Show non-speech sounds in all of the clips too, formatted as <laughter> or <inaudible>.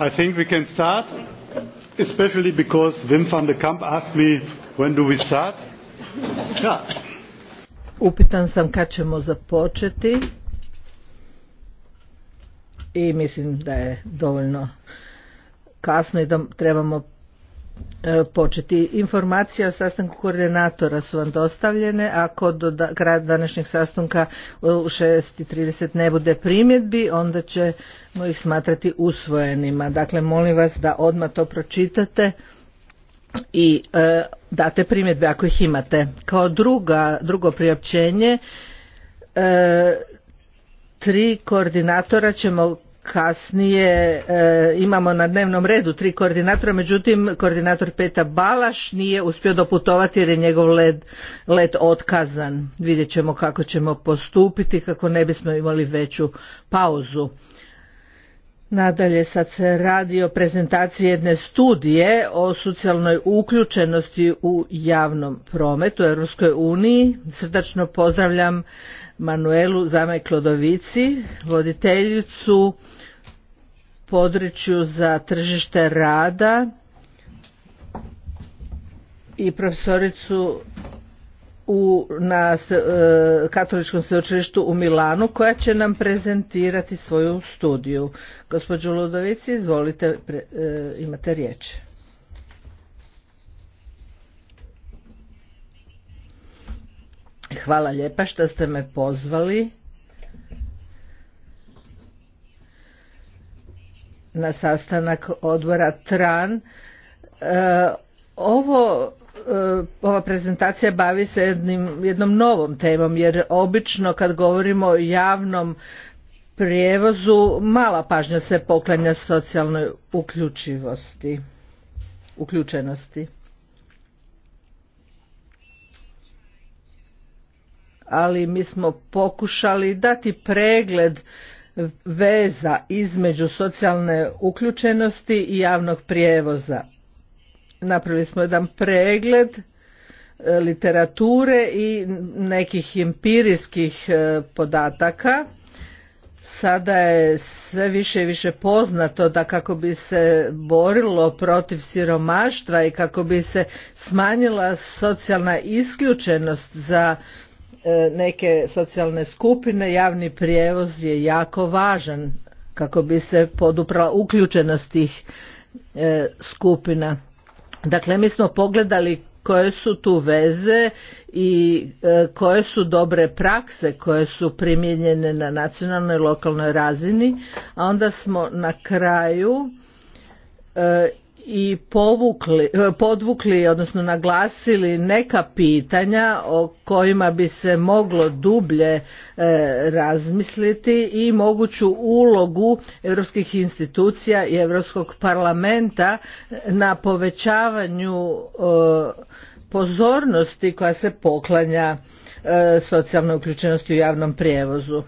I think we can start, especially because Wim van de Kamp asked me when do we start. Ja. Upitan sam kad ćemo započeti i mislim da je dovoljno kasno i da trebamo E, početi. Informacije o sastanku koordinatora su vam dostavljene. Ako do kraja današnjeg sastanka u 6.30 ne bude primjedbi, onda ćemo ih smatrati usvojenima. Dakle, molim vas da odmah to pročitate i e, date primjedbe ako ih imate. Kao drugo priopćenje, e, tri koordinatora ćemo kasnije e, imamo na dnevnom redu tri koordinatora, međutim koordinator Peta Balaš nije uspio doputovati jer je njegov let otkazan. Vidjet ćemo kako ćemo postupiti kako ne bismo imali veću pauzu. Nadalje sad se radi o prezentaciji jedne studije o socijalnoj uključenosti u javnom prometu u Europskoj uniji. Srdačno pozdravljam Manuelu Zamaj Klodovici, voditeljicu području za tržište rada i profesoricu na e, katoličkom sveučilištu u Milanu koja će nam prezentirati svoju studiju. Gospođo Lodovici, izvolite, e, imate riječ. Hvala lijepa što ste me pozvali na sastanak odbora TRAN. E, ovo e, ova prezentacija bavi se jednom novom temom jer obično kad govorimo o javnom prijevozu mala pažnja se poklanja socijalnoj uključivosti uključenosti ali mi smo pokušali dati pregled veza između socijalne uključenosti i javnog prijevoza. Napravili smo jedan pregled e, literature i nekih empirijskih e, podataka. Sada je sve više i više poznato da kako bi se borilo protiv siromaštva i kako bi se smanjila socijalna isključenost za E, neke socijalne skupine javni prijevoz je jako važan kako bi se poduprala uključenost tih e, skupina. Dakle, mi smo pogledali koje su tu veze i e, koje su dobre prakse koje su primijenjene na nacionalnoj i lokalnoj razini, a onda smo na kraju i povukli, e, podvukli, odnosno naglasili neka pitanja o kojima bi se moglo dublje e, razmisliti i moguću ulogu europskih institucija i Europskog parlamenta na povećavanju e, pozornosti koja se poklanja socijalnoj uključenosti u javnom prijevozu.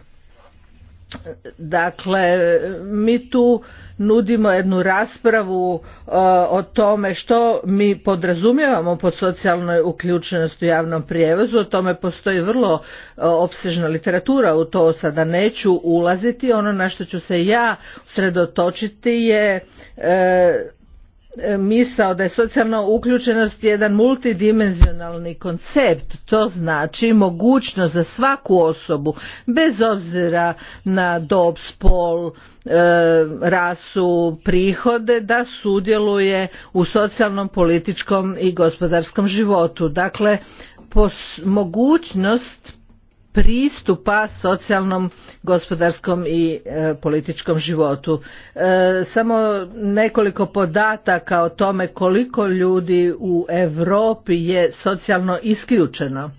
Dakle, mi tu nudimo jednu raspravu e, o tome što mi podrazumijevamo pod socijalnoj uključenost u javnom prijevozu. O tome postoji vrlo e, opsežna literatura, u to sada neću ulaziti. Ono na što ću se ja sredotočiti je e, E, misao da je socijalna uključenost jedan multidimenzionalni koncept to znači mogućnost za svaku osobu bez obzira na dob spol e, rasu prihode da sudjeluje u socijalnom političkom i gospodarskom životu dakle mogućnost pristupa socijalnom, gospodarskom i e, političkom životu. E, samo nekoliko podataka o tome koliko ljudi u Europi je socijalno isključeno.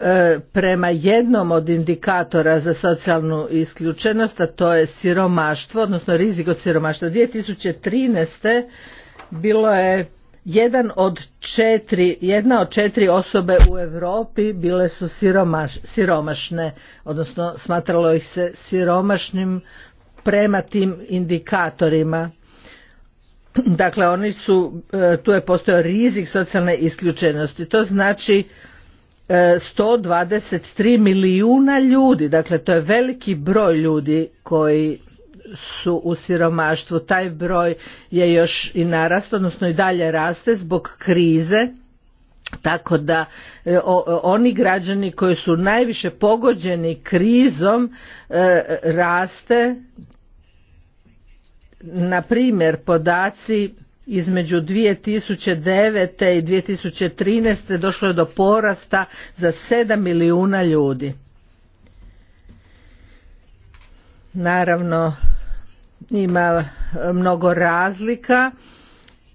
E, prema jednom od indikatora za socijalnu isključenost, a to je siromaštvo, odnosno rizik od siromaštva. 2013. bilo je jedan od četiri, jedna od četiri osobe u Europi bile su siromaš, siromašne, odnosno smatralo ih se siromašnim prema tim indikatorima. Dakle, oni su, e, tu je postojao rizik socijalne isključenosti. To znači 123 e, milijuna ljudi, dakle to je veliki broj ljudi koji su u siromaštvu. Taj broj je još i narast, odnosno i dalje raste zbog krize. Tako da e, oni građani koji su najviše pogođeni krizom e, raste, na primjer podaci između 2009. i 2013. došlo je do porasta za 7 milijuna ljudi. Naravno, ima e, mnogo razlika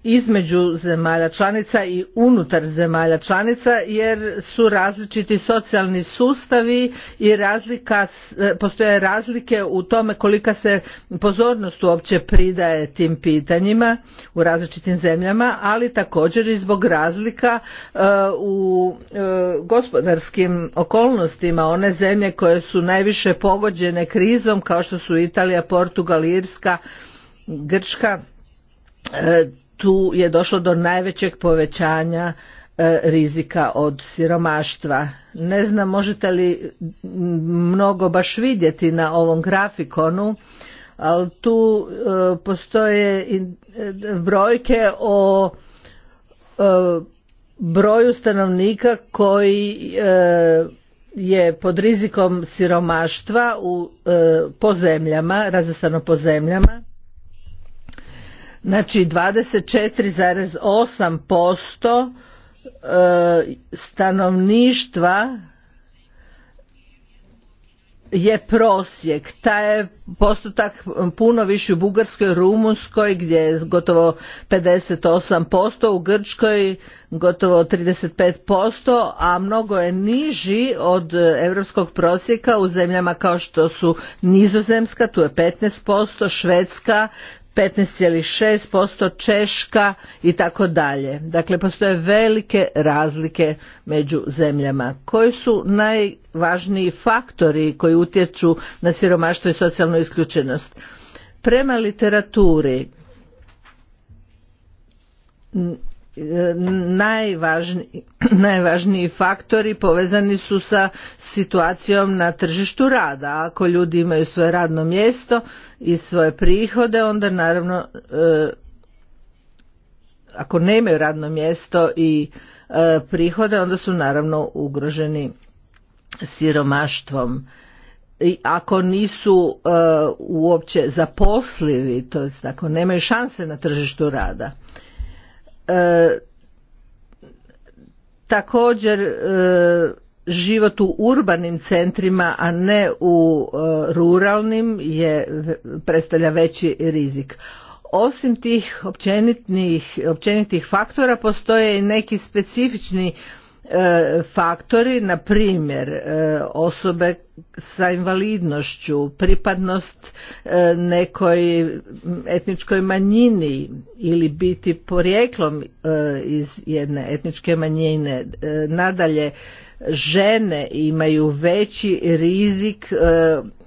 između zemalja članica i unutar zemalja članica jer su različiti socijalni sustavi i razlika, e, postoje razlike u tome kolika se pozornost uopće pridaje tim pitanjima u različitim zemljama, ali također i zbog razlika e, u e, gospodarskim okolnostima one zemlje koje su najviše pogođene krizom kao što su Italija, Portugal, Irska, Grčka tu je došlo do najvećeg povećanja e, rizika od siromaštva. Ne znam možete li mnogo baš vidjeti na ovom grafikonu, ali tu e, postoje e, brojke o broju stanovnika koji je pod rizikom siromaštva u, po zemljama, razvrstano po zemljama. Znači 24,8% e, stanovništva je prosjek. Taj je postotak puno više u Bugarskoj, Rumunskoj gdje je gotovo 58%, u Grčkoj gotovo 35%, a mnogo je niži od europskog prosjeka u zemljama kao što su Nizozemska, tu je 15%, Švedska, 15,6%, Češka i tako dalje. Dakle, postoje velike razlike među zemljama. Koji su najvažniji faktori koji utječu na siromaštvo i socijalnu isključenost? Prema literaturi najvažniji, najvažniji faktori povezani su sa situacijom na tržištu rada. Ako ljudi imaju svoje radno mjesto i svoje prihode, onda naravno e, ako nemaju radno mjesto i e, prihode, onda su naravno ugroženi siromaštvom. I ako nisu e, uopće zaposlivi, to jest ako nemaju šanse na tržištu rada. E, također e, život u urbanim centrima a ne u e, ruralnim je predstavlja veći rizik osim tih općenitih faktora postoje i neki specifični E, faktori, na primjer e, osobe sa invalidnošću, pripadnost e, nekoj etničkoj manjini ili biti porijeklom iz jedne etničke manjine. Nadalje, žene imaju veći rizik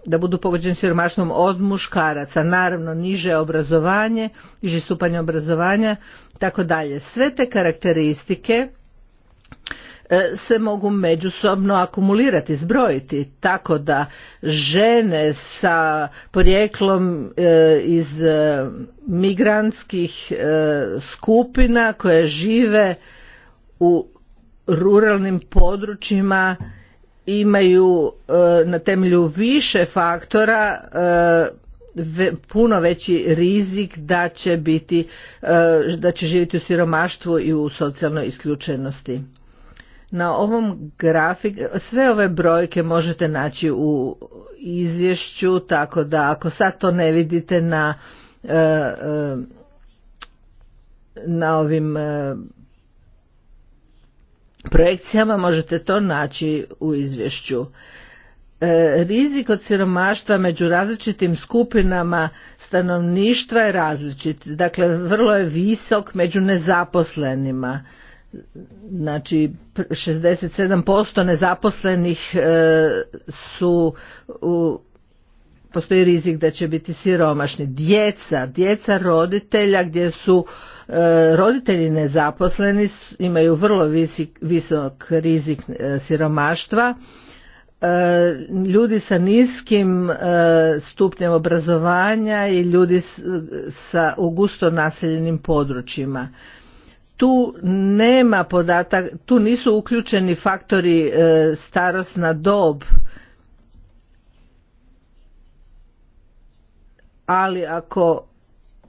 da budu pogođeni siromaštvom od muškaraca, naravno niže obrazovanje, niži stupanje obrazovanja, tako dalje. Sve te karakteristike E, se mogu međusobno akumulirati, zbrojiti, tako da žene sa porijeklom e, iz e, migrantskih skupina koje žive u ruralnim područjima imaju na temelju više faktora puno veći rizik da će biti da će živjeti u siromaštvu i u socijalnoj isključenosti na ovom grafiku, sve ove brojke možete naći u izvješću, tako da ako sad to ne vidite na, e, e, na ovim e, projekcijama možete to naći u izvješću. Rizik od siromaštva među različitim skupinama stanovništva je različit, dakle vrlo je visok među nezaposlenima znači 67% nezaposlenih e, su u postoji rizik da će biti siromašni djeca djeca roditelja gdje su e, roditelji nezaposleni imaju vrlo visok, visok rizik e, siromaštva ljudi sa niskim stupnjem obrazovanja i ljudi sa u gusto naseljenim područjima tu nema podatak, tu nisu uključeni faktori e, starosna dob. Ali ako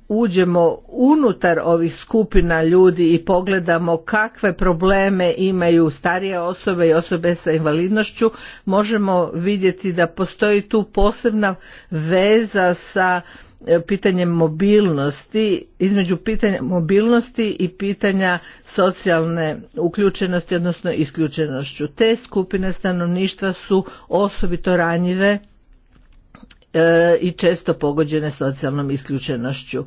uđemo unutar ovih skupina ljudi i pogledamo kakve probleme imaju starije osobe i osobe sa invalidnošću, možemo vidjeti da postoji tu posebna veza sa E, pitanje mobilnosti, između pitanja mobilnosti i pitanja socijalne uključenosti, odnosno isključenošću. Te skupine stanovništva su osobito ranjive e, i često pogođene socijalnom isključenošću.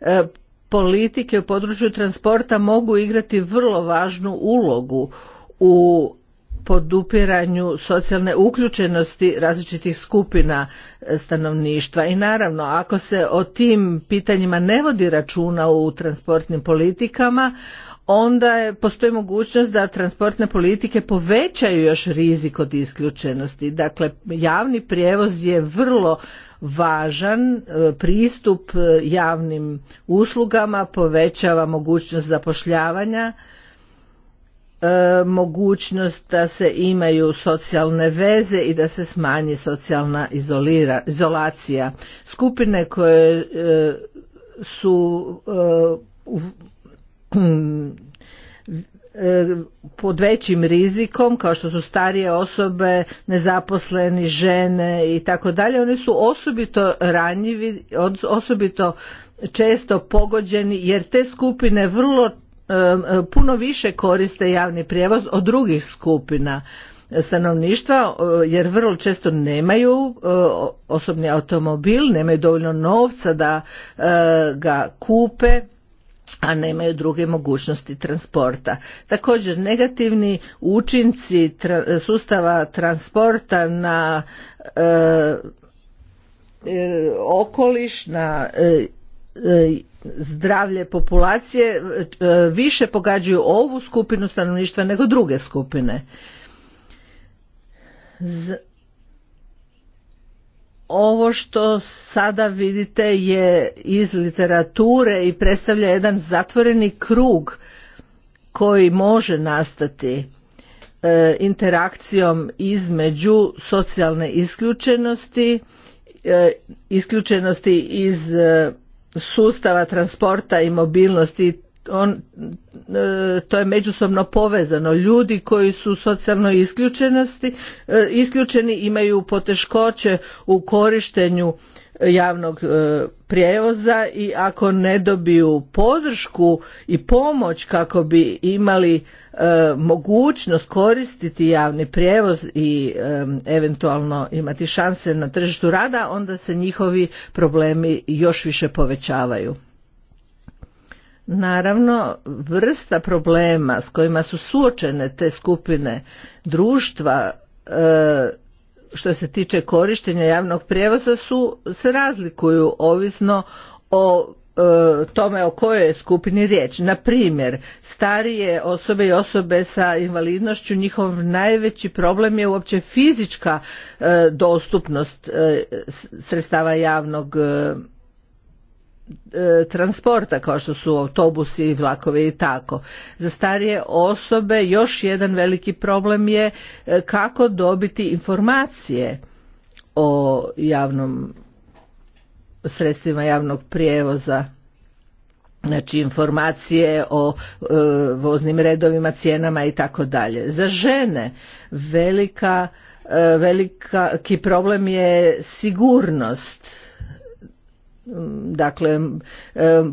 E, politike u području transporta mogu igrati vrlo važnu ulogu u podupiranju socijalne uključenosti različitih skupina e, stanovništva i naravno ako se o tim pitanjima ne vodi računa u transportnim politikama onda je, postoji mogućnost da transportne politike povećaju još rizik od isključenosti. Dakle, javni prijevoz je vrlo važan, e, pristup e, javnim uslugama povećava mogućnost zapošljavanja E, mogućnost da se imaju socijalne veze i da se smanji socijalna izolira, izolacija. Skupine koje e, su e, pod većim rizikom kao što su starije osobe, nezaposleni, žene i tako dalje, oni su osobito ranjivi, osobito često pogođeni jer te skupine vrlo Um, puno više koriste javni prijevoz od drugih skupina stanovništva uh, jer vrlo često nemaju uh, osobni automobil, nemaju dovoljno novca da uh, ga kupe a nemaju druge mogućnosti transporta. Također negativni učinci sustava transporta na okoliš, na E, zdravlje populacije e, više pogađaju ovu skupinu stanovništva nego druge skupine. Z ovo što sada vidite je iz literature i predstavlja jedan zatvoreni krug koji može nastati e, interakcijom između socijalne isključenosti, isključenosti iz sustava transporta i mobilnosti on, e, to je međusobno povezano. Ljudi koji su socijalno isključenosti, e, isključeni imaju poteškoće u korištenju javnog e, prijevoza i ako ne dobiju podršku i pomoć kako bi imali e, mogućnost koristiti javni prijevoz i e, eventualno imati šanse na tržištu rada onda se njihovi problemi još više povećavaju Naravno, vrsta problema s kojima su suočene te skupine društva što se tiče korištenja javnog prijevoza su se razlikuju ovisno o e, tome o kojoj je skupini riječ. Na primjer, starije osobe i osobe sa invalidnošću, njihov najveći problem je uopće fizička e, dostupnost e, sredstava javnog E, transporta kao što su autobusi i vlakovi i tako. Za starije osobe još jedan veliki problem je e, kako dobiti informacije o javnom sredstvima javnog prijevoza znači informacije o e, voznim redovima, cijenama i tako dalje. Za žene velika e, veliki problem je sigurnost Dakle,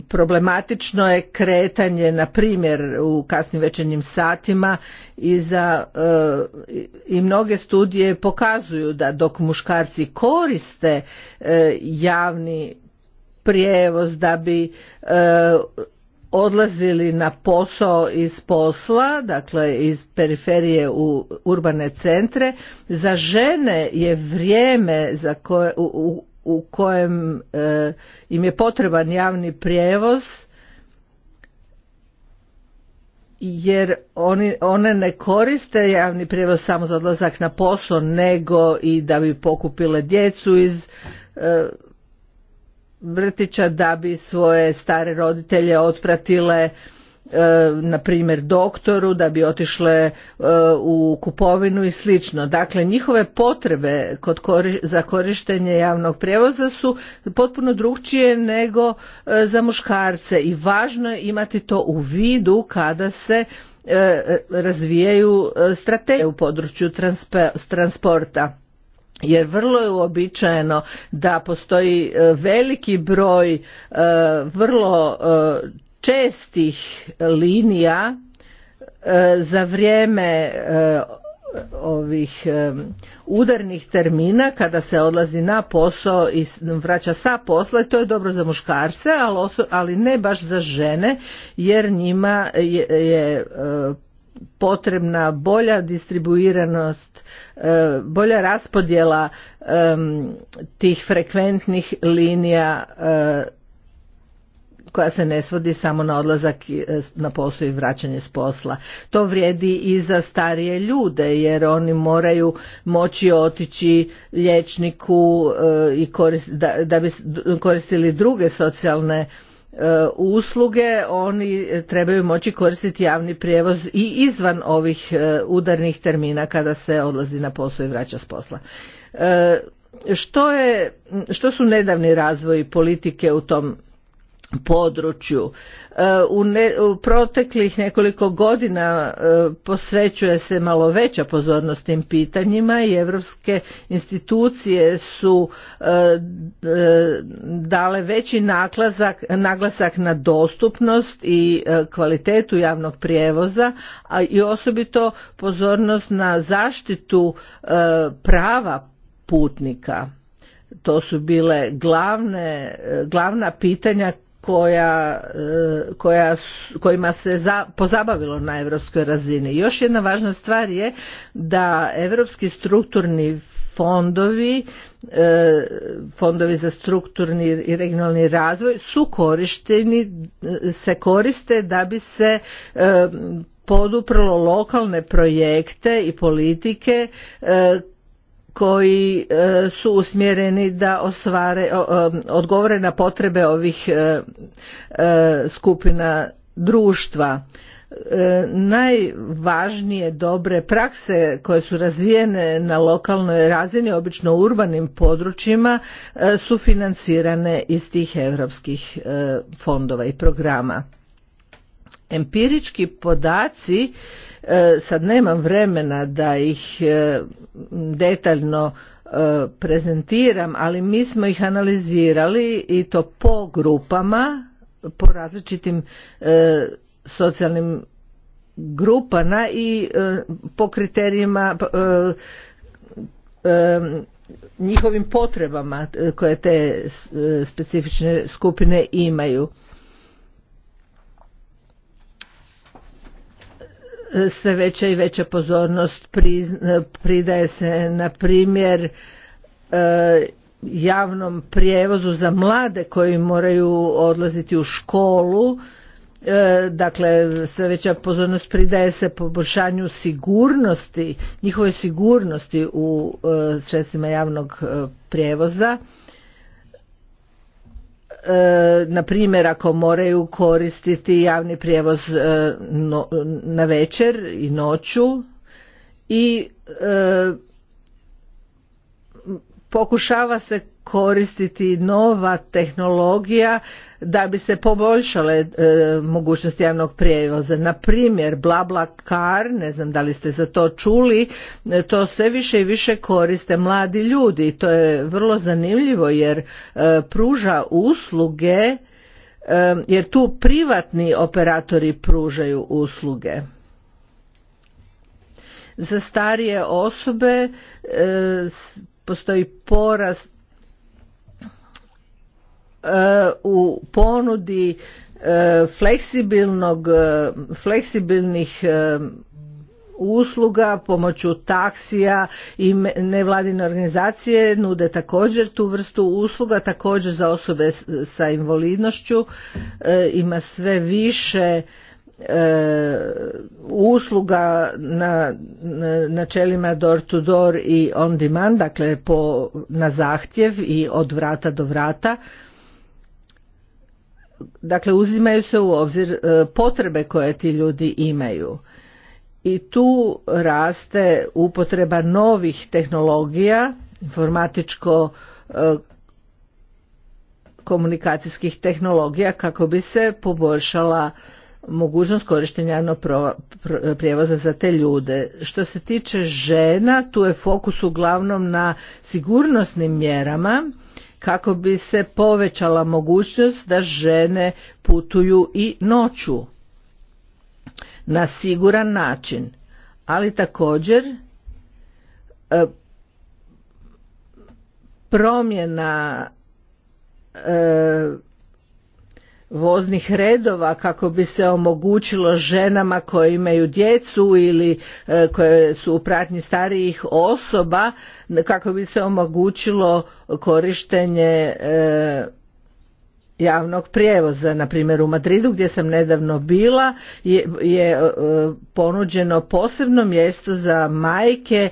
problematično je kretanje, na primjer, u kasnim večernjim satima i, za, e, i mnoge studije pokazuju da dok muškarci koriste e, javni prijevoz da bi e, odlazili na posao iz posla, dakle iz periferije u urbane centre, za žene je vrijeme za koje, u kojem e, im je potreban javni prijevoz jer oni, one ne koriste javni prijevoz samo za odlazak na posao nego i da bi pokupile djecu iz e, vrtića da bi svoje stare roditelje otpratile E, na primjer doktoru da bi otišle e, u kupovinu i slično. Dakle njihove potrebe kod za korištenje javnog prijevoza su potpuno drukčije nego e, za muškarce i važno je imati to u vidu kada se razvijaju strategije u području transporta jer vrlo je uobičajeno da postoji veliki broj vrlo čestih linija e, za vrijeme e, ovih e, udarnih termina kada se odlazi na posao i vraća sa posla to je dobro za muškarce ali ne baš za žene jer njima je potrebna bolja distribuiranost bolja raspodjela tih frekventnih linija koja se ne svodi samo na odlazak e, na posao i vraćanje s posla. To vrijedi i za starije ljude jer oni moraju moći otići liječniku e, i da, bi koristili druge socijalne e, usluge oni trebaju moći koristiti javni prijevoz i izvan ovih udarnih termina kada se odlazi na posao i vraća s posla. Što, je, što su nedavni razvoji politike u tom području. E, u, proteklih nekoliko godina e, posvećuje se malo veća pozornost tim pitanjima i europske institucije su e, dale veći naglasak na dostupnost i kvalitetu javnog prijevoza, a i osobito pozornost na zaštitu prava putnika. To su bile glavne, glavna pitanja koja, e, koja, kojima se pozabavilo na europskoj razini. Još jedna važna stvar je da europski strukturni fondovi, e, fondovi za strukturni i regionalni razvoj su korišteni, e, se koriste da bi se poduprlo lokalne projekte i politike koji e, su usmjereni da osvare, e, odgovore na potrebe ovih e, skupina društva. Najvažnije dobre prakse koje su razvijene na lokalnoj razini, obično u urbanim područjima, su financirane iz tih europskih fondova i programa. Empirički podaci E, sad nemam vremena da ih e, detaljno e, prezentiram, ali mi smo ih analizirali i to po grupama, po različitim socijalnim grupama i po kriterijima njihovim potrebama koje te specifične skupine imaju. sve veća i veća pozornost pridaje se na primjer e, javnom prijevozu za mlade koji moraju odlaziti u školu e, dakle sve veća pozornost pridaje se poboljšanju sigurnosti njihove sigurnosti u e, sredstvima javnog prijevoza E, na primjer ako moraju koristiti javni prijevoz e, na večer i noću i e, pokušava se koristiti nova tehnologija da bi se poboljšale e, mogućnosti javnog prijevoza. Na primjer, BlaBlaCar, ne znam da li ste za to čuli, e, to sve više i više koriste mladi ljudi to je vrlo zanimljivo jer e, pruža usluge, e, jer tu privatni operatori pružaju usluge za starije osobe postoji porast E, u ponudi e, fleksibilnog, e, fleksibilnih usluga pomoću taksija i nevladine organizacije nude također tu vrstu usluga također za osobe sa invalidnošću ima sve više usluga na načelima door to door i on demand dakle po, na zahtjev i od vrata do vrata dakle uzimaju se u obzir e, potrebe koje ti ljudi imaju i tu raste upotreba novih tehnologija informatičko e, komunikacijskih tehnologija kako bi se poboljšala mogućnost korištenja prijevoza za te ljude. Što se tiče žena, tu je fokus uglavnom na sigurnosnim mjerama kako bi se povećala mogućnost da žene putuju i noću na siguran način ali također e, promjena e, voznih redova kako bi se omogućilo ženama koje imaju djecu ili e, koje su u pratnji starijih osoba kako bi se omogućilo korištenje e, javnog prijevoza na primjer u Madridu gdje sam nedavno bila je, e, ponuđeno posebno mjesto za majke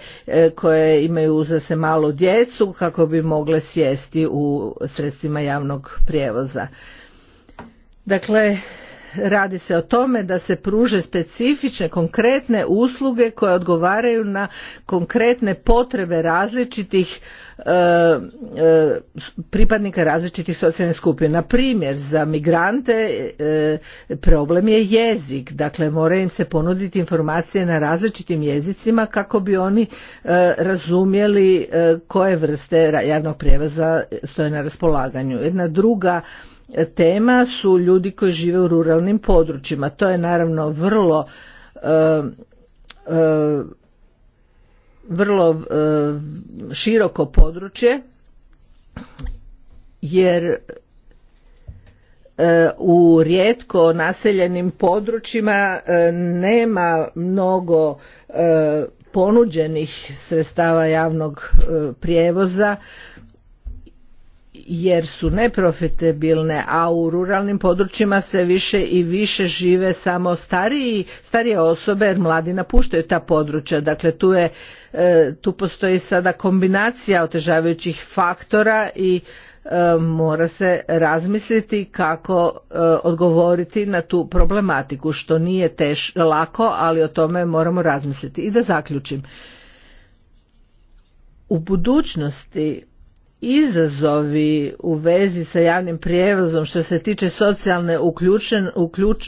koje imaju za se malu djecu kako bi mogle sjesti u sredstvima javnog prijevoza Dakle, radi se o tome da se pruže specifične konkretne usluge koje odgovaraju na konkretne potrebe različitih e, e, pripadnika različitih socijalnih skupina na primjer za migrante e, problem je jezik dakle moraju im se ponuditi informacije na različitim jezicima kako bi oni razumjeli koje vrste javnog prijevoza stoje na raspolaganju jedna druga tema su ljudi koji žive u ruralnim područjima. To je naravno vrlo e, e, vrlo e, široko područje jer u rijetko naseljenim područjima nema mnogo ponuđenih sredstava javnog prijevoza jer su neprofitabilne, a u ruralnim područjima sve više i više žive samo stariji, starije osobe jer mladi napuštaju ta područja. Dakle, tu, je, e, tu postoji sada kombinacija otežavajućih faktora i e, mora se razmisliti kako e, odgovoriti na tu problematiku, što nije teš, lako, ali o tome moramo razmisliti. I da zaključim. U budućnosti izazovi u vezi sa javnim prijevozom što se tiče socijalne uključen,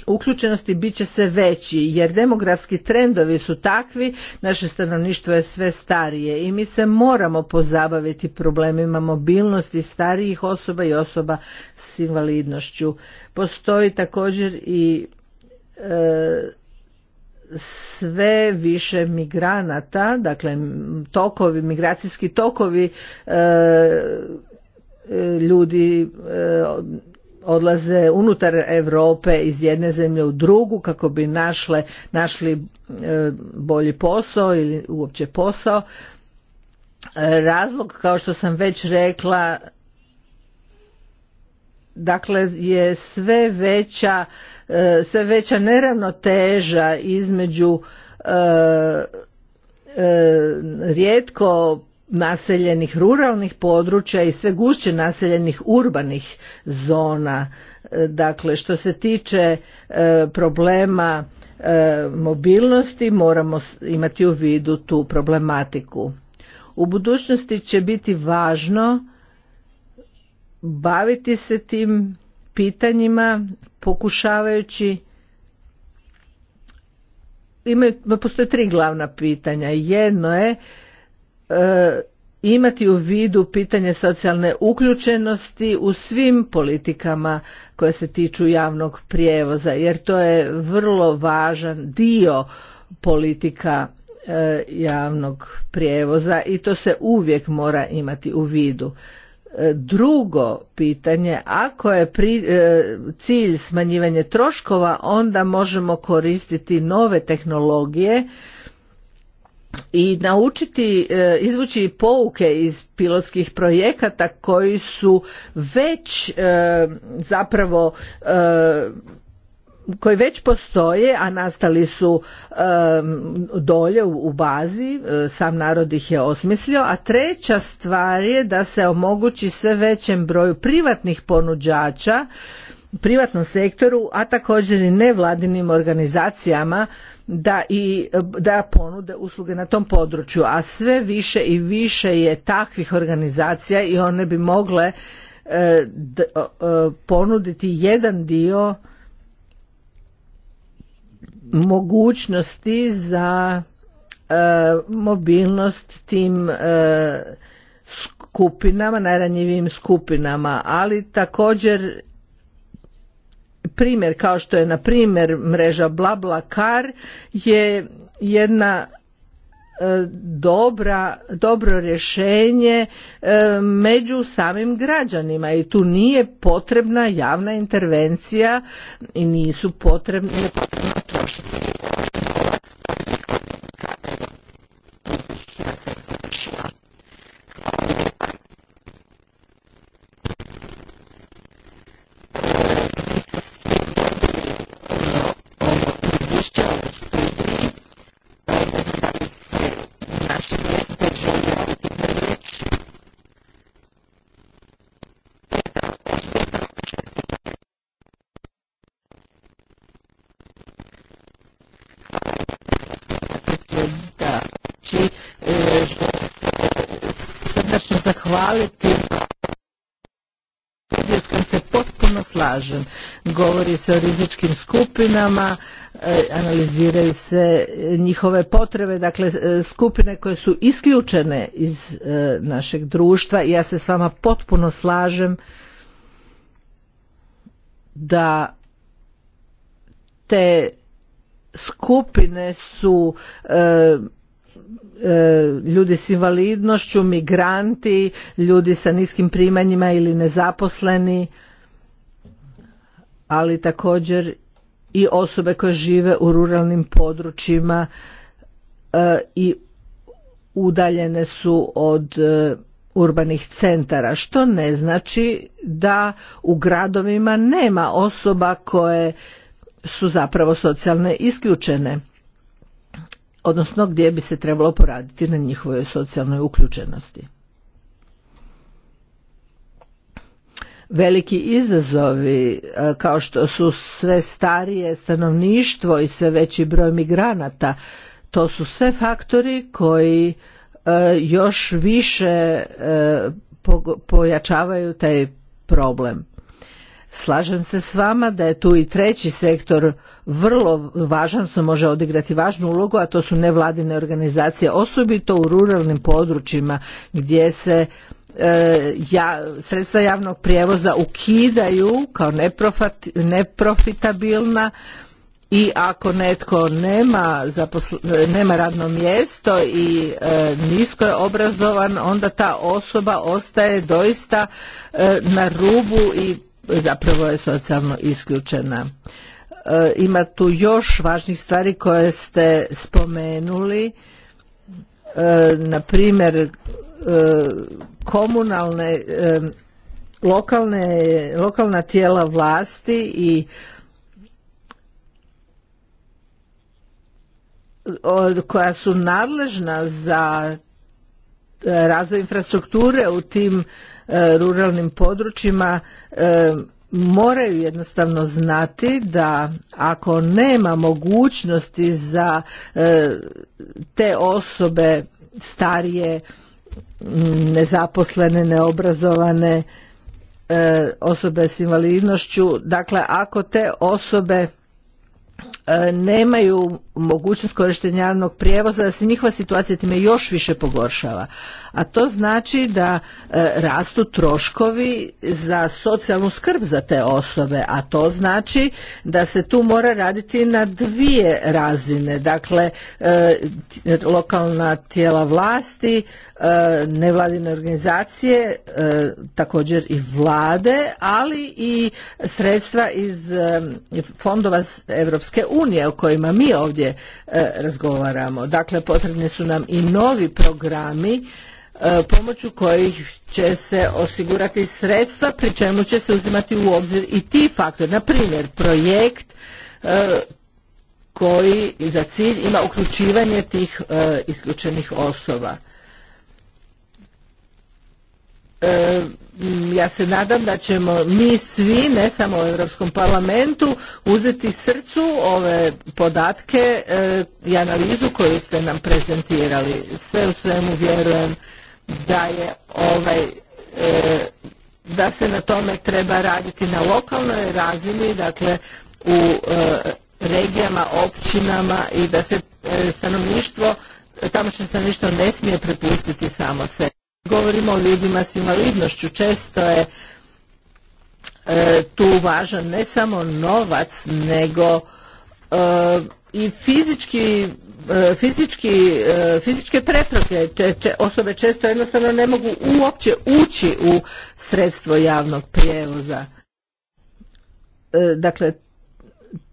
uključenosti bit će se veći jer demografski trendovi su takvi, naše stanovništvo je sve starije i mi se moramo pozabaviti problemima mobilnosti starijih osoba i osoba s invalidnošću. Postoji također i e, sve više migranata, dakle tokovi, migracijski tokovi e, e, ljudi e, odlaze unutar Europe iz jedne zemlje u drugu kako bi našle, našli bolji posao ili uopće posao. Razlog, kao što sam već rekla, dakle je sve veća e, sve veća neravnoteža između e, e, rijetko naseljenih ruralnih područja i sve gušće naseljenih urbanih zona. Dakle, što se tiče problema mobilnosti, moramo imati u vidu tu problematiku. U budućnosti će biti važno baviti se tim pitanjima pokušavajući imaju, postoje tri glavna pitanja. Jedno je e, imati u vidu pitanje socijalne uključenosti u svim politikama koje se tiču javnog prijevoza jer to je vrlo važan dio politika e, javnog prijevoza i to se uvijek mora imati u vidu. Drugo pitanje, ako je e, cilj smanjivanje troškova, onda možemo koristiti nove tehnologije i naučiti, e, izvući pouke iz pilotskih projekata koji su već e, zapravo koji već postoje, a nastali su dolje u bazi, e, sam narod ih je osmislio, a treća stvar je da se omogući sve većem broju privatnih ponuđača privatnom sektoru, a također i nevladinim organizacijama da i da ponude usluge na tom području, a sve više i više je takvih organizacija i one bi mogle e, ponuditi jedan dio mogućnosti za e, mobilnost tim e, skupinama, najranjivijim skupinama, ali također primjer kao što je na primjer mreža BlaBlaCar je jedna e, dobra, dobro rješenje među samim građanima i tu nije potrebna javna intervencija i nisu potrebne, što se o rizičkim skupinama, e, analiziraju se njihove potrebe, dakle e, skupine koje su isključene iz e, našeg društva i ja se s vama potpuno slažem da te skupine su ljudi s invalidnošću, migranti, ljudi sa niskim primanjima ili nezaposleni ali također i osobe koje žive u ruralnim područjima e, i udaljene su od e, urbanih centara što ne znači da u gradovima nema osoba koje su zapravo socijalne isključene odnosno gdje bi se trebalo poraditi na njihovoj socijalnoj uključenosti veliki izazovi e, kao što su sve starije stanovništvo i sve veći broj migranata. To su sve faktori koji e, još više e, pojačavaju taj problem. Slažem se s vama da je tu i treći sektor vrlo važan, što može odigrati važnu ulogu, a to su nevladine organizacije, osobito u ruralnim područjima gdje se E, ja, sredstva javnog prijevoza ukidaju kao neprofitabilna i ako netko nema, nema radno mjesto i e, nisko je obrazovan onda ta osoba ostaje doista e, na rubu i zapravo je socijalno isključena ima tu još važnih stvari koje ste spomenuli na primjer E, komunalne e, lokalne, lokalna tijela vlasti i koja su nadležna za e, razvoj infrastrukture u tim ruralnim područjima moraju jednostavno znati da ako nema mogućnosti za te osobe starije nezaposlene, neobrazovane e, osobe s invalidnošću. Dakle, ako te osobe e, nemaju mogućnost korištenja javnog prijevoza, da se njihova situacija time još više pogoršava a to znači da e, rastu troškovi za socijalnu skrb za te osobe, a to znači da se tu mora raditi na dvije razine, dakle e, lokalna tijela vlasti, e, nevladine organizacije, također i vlade, ali i sredstva iz fondova Europske unije o kojima mi ovdje razgovaramo. Dakle, potrebni su nam i novi programi E, pomoću kojih će se osigurati sredstva pri čemu će se uzimati u obzir i ti faktori. Na primjer, projekt e, koji za cilj ima uključivanje tih e, isključenih osoba. Ja se nadam da ćemo mi svi, ne samo u Europskom parlamentu, uzeti srcu ove podatke i analizu koju ste nam prezentirali. Sve u svemu vjerujem da je ovaj e, da se na tome treba raditi na lokalnoj razini, dakle u e, regijama, općinama i da se e, stanovništvo, tamošnje stanovništvo ne smije prepustiti samo se. Govorimo o ljudima s invalidnošću, često je tu važan ne samo novac, nego i fizički e, fizički, e, fizičke prepreke osobe često jednostavno ne mogu uopće ući u sredstvo javnog prijevoza. E, dakle,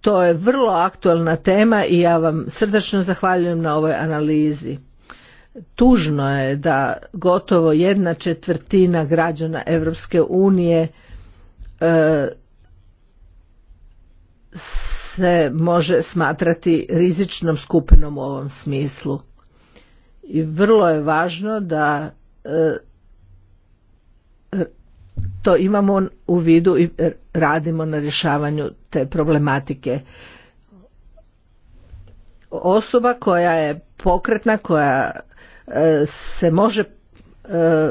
to je vrlo aktualna tema i ja vam srdačno zahvaljujem na ovoj analizi. Tužno je da gotovo jedna četvrtina građana Europske unije se može smatrati rizičnom skupinom u ovom smislu. I vrlo je važno da e, to imamo u vidu i radimo na rješavanju te problematike. Osoba koja je pokretna, koja e, se može e,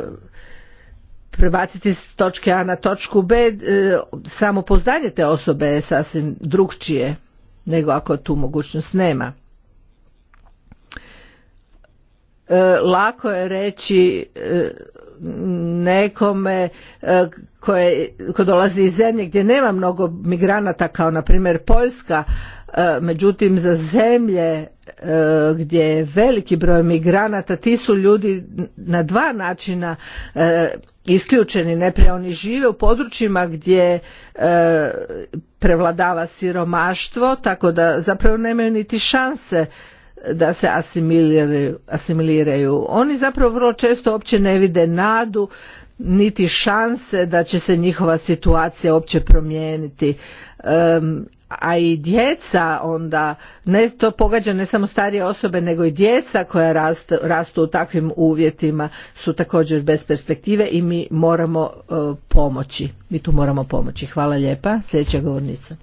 prebaciti s točke A na točku B, e, samo te osobe je sasvim drugčije nego ako tu mogućnost nema. E, lako je reći e, nekome koje, ko dolazi iz zemlje gdje nema mnogo migranata kao na primjer Poljska, međutim za zemlje gdje je veliki broj migranata ti su ljudi na dva načina isključeni, neprije, oni žive u područjima gdje e, prevladava siromaštvo, tako da zapravo nemaju niti šanse da se asimiliraju, asimiliraju. Oni zapravo vrlo često uopće ne vide nadu, niti šanse da će se njihova situacija uopće promijeniti a i djeca onda ne to pogađa ne samo starije osobe nego i djeca koja rastu u takvim uvjetima su također bez perspektive i mi moramo e, pomoći mi tu moramo pomoći hvala lijepa sljedeća govornica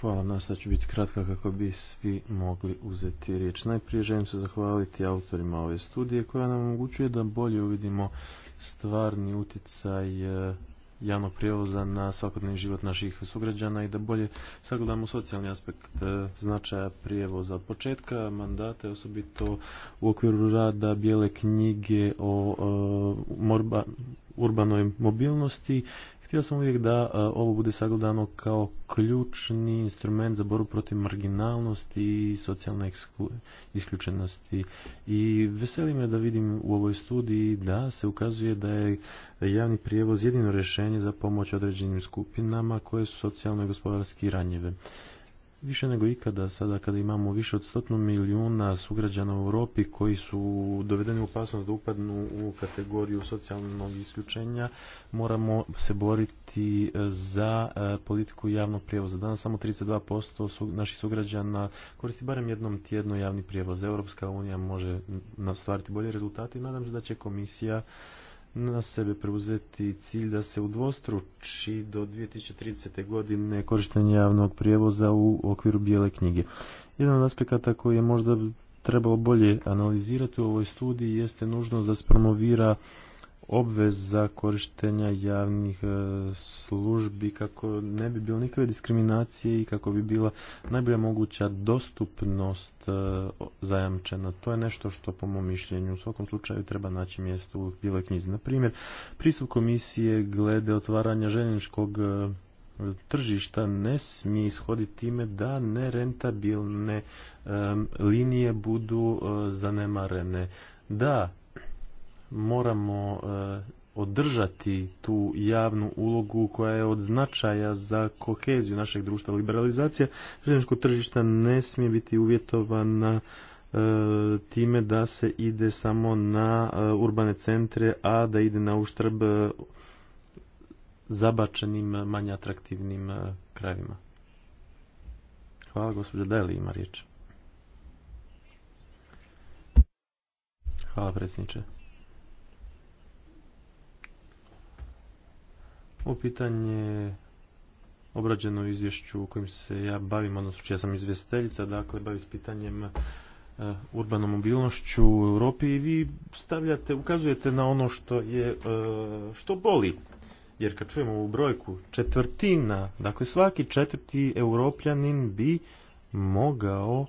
Hvala, sad ću biti kratka kako bi svi mogli uzeti riječ. Najprije želim se zahvaliti autorima ove studije koja nam omogućuje da bolje uvidimo stvarni utjecaj e, javnog prijevoza na svakodnevni život naših sugrađana i da bolje sagledamo socijalni aspekt e, značaja prijevoza od početka mandata, osobito u okviru rada bijele knjige o e, urbanoj mobilnosti Htio sam uvijek da e, ovo bude sagledano kao ključni instrument za boru protiv marginalnosti i socijalne isključenosti. I veseli me da vidim u ovoj studiji da se ukazuje da je javni prijevoz jedino rješenje za pomoć određenim skupinama koje su socijalno i gospodarski ranjive više nego ikada sada kada imamo više od stotno milijuna sugrađana u Europi koji su dovedeni u opasnost da upadnu u kategoriju socijalnog isključenja, moramo se boriti e, za e, politiku javnog prijevoza. Danas samo 32% naših sugrađana koristi barem jednom tjedno javni prijevoz. Europska unija može stvariti bolje rezultate i nadam se da će komisija na sebe preuzeti cilj da se udvostruči do 2030. godine korištenje javnog prijevoza u okviru bijele knjige. Jedan od aspekata koji je možda trebalo bolje analizirati u ovoj studiji jeste nužnost da spromovira obveza korištenja javnih e, službi kako ne bi bilo nikakve diskriminacije i kako bi bila najbolja moguća dostupnost e, zajamčena. To je nešto što po mom mišljenju u svakom slučaju treba naći mjesto u bijeloj knjizi. Na primjer, pristup komisije glede otvaranja željezničkog e, tržišta ne smije ishoditi time da nerentabilne linije budu zanemarene. Da, moramo e, održati tu javnu ulogu koja je od značaja za koheziju našeg društva. Liberalizacija željezničkog tržišta ne smije biti uvjetovana e, time da se ide samo na e, urbane centre, a da ide na uštrb zabačenim, manje atraktivnim krajevima. Hvala, gospođa Deli ima riječ. Hvala, predsjedniče. Ovo pitanje obrađeno u izvješću u kojim se ja bavim, odnosno ja sam izvjestiteljica, dakle bavi s pitanjem e, urbanom mobilnošću u Europi i vi stavljate, ukazujete na ono što je, e, što boli. Jer kad čujemo ovu brojku, četvrtina, dakle svaki četvrti europljanin bi mogao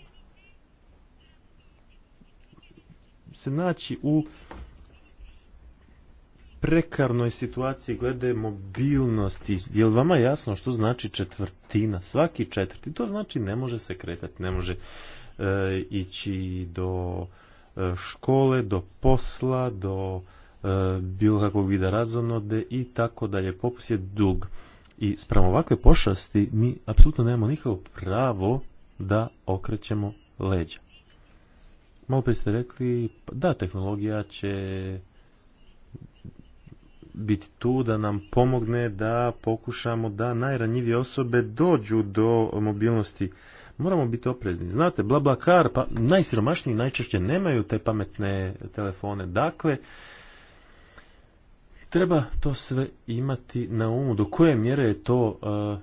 se naći u prekarnoj situaciji glede mobilnosti. Je li vama jasno što znači četvrtina? Svaki četvrti. To znači ne može se kretati, ne može e, ići do e, škole, do posla, do e, bilo kakvog vida razonode i tako dalje. Popus je dug. I sprem ovakve pošasti mi apsolutno nemamo nikakvo pravo da okrećemo leđa. Malo prije ste rekli, pa da, tehnologija će biti tu da nam pomogne da pokušamo da najranjivije osobe dođu do mobilnosti. Moramo biti oprezni. Znate, bla car, pa najsiromašniji najčešće nemaju te pametne telefone. Dakle, treba to sve imati na umu. Do koje mjere je to uh,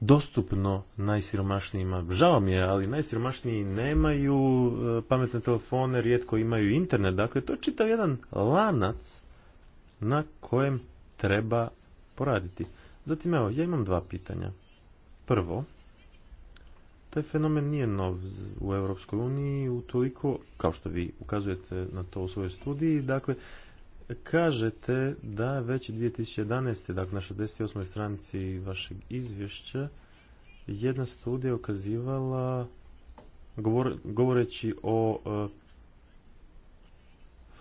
dostupno najsiromašnijima? Žao mi je, ali najsiromašniji nemaju uh, pametne telefone, rijetko imaju internet. Dakle, to je čitav jedan lanac na kojem treba poraditi. Zatim, evo, ja imam dva pitanja. Prvo, taj fenomen nije nov u Europskoj uniji utoliko, kao što vi ukazujete na to u svojoj studiji, dakle, kažete da već 2011. dakle na 68. stranici vašeg izvješća jedna studija okazivala govoreći o e,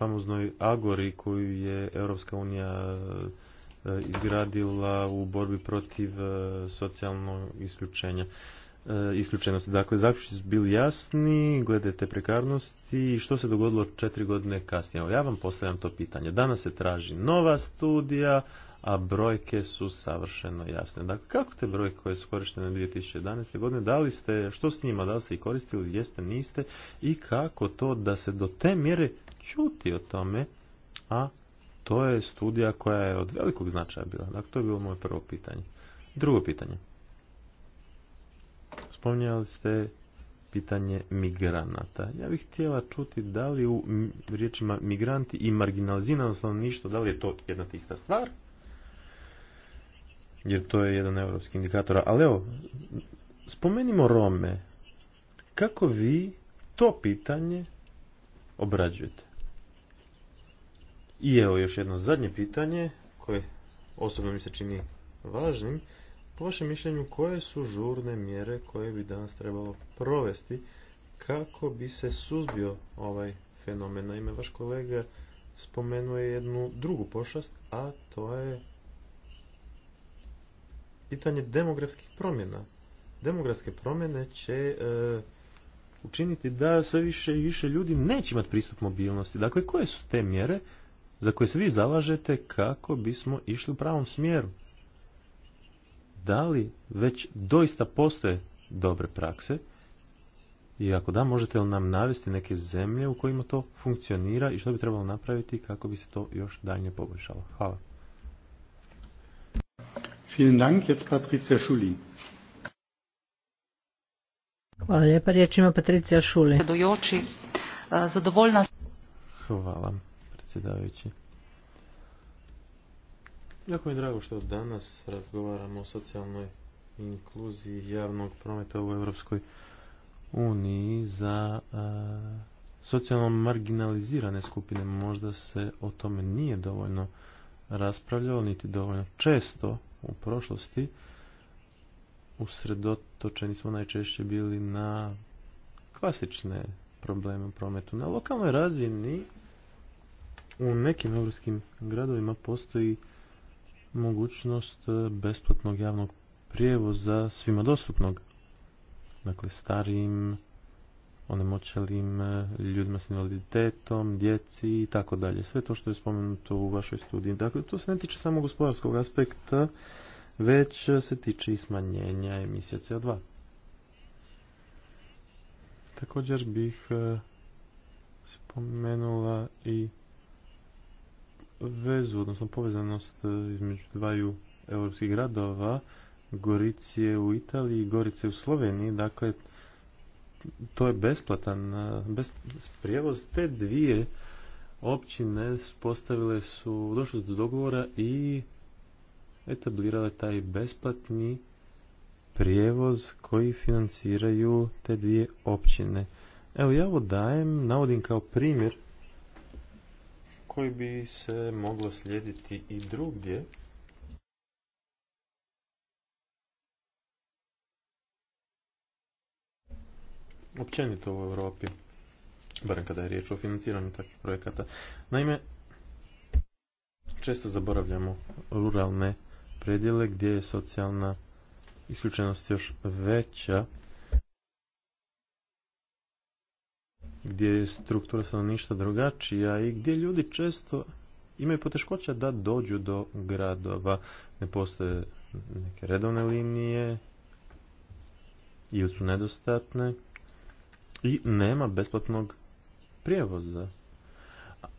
famoznoj agori koju je Europska unija e, izgradila u borbi protiv e, socijalnog isključenja e, isključenosti. Dakle, zaključci su bili jasni, Gledajte prekarnosti i što se dogodilo četiri godine kasnije. ja vam postavljam to pitanje. Danas se traži nova studija, a brojke su savršeno jasne. Dakle, kako te brojke koje su korištene 2011. godine, da li ste, što s njima, da li ste ih koristili, jeste, niste i kako to da se do te mjere čuti o tome, a to je studija koja je od velikog značaja bila. Dakle, to je bilo moje prvo pitanje. Drugo pitanje. Spominjali ste pitanje migranata. Ja bih htjela čuti da li u riječima migranti i marginalizirano stanovništvo, da li je to jedna tista stvar? Jer to je jedan europski indikator. Ali evo, spomenimo Rome. Kako vi to pitanje obrađujete? I evo još jedno zadnje pitanje koje osobno mi se čini važnim. Po vašem mišljenju koje su žurne mjere koje bi danas trebalo provesti kako bi se suzbio ovaj fenomen? Naime, vaš kolega spomenuo je jednu drugu pošast, a to je pitanje demografskih promjena. Demografske promjene će e, učiniti da sve više i više ljudi neće imati pristup mobilnosti. Dakle, koje su te mjere za koje se vi zalažete kako bismo išli u pravom smjeru. Da li već doista postoje dobre prakse? I ako da, možete li nam navesti neke zemlje u kojima to funkcionira i što bi trebalo napraviti kako bi se to još dalje poboljšalo? Hvala. Vielen Dank, jetzt Patricia Schuli. Hvala lijepa, riječ ima Hvala predsjedavajući. Jako mi je drago što danas razgovaramo o socijalnoj inkluziji javnog prometa u Europskoj uniji za socijalno marginalizirane skupine. Možda se o tome nije dovoljno raspravljalo, niti dovoljno često u prošlosti. Usredotočeni smo najčešće bili na klasične probleme u prometu. Na lokalnoj razini u nekim europskim gradovima postoji mogućnost e, besplatnog javnog prijevoza svima dostupnog. Dakle, starijim, onemoćelim e, ljudima s invaliditetom, djeci i tako dalje. Sve to što je spomenuto u vašoj studiji. Dakle, to se ne tiče samo gospodarskog aspekta, već se tiče i smanjenja emisije CO2. Također bih e, spomenula i vezu, odnosno povezanost e, između dvaju europskih gradova, Gorice u Italiji i Gorice u Sloveniji, dakle to je besplatan e, prijevoz. Te dvije općine postavile su, došle do dogovora i etablirale taj besplatni prijevoz koji financiraju te dvije općine. Evo ja ovo dajem, navodim kao primjer koji bi se moglo slijediti i drugdje. Općenito u Europi, barem kada je riječ o financiranju takvih projekata. Naime, često zaboravljamo ruralne predjele gdje je socijalna isključenost još veća gdje je struktura stanovništva drugačija i gdje ljudi često imaju poteškoća da dođu do gradova. Ne postoje neke redovne linije ili su nedostatne i nema besplatnog prijevoza.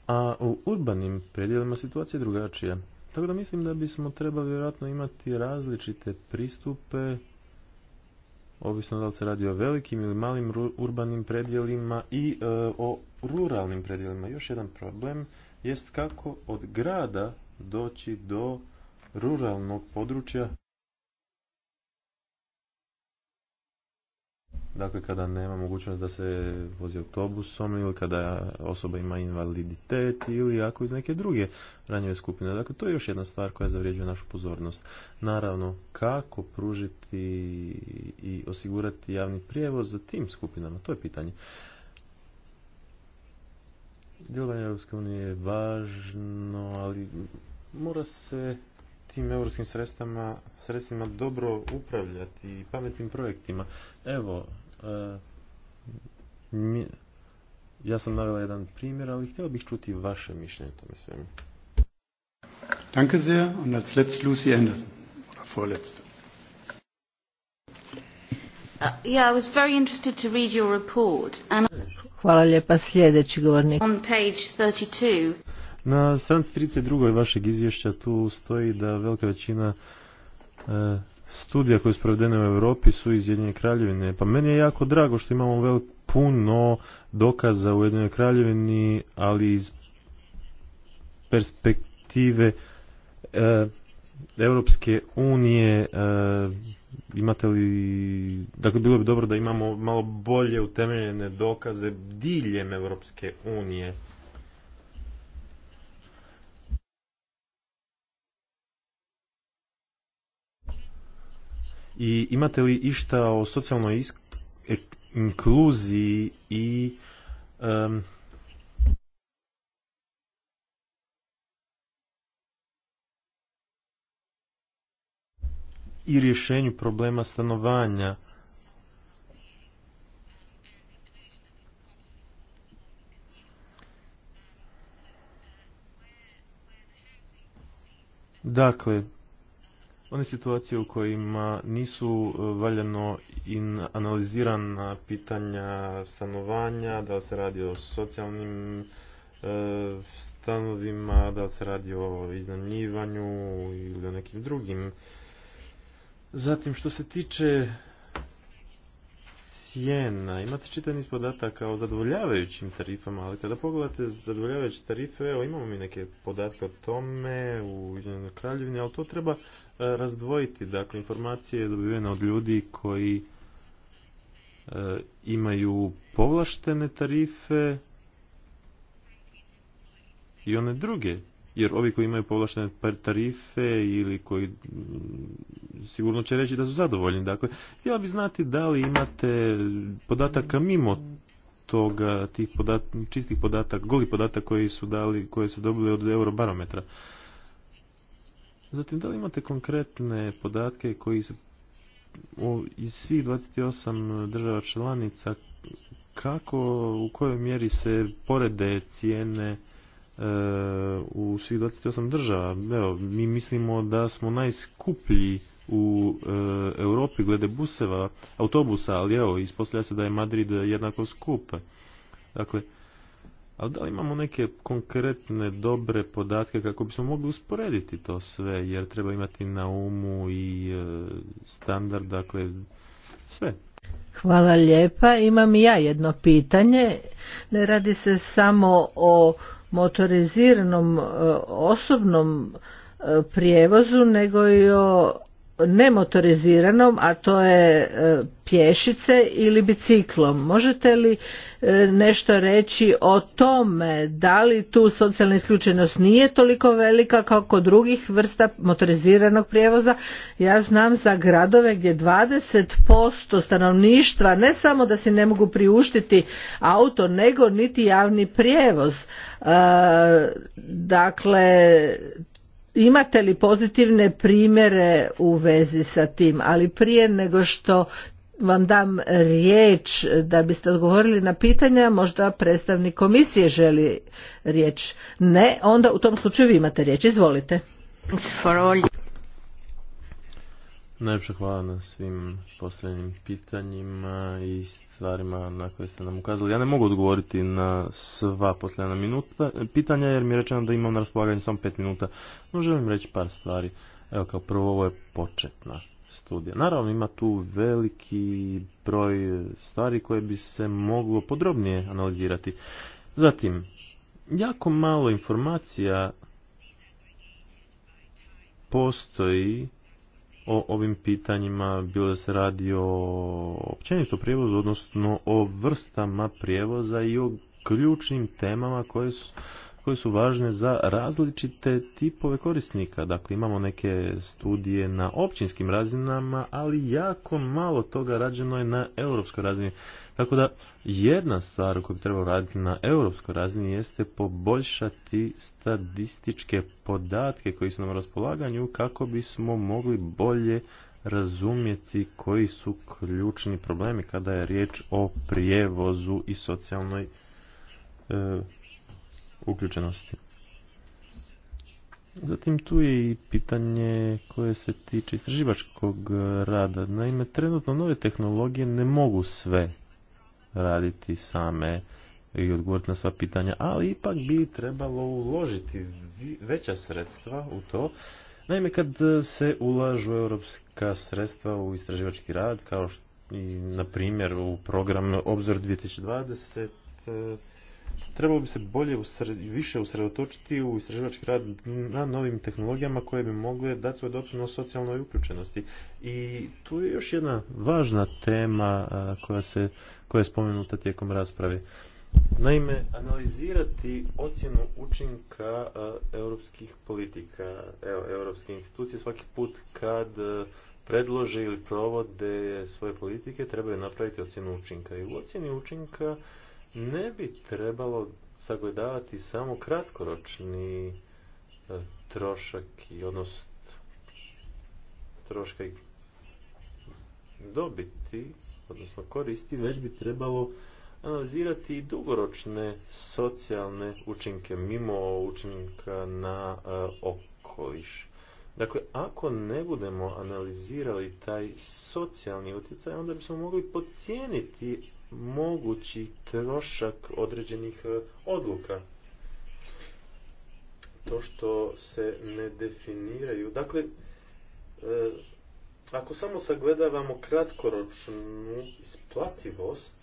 A u urbanim predjelima situacija je drugačija. Tako da mislim da bismo trebali vjerojatno imati različite pristupe ovisno da li se radi o velikim ili malim urbanim predjelima i e, o ruralnim predjelima. Još jedan problem jest kako od grada doći do ruralnog područja dakle kada nema mogućnost da se vozi autobusom ili kada osoba ima invaliditet ili ako iz neke druge ranjive skupine. Dakle, to je još jedna stvar koja zavrijeđuje našu pozornost. Naravno, kako pružiti i osigurati javni prijevoz za tim skupinama, to je pitanje. Djelovanje Europske unije je važno, ali mora se tim europskim sredstvima, sredstvima dobro upravljati i pametnim projektima. Evo, E, ja sam navela jedan primjer, ali htjela bih čuti vaše mišljenje o tome svemu. Danke sehr. Und als letzt Lucy Anderson. Oder vorletzte. Uh, yeah, I was very interested to read your report. And... Hvala lijepa sljedeći govornik. On page 32. Na stranici 32. vašeg izvješća tu stoji da velika većina e, studija koje su provedene u Europi su iz kraljevine. Pa meni je jako drago što imamo vel puno dokaza u Jedinoj kraljevini, ali iz perspektive e, Europske unije e, imate li, dakle bilo bi dobro da imamo malo bolje utemeljene dokaze diljem Europske unije. I imate li išta o socijalnoj inkluziji i i rješenju problema stanovanja. Dakle, one situacije u kojima nisu e, valjano in analizirana pitanja stanovanja, da li se radi o socijalnim e, stanovima, da li se radi o iznajmljivanju ili o nekim drugim. Zatim što se tiče cijena. Imate čitav niz podataka o zadovoljavajućim tarifama, ali kada pogledate zadovoljavajuće tarife, evo imamo mi neke podatke o tome u Ujedinjenoj kraljevini, ali to treba e, razdvojiti. Dakle, informacije je dobivena od ljudi koji e, imaju povlaštene tarife i one druge jer ovi koji imaju povlaštene tarife ili koji mm, sigurno će reći da su zadovoljni. Dakle, htjela bih znati da li imate podataka mimo toga, tih podat, čistih podataka, goli podataka koji su dali, koje su dobili od eurobarometra. Zatim, da li imate konkretne podatke koji se iz svih 28 država članica kako, u kojoj mjeri se porede cijene E, u svih 28 država. Evo, mi mislimo da smo najskuplji u e, Europi glede buseva, autobusa, ali evo, ispostavlja se da je Madrid jednako skup. Dakle, ali da li imamo neke konkretne dobre podatke kako bismo mogli usporediti to sve, jer treba imati na umu i e, standard, dakle, sve. Hvala lijepa. Imam i ja jedno pitanje. Ne radi se samo o motoriziranom e, osobnom e, prijevozu nego i o nemotoriziranom, a to je e, pješice ili biciklom. Možete li e, nešto reći o tome da li tu socijalna isključenost nije toliko velika kao kod drugih vrsta motoriziranog prijevoza? Ja znam za gradove gdje 20% stanovništva ne samo da si ne mogu priuštiti auto, nego niti javni prijevoz. E, dakle, imate li pozitivne primjere u vezi sa tim, ali prije nego što vam dam riječ da biste odgovorili na pitanja, možda predstavnik komisije želi riječ. Ne, onda u tom slučaju vi imate riječ. Izvolite. Najljepša hvala na svim postavljenim pitanjima i stvarima na koje ste nam ukazali. Ja ne mogu odgovoriti na sva posljedna minuta, pitanja jer mi je rečeno da imam na raspolaganju samo pet minuta. No želim reći par stvari. Evo kao prvo ovo je početna studija. Naravno ima tu veliki broj stvari koje bi se moglo podrobnije analizirati. Zatim, jako malo informacija postoji o ovim pitanjima, bilo da se radi o općenito prijevozu, odnosno o vrstama prijevoza i o ključnim temama koje su, koje su važne za različite tipove korisnika. Dakle, imamo neke studije na općinskim razinama, ali jako malo toga rađeno je na europskoj razini. Tako da, jedna stvar koju bi trebalo raditi na europskoj razini jeste poboljšati statističke podatke koji su nam raspolaganju kako bismo mogli bolje razumjeti koji su ključni problemi kada je riječ o prijevozu i socijalnoj e, uključenosti. Zatim tu je i pitanje koje se tiče istraživačkog rada. Naime, trenutno nove tehnologije ne mogu sve raditi same i odgovoriti na sva pitanja, ali ipak bi trebalo uložiti veća sredstva u to. Naime, kad se ulažu europska sredstva u istraživački rad, kao što i, na primjer, u program Obzor 2020, trebalo bi se bolje usred, više usredotočiti u istraživački rad na novim tehnologijama koje bi mogle dati svoj doprinos socijalnoj uključenosti. I tu je još jedna važna tema koja, se, koja je spomenuta tijekom rasprave. Naime, analizirati ocjenu učinka europskih politika, europske institucije svaki put kad predlože ili provode svoje politike, trebaju napraviti ocjenu učinka. I u ocjeni učinka ne bi trebalo sagledavati samo kratkoročni e, trošak i odnos troška i dobiti, odnosno koristi, već bi trebalo analizirati i dugoročne socijalne učinke mimo učinka na e, okoliš. Dakle, ako ne budemo analizirali taj socijalni utjecaj, onda bismo mogli podcijeniti mogući trošak određenih e, odluka. To što se ne definiraju. Dakle, e, ako samo sagledavamo kratkoročnu isplativost,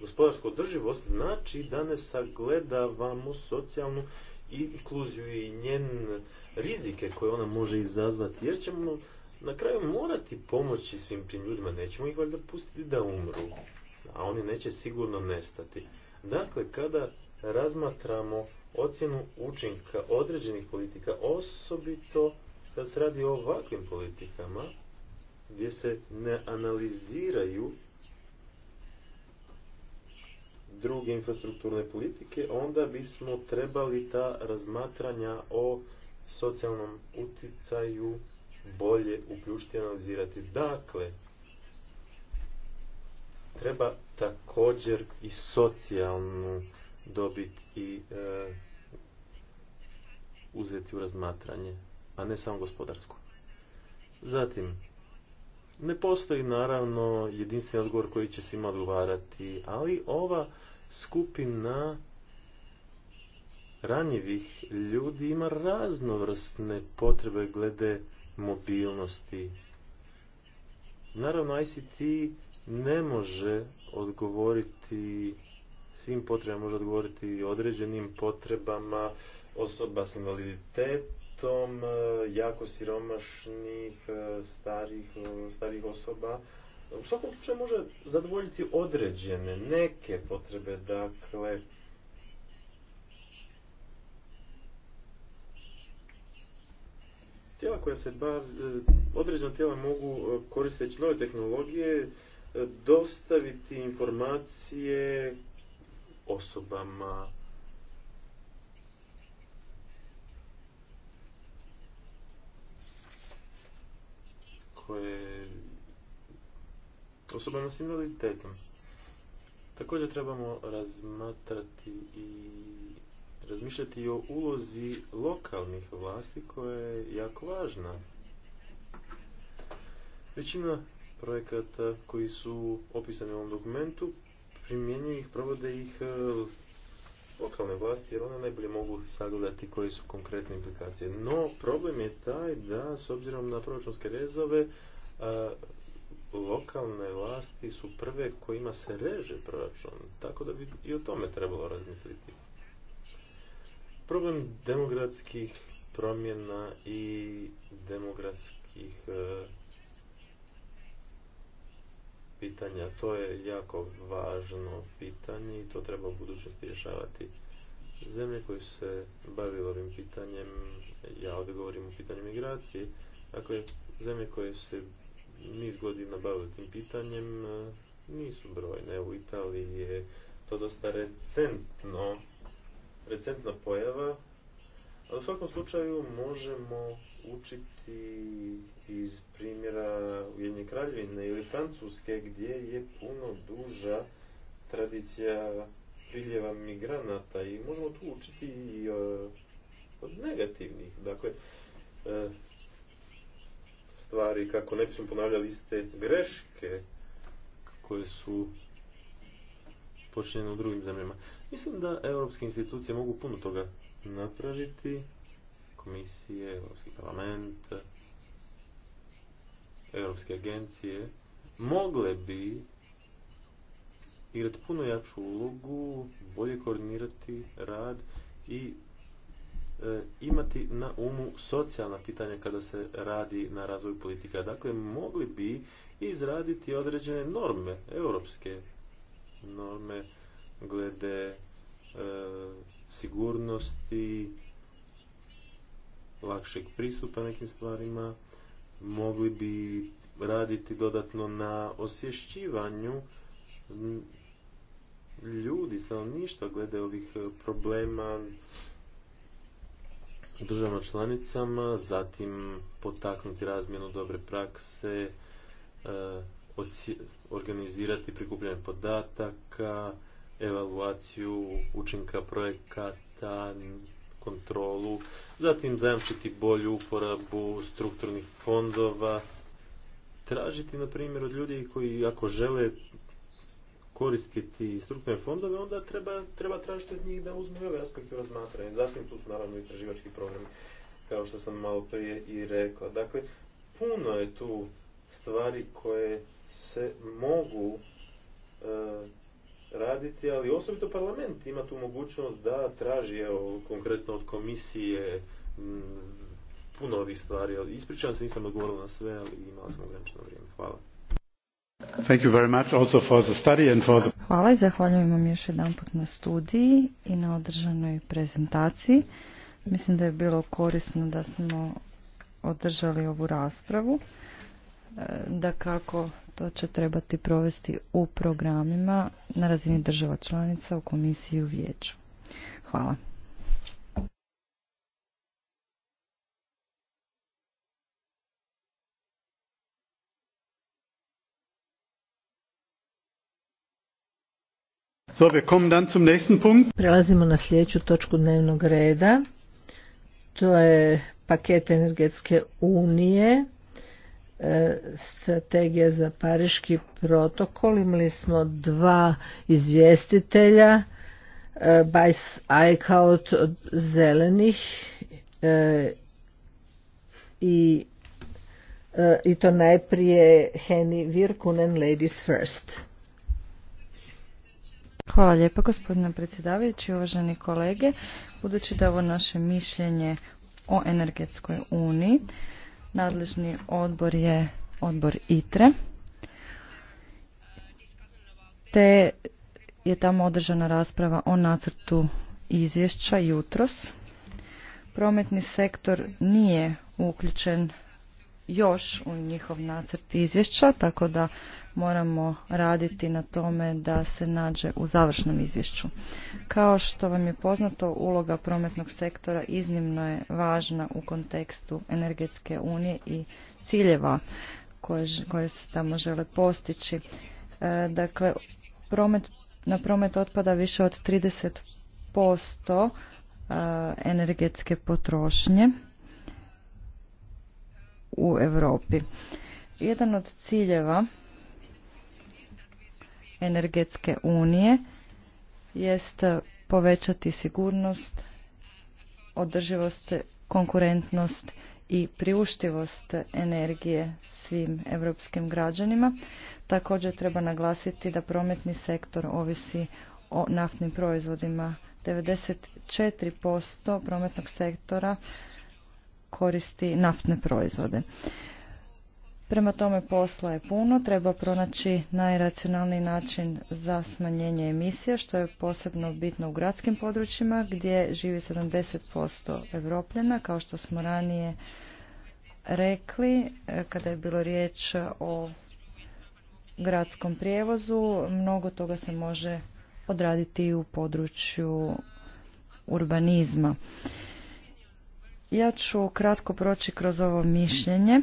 gospodarsku održivost, znači da ne sagledavamo socijalnu inkluziju i njen rizike koje ona može izazvati, jer ćemo na kraju morati pomoći svim tim ljudima, nećemo ih valjda pustiti da umru a oni neće sigurno nestati. Dakle, kada razmatramo ocjenu učinka određenih politika, osobito kad se radi o ovakvim politikama, gdje se ne analiziraju druge infrastrukturne politike, onda bismo trebali ta razmatranja o socijalnom uticaju bolje uključiti i analizirati. Dakle, Treba također i socijalnu dobit i e, uzeti u razmatranje, a ne samo gospodarsku. Zatim, ne postoji naravno jedinstveni odgovor koji će svima odgovarati, ali ova skupina ranjivih ljudi ima raznovrsne potrebe glede mobilnosti. Naravno, ICT ne može odgovoriti svim potrebama, može odgovoriti određenim potrebama osoba s invaliditetom, e, jako siromašnih, e, starih, e, starih osoba. U svakom slučaju može zadovoljiti određene, neke potrebe, dakle, tijela koja se baz, određena tijela mogu koristiti nove tehnologije, dostaviti informacije osobama koje osobama s invaliditetom. Također trebamo razmatrati i razmišljati o ulozi lokalnih vlasti koja je jako važna. Većina projekata koji su opisani u ovom dokumentu, primjenjuju ih, provode ih e, lokalne vlasti jer one najbolje mogu sagledati koje su konkretne implikacije. No, problem je taj da s obzirom na proračunske rezove e, lokalne vlasti su prve kojima se reže proračun, tako da bi i o tome trebalo razmisliti. Problem demokratskih promjena i demografskih e, pitanja. To je jako važno pitanje i to treba u budućnosti rješavati. Zemlje koje se bavile ovim pitanjem, ja ovdje govorim o pitanju migracije, dakle, zemlje koje se niz godina bavili tim pitanjem eh, nisu brojne. U Italiji je to dosta recentno, recentna pojava, ali u svakom slučaju možemo učiti i iz primjera Ujedinje kraljevine ili Francuske gdje je puno duža tradicija priljeva migranata i možemo tu učiti e, od negativnih. Dakle, e, stvari kako ne bismo ponavljali iste greške koje su počinjene u drugim zemljama. Mislim da europske institucije mogu puno toga napraviti komisije, Europski parlament, Europske agencije, mogle bi igrati puno jaču ulogu, bolje koordinirati rad i e, imati na umu socijalna pitanja kada se radi na razvoju politika. Dakle, mogli bi izraditi određene norme, europske norme glede e, sigurnosti, lakšeg pristupa nekim stvarima, mogli bi raditi dodatno na osvješćivanju ljudi, ništa, glede ovih e, problema u državama članicama, zatim potaknuti razmjenu dobre prakse, e, organizirati prikupljanje podataka, evaluaciju učinka projekata, kontrolu, zatim zajamčiti bolju uporabu strukturnih fondova, tražiti na primjer od ljudi koji ako žele koristiti strukturne fondove, onda treba, treba tražiti od njih da uzme ove aspekte razmatranja. Zatim tu su naravno istraživački programi, kao što sam malo prije i rekla. Dakle, puno je tu stvari koje se mogu e, raditi, ali osobito parlament ima tu mogućnost da traži, evo, konkretno od komisije m, mm, puno ovih stvari. Ispričavam se, nisam odgovorila na sve, ali imala sam ograničeno vrijeme. Hvala. Thank you very much also for the study and for Hvala i zahvaljujem vam još jedan put na studiji i na održanoj prezentaciji. Mislim da je bilo korisno da smo održali ovu raspravu. E, da kako to će trebati provesti u programima na razini država članica u komisiji u vijeću. Hvala. Prelazimo na sljedeću točku dnevnog reda. To je paket energetske unije. E, strategija za pariški protokol. Imali smo dva izvjestitelja, e, Bajs Eichhout od zelenih e, i, i to najprije Heni Virkunen Ladies First. Hvala lijepa gospodine predsjedavajući, uvaženi kolege. Budući da ovo naše mišljenje o energetskoj uniji, Nadležni odbor je odbor ITRE. Te je tamo održana rasprava o nacrtu izvješća jutros. Prometni sektor nije uključen još u njihov nacrt izvješća, tako da moramo raditi na tome da se nađe u završnom izvješću. Kao što vam je poznato, uloga prometnog sektora iznimno je važna u kontekstu energetske unije i ciljeva koje, se tamo žele postići. E, dakle, promet, na promet otpada više od 30% e, energetske potrošnje u Europi. Jedan od ciljeva energetske unije jest povećati sigurnost, održivost, konkurentnost i priuštivost energije svim europskim građanima. Također treba naglasiti da prometni sektor ovisi o naftnim proizvodima. 94% prometnog sektora koristi naftne proizvode. Prema tome posla je puno, treba pronaći najracionalniji način za smanjenje emisija, što je posebno bitno u gradskim područjima gdje živi 70% evropljena, kao što smo ranije rekli, e, kada je bilo riječ o gradskom prijevozu, mnogo toga se može odraditi u području urbanizma. Ja ću kratko proći kroz ovo mišljenje. E,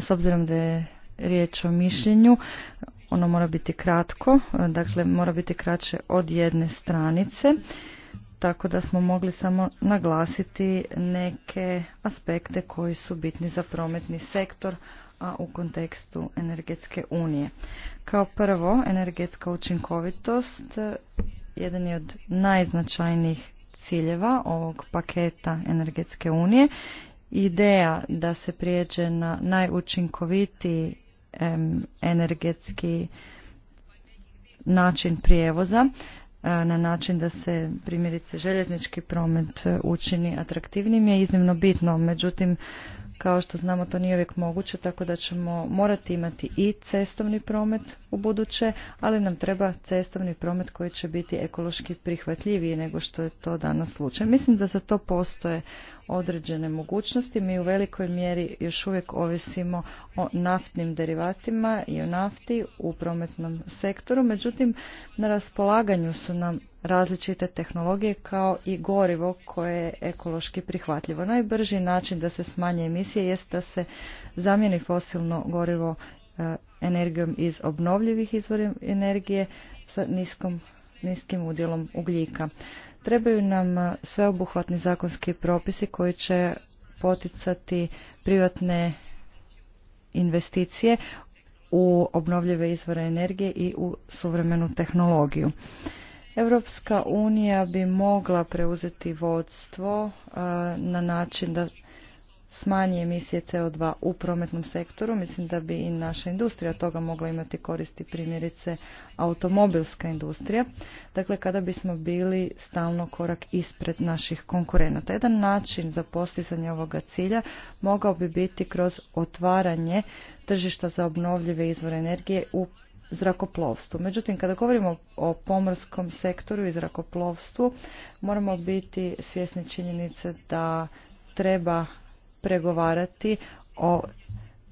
s obzirom da je riječ o mišljenju, ono mora biti kratko, e, dakle mora biti kraće od jedne stranice, tako da smo mogli samo naglasiti neke aspekte koji su bitni za prometni sektor, a u kontekstu energetske unije. Kao prvo, energetska učinkovitost jedan je od najznačajnijih ciljeva ovog paketa energetske unije. Ideja da se prijeđe na najučinkovitiji energetski način prijevoza e, na način da se primjerice željeznički promet učini atraktivnim je iznimno bitno. Međutim, kao što znamo to nije uvijek moguće, tako da ćemo morati imati i cestovni promet u buduće, ali nam treba cestovni promet koji će biti ekološki prihvatljiviji nego što je to danas slučaj. Mislim da za to postoje određene mogućnosti. Mi u velikoj mjeri još uvijek ovisimo o naftnim derivatima i o nafti u prometnom sektoru, međutim na raspolaganju su nam različite tehnologije kao i gorivo koje je ekološki prihvatljivo. Najbrži način da se smanje emisije jest da se zamijeni fosilno gorivo e, energijom iz obnovljivih izvora energije sa niskom, niskim udjelom ugljika. Trebaju nam e, sveobuhvatni zakonski propisi koji će poticati privatne investicije u obnovljive izvore energije i u suvremenu tehnologiju. Evropska unija bi mogla preuzeti vodstvo na način da smanji emisije CO2 u prometnom sektoru. Mislim da bi i naša industrija toga mogla imati koristi primjerice automobilska industrija. Dakle, kada bismo bili stalno korak ispred naših konkurenata. Jedan način za postizanje ovoga cilja mogao bi biti kroz otvaranje tržišta za obnovljive izvore energije u zrakoplovstvu. Međutim, kada govorimo o pomorskom sektoru i zrakoplovstvu, moramo biti svjesni činjenice da treba pregovarati o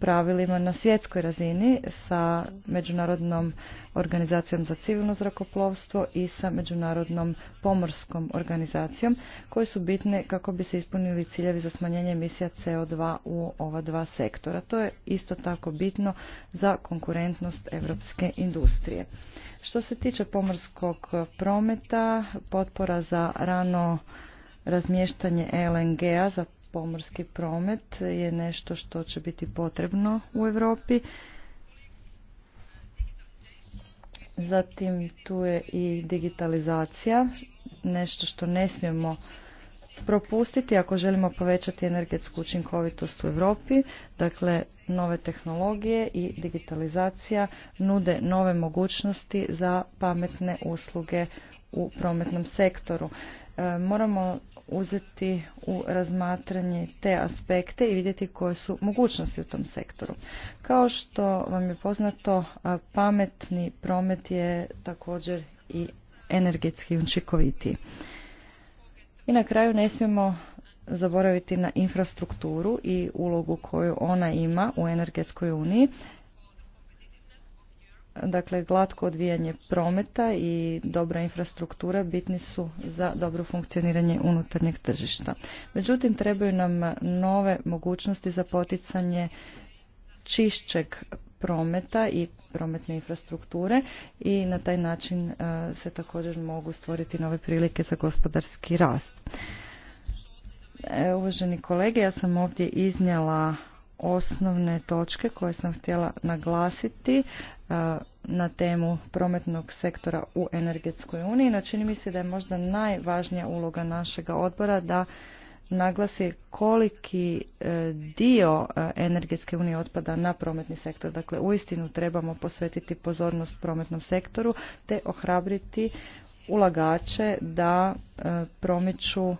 pravilima na svjetskoj razini sa Međunarodnom organizacijom za civilno zrakoplovstvo i sa Međunarodnom pomorskom organizacijom koje su bitne kako bi se ispunili ciljevi za smanjenje emisija CO2 u ova dva sektora. To je isto tako bitno za konkurentnost europske industrije. Što se tiče pomorskog prometa, potpora za rano razmještanje LNG-a za pomorski promet je nešto što će biti potrebno u Europi. Zatim tu je i digitalizacija, nešto što ne smijemo propustiti ako želimo povećati energetsku učinkovitost u Europi. Dakle, nove tehnologije i digitalizacija nude nove mogućnosti za pametne usluge u prometnom sektoru. E, moramo uzeti u razmatranje te aspekte i vidjeti koje su mogućnosti u tom sektoru. Kao što vam je poznato, pametni promet je također i energetski učinkovitiji. I na kraju ne smijemo zaboraviti na infrastrukturu i ulogu koju ona ima u energetskoj uniji Dakle, glatko odvijanje prometa i dobra infrastruktura bitni su za dobro funkcioniranje unutarnjeg tržišta. Međutim, trebaju nam nove mogućnosti za poticanje čišćeg prometa i prometne infrastrukture i na taj način e, se također mogu stvoriti nove prilike za gospodarski rast. E, uvaženi kolege, ja sam ovdje iznijela osnovne točke koje sam htjela naglasiti na temu prometnog sektora u energetskoj uniji. No čini mi se da je možda najvažnija uloga našega odbora da naglasi koliki e, dio e, energetske unije otpada na prometni sektor. Dakle, uistinu trebamo posvetiti pozornost prometnom sektoru te ohrabriti ulagače da e, promiču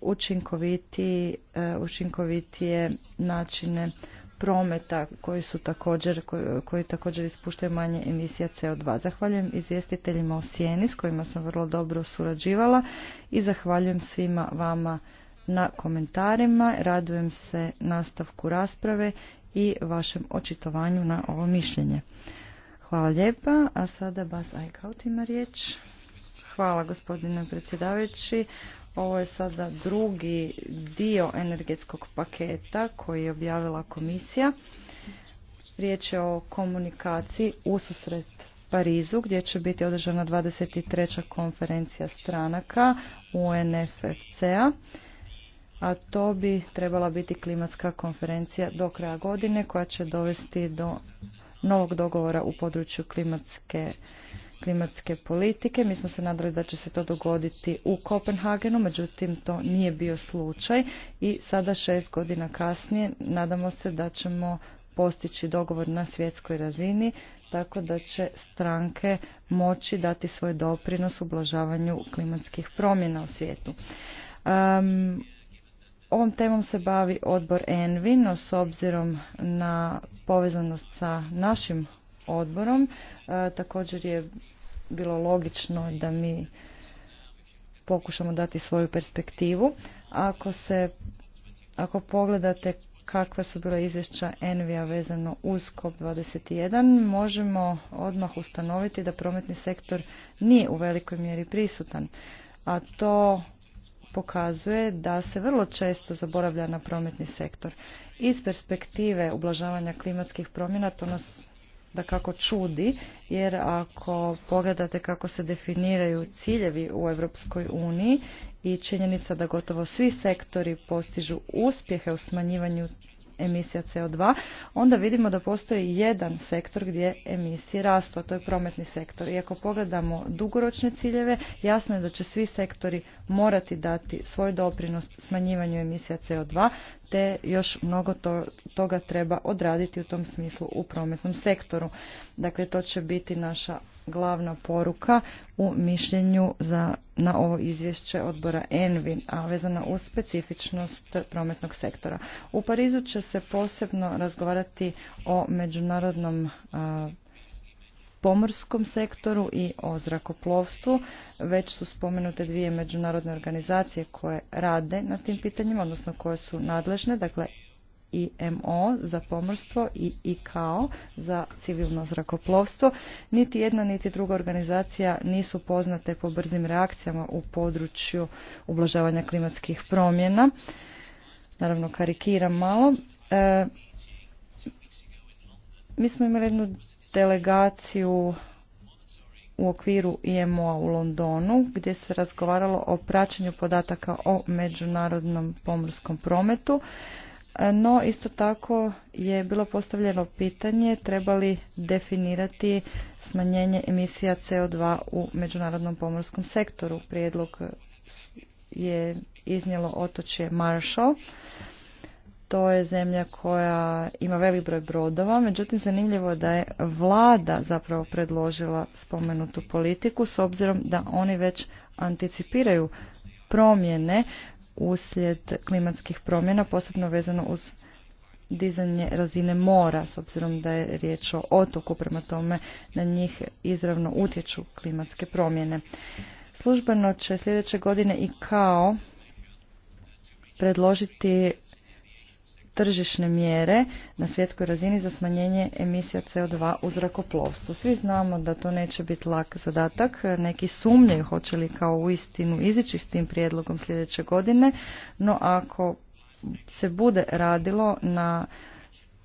učinkovitije načine prometa koji su također, koji, također ispuštaju manje emisija CO2. Zahvaljujem izvjestiteljima o sjeni s kojima sam vrlo dobro surađivala i zahvaljujem svima vama na komentarima. Radujem se nastavku rasprave i vašem očitovanju na ovo mišljenje. Hvala lijepa, a sada Bas Ajkaut ima riječ. Hvala gospodine predsjedavajući. Ovo je sada drugi dio energetskog paketa koji je objavila komisija. Riječ je o komunikaciji ususret Parizu gdje će biti održana 23. konferencija stranaka UNFFC-a a to bi trebala biti klimatska konferencija do kraja godine koja će dovesti do novog dogovora u području klimatske klimatske politike. Mi smo se nadali da će se to dogoditi u Kopenhagenu, međutim to nije bio slučaj i sada šest godina kasnije nadamo se da ćemo postići dogovor na svjetskoj razini tako da će stranke moći dati svoj doprinos ublažavanju klimatskih promjena u svijetu. Um, Ovom temom se bavi odbor Envi, no s obzirom na povezanost sa našim odborom. E, također je bilo logično da mi pokušamo dati svoju perspektivu. Ako se ako pogledate kakva su bila izvješća Envija vezano uz COP21, možemo odmah ustanoviti da prometni sektor nije u velikoj mjeri prisutan, a to pokazuje da se vrlo često zaboravlja na prometni sektor. Iz perspektive ublažavanja klimatskih promjena to nas da kako čudi, jer ako pogledate kako se definiraju ciljevi u Europskoj uniji i činjenica da gotovo svi sektori postižu uspjehe u smanjivanju emisija CO2, onda vidimo da postoji jedan sektor gdje emisije rastu, a to je prometni sektor. I ako pogledamo dugoročne ciljeve, jasno je da će svi sektori morati dati svoj doprinos smanjivanju emisija CO2, te još mnogo toga treba odraditi u tom smislu u prometnom sektoru. Dakle, to će biti naša glavna poruka u mišljenju za, na ovo izvješće odbora ENVI, a vezana uz specifičnost prometnog sektora. U Parizu će se posebno razgovarati o međunarodnom pomorskom sektoru i o zrakoplovstvu. Već su spomenute dvije međunarodne organizacije koje rade na tim pitanjima, odnosno koje su nadležne, dakle IMO za pomorstvo i ICAO za civilno zrakoplovstvo. Niti jedna niti druga organizacija nisu poznate po brzim reakcijama u području ublažavanja klimatskih promjena. Naravno karikiram malo. E, mi smo imali jednu delegaciju u okviru imo u Londonu gdje se razgovaralo o praćenju podataka o međunarodnom pomorskom prometu. No, isto tako je bilo postavljeno pitanje treba li definirati smanjenje emisija CO2 u međunarodnom pomorskom sektoru. Prijedlog je iznijelo otočje Marshall. To je zemlja koja ima velik broj brodova, međutim zanimljivo je da je vlada zapravo predložila spomenutu politiku s obzirom da oni već anticipiraju promjene uslijed klimatskih promjena, posebno vezano uz dizanje razine mora, s obzirom da je riječ o otoku, prema tome na njih izravno utječu klimatske promjene. Službeno će sljedeće godine i kao predložiti tržišne mjere na svjetskoj razini za smanjenje emisija CO2 u zrakoplovstvu. Svi znamo da to neće biti lak zadatak, neki sumnjaju hoće li kao u istinu izići s tim prijedlogom sljedeće godine, no ako se bude radilo na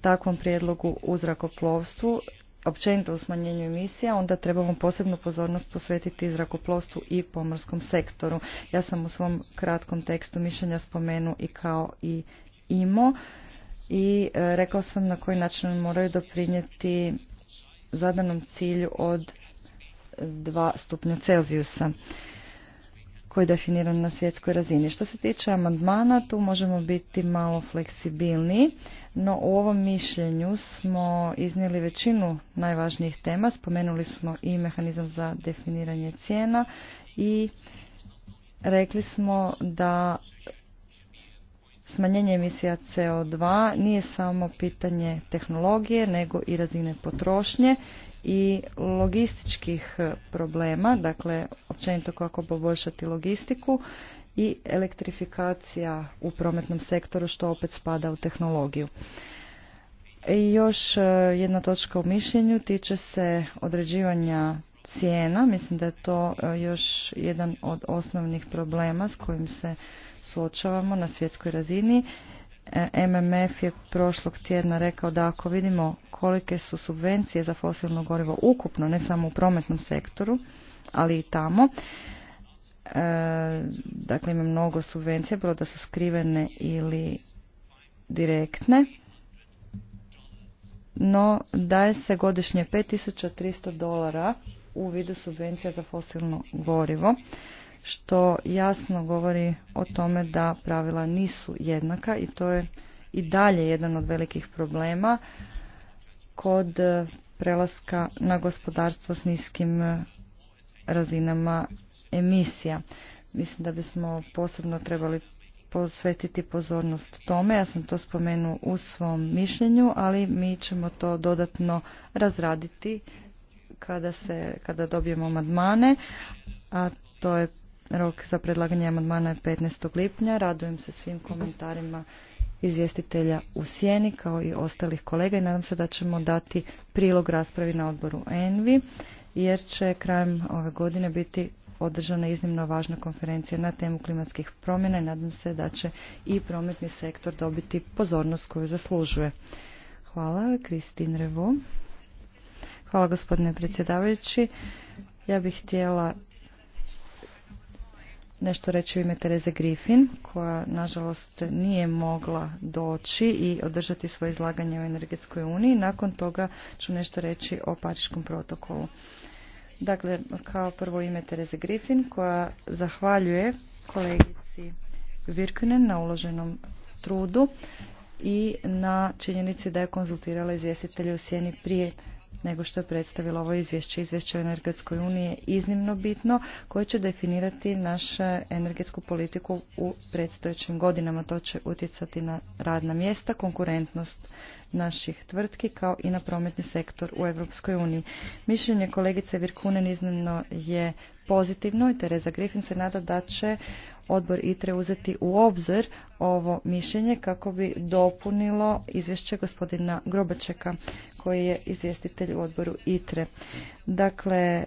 takvom prijedlogu u zrakoplovstvu, općenito u smanjenju emisija, onda trebamo posebnu pozornost posvetiti zrakoplovstvu i pomorskom sektoru. Ja sam u svom kratkom tekstu mišljenja spomenu i kao i IMO i e, rekao sam na koji način moraju doprinijeti zadanom cilju od 2 stupnja Celzijusa koji je definiran na svjetskoj razini. Što se tiče amandmana, tu možemo biti malo fleksibilni, no u ovom mišljenju smo iznijeli većinu najvažnijih tema. Spomenuli smo i mehanizam za definiranje cijena i rekli smo da Smanjenje emisija CO2 nije samo pitanje tehnologije, nego i razine potrošnje i logističkih problema, dakle općenito kako poboljšati logistiku i elektrifikacija u prometnom sektoru što opet spada u tehnologiju. I još e, jedna točka u mišljenju tiče se određivanja cijena. Mislim da je to e, još jedan od osnovnih problema s kojim se suočavamo na svjetskoj razini. E, MMF je prošlog tjedna rekao da ako vidimo kolike su subvencije za fosilno gorivo ukupno, ne samo u prometnom sektoru, ali i tamo, e, dakle ima mnogo subvencija, bilo da su skrivene ili direktne, no daje se godišnje 5300 dolara u vidu subvencija za fosilno gorivo što jasno govori o tome da pravila nisu jednaka i to je i dalje jedan od velikih problema kod prelaska na gospodarstvo s niskim razinama emisija. Mislim da bismo posebno trebali posvetiti pozornost tome. Ja sam to spomenuo u svom mišljenju, ali mi ćemo to dodatno razraditi kada, se, kada dobijemo amandmane, a to je Rok za predlaganje amandmana je 15. lipnja. Radujem se svim komentarima izvjestitelja u sjeni kao i ostalih kolega i nadam se da ćemo dati prilog raspravi na odboru ENVI jer će krajem ove godine biti održana iznimno važna konferencija na temu klimatskih promjena i nadam se da će i prometni sektor dobiti pozornost koju zaslužuje. Hvala, Kristin Revo. Hvala gospodine predsjedavajući. Ja bih htjela nešto reći u ime Tereze Griffin, koja nažalost nije mogla doći i održati svoje izlaganje u energetskoj uniji. Nakon toga ću nešto reći o Pariškom protokolu. Dakle, kao prvo ime Tereze Griffin, koja zahvaljuje kolegici Virkunen na uloženom trudu i na činjenici da je konzultirala izvjestitelje u sjeni prije nego što je predstavilo ovo izvješće, izvješće o energetskoj uniji je iznimno bitno koje će definirati našu energetsku politiku u predstojećim godinama. To će utjecati na radna mjesta, konkurentnost naših tvrtki kao i na prometni sektor u Europskoj uniji. Mišljenje kolegice Virkunen iznimno je pozitivno i Tereza Griffin se nada da će odbor ITRE uzeti u obzir ovo mišljenje kako bi dopunilo izvješće gospodina Grobačeka koji je izvjestitelj u odboru ITRE. Dakle,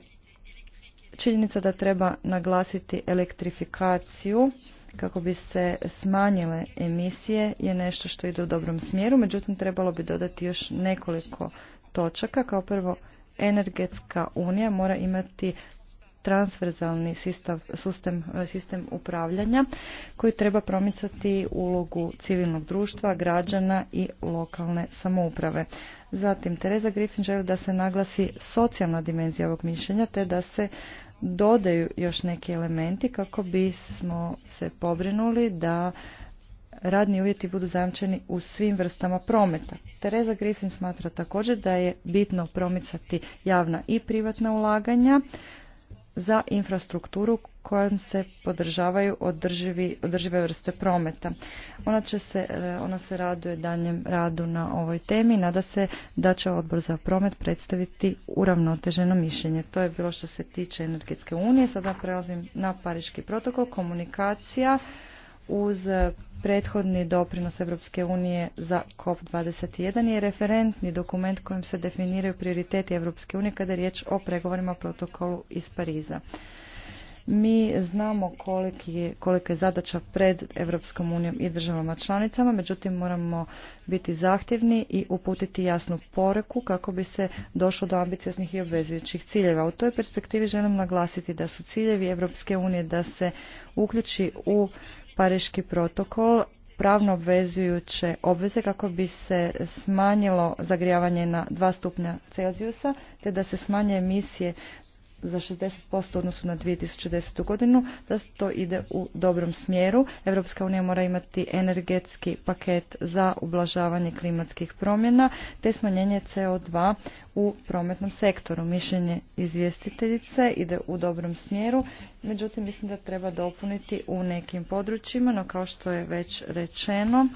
činjenica da treba naglasiti elektrifikaciju kako bi se smanjile emisije je nešto što ide u dobrom smjeru, međutim trebalo bi dodati još nekoliko točaka. Kao prvo, energetska unija mora imati transverzalni sistem, upravljanja koji treba promicati ulogu civilnog društva, građana i lokalne samouprave. Zatim, Tereza Griffin želi da se naglasi socijalna dimenzija ovog mišljenja te da se dodaju još neki elementi kako bismo se pobrinuli da radni uvjeti budu zajamčeni u svim vrstama prometa. Tereza Griffin smatra također da je bitno promicati javna i privatna ulaganja za infrastrukturu kojom se podržavaju održivi, održive vrste prometa. Ona, će se, e, ona se raduje danjem radu na ovoj temi. Nada se da će odbor za promet predstaviti uravnoteženo mišljenje. To je bilo što se tiče energetske unije. Sada prelazim na Pariški protokol, komunikacija uz e, prethodni doprinos Europske unije za COP21 je referentni dokument kojim se definiraju prioriteti Europske unije kada je riječ o pregovorima o protokolu iz Pariza. Mi znamo kolika je zadaća pred Europskom unijom i državama članicama, međutim moramo biti zahtjevni i uputiti jasnu poreku kako bi se došlo do ambicioznih i obvezujućih ciljeva. U toj perspektivi želim naglasiti da su ciljevi Europske unije da se uključi u Pariški protokol pravno obvezujuće obveze kako bi se smanjilo zagrijavanje na 2 stupnja Celzijusa te da se smanje emisije za 60% u odnosu na 2010. godinu, da to ide u dobrom smjeru. Europska unija mora imati energetski paket za ublažavanje klimatskih promjena te smanjenje CO2 u prometnom sektoru. Mišljenje izvjestiteljice ide u dobrom smjeru, međutim mislim da treba dopuniti u nekim područjima, no kao što je već rečeno,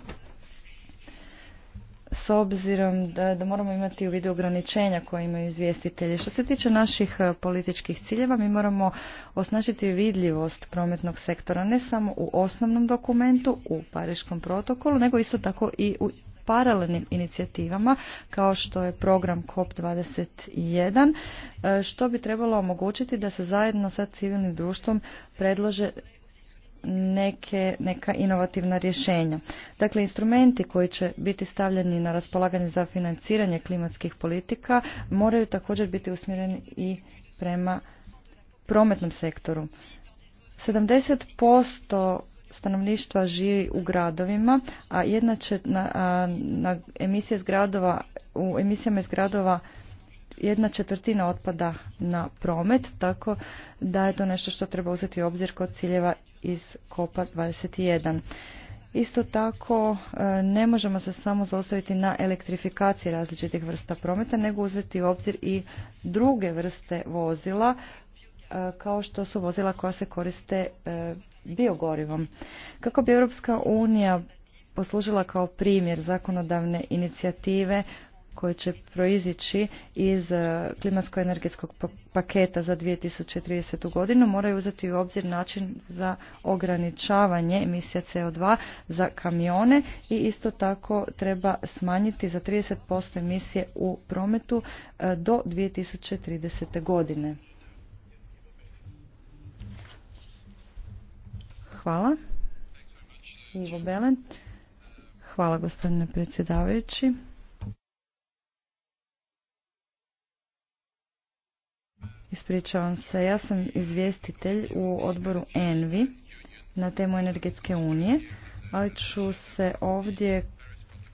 s obzirom da, da moramo imati u vidu ograničenja koje imaju izvjestitelji. Što se tiče naših e, političkih ciljeva, mi moramo osnažiti vidljivost prometnog sektora ne samo u osnovnom dokumentu, u Pariškom protokolu, nego isto tako i u paralelnim inicijativama kao što je program COP21 e, što bi trebalo omogućiti da se zajedno sa civilnim društvom predlože neke, neka inovativna rješenja. Dakle, instrumenti koji će biti stavljeni na raspolaganje za financiranje klimatskih politika moraju također biti usmjereni i prema prometnom sektoru. 70% stanovništva živi u gradovima, a jedna će na emisije gradova, u emisijama iz gradova jedna četvrtina otpada na promet, tako da je to nešto što treba uzeti u obzir kod ciljeva iz kopa 21. Isto tako e, ne možemo se samo zaostaviti na elektrifikaciji različitih vrsta prometa, nego uzeti u obzir i druge vrste vozila, e, kao što su vozila koja se koriste e, biogorivom. Kako bi Europska unija poslužila kao primjer zakonodavne inicijative koji će proizići iz e, klimatsko-energetskog pa-, paketa za 2030. godinu moraju uzeti u obzir način za ograničavanje emisija CO2 za kamione i isto tako treba smanjiti za 30% emisije u prometu e, do 2030. godine. Hvala. Ivo Belen. Hvala gospodine predsjedavajući. Ispričavam se, ja sam izvjestitelj u odboru ENVI na temu energetske unije, ali ću se ovdje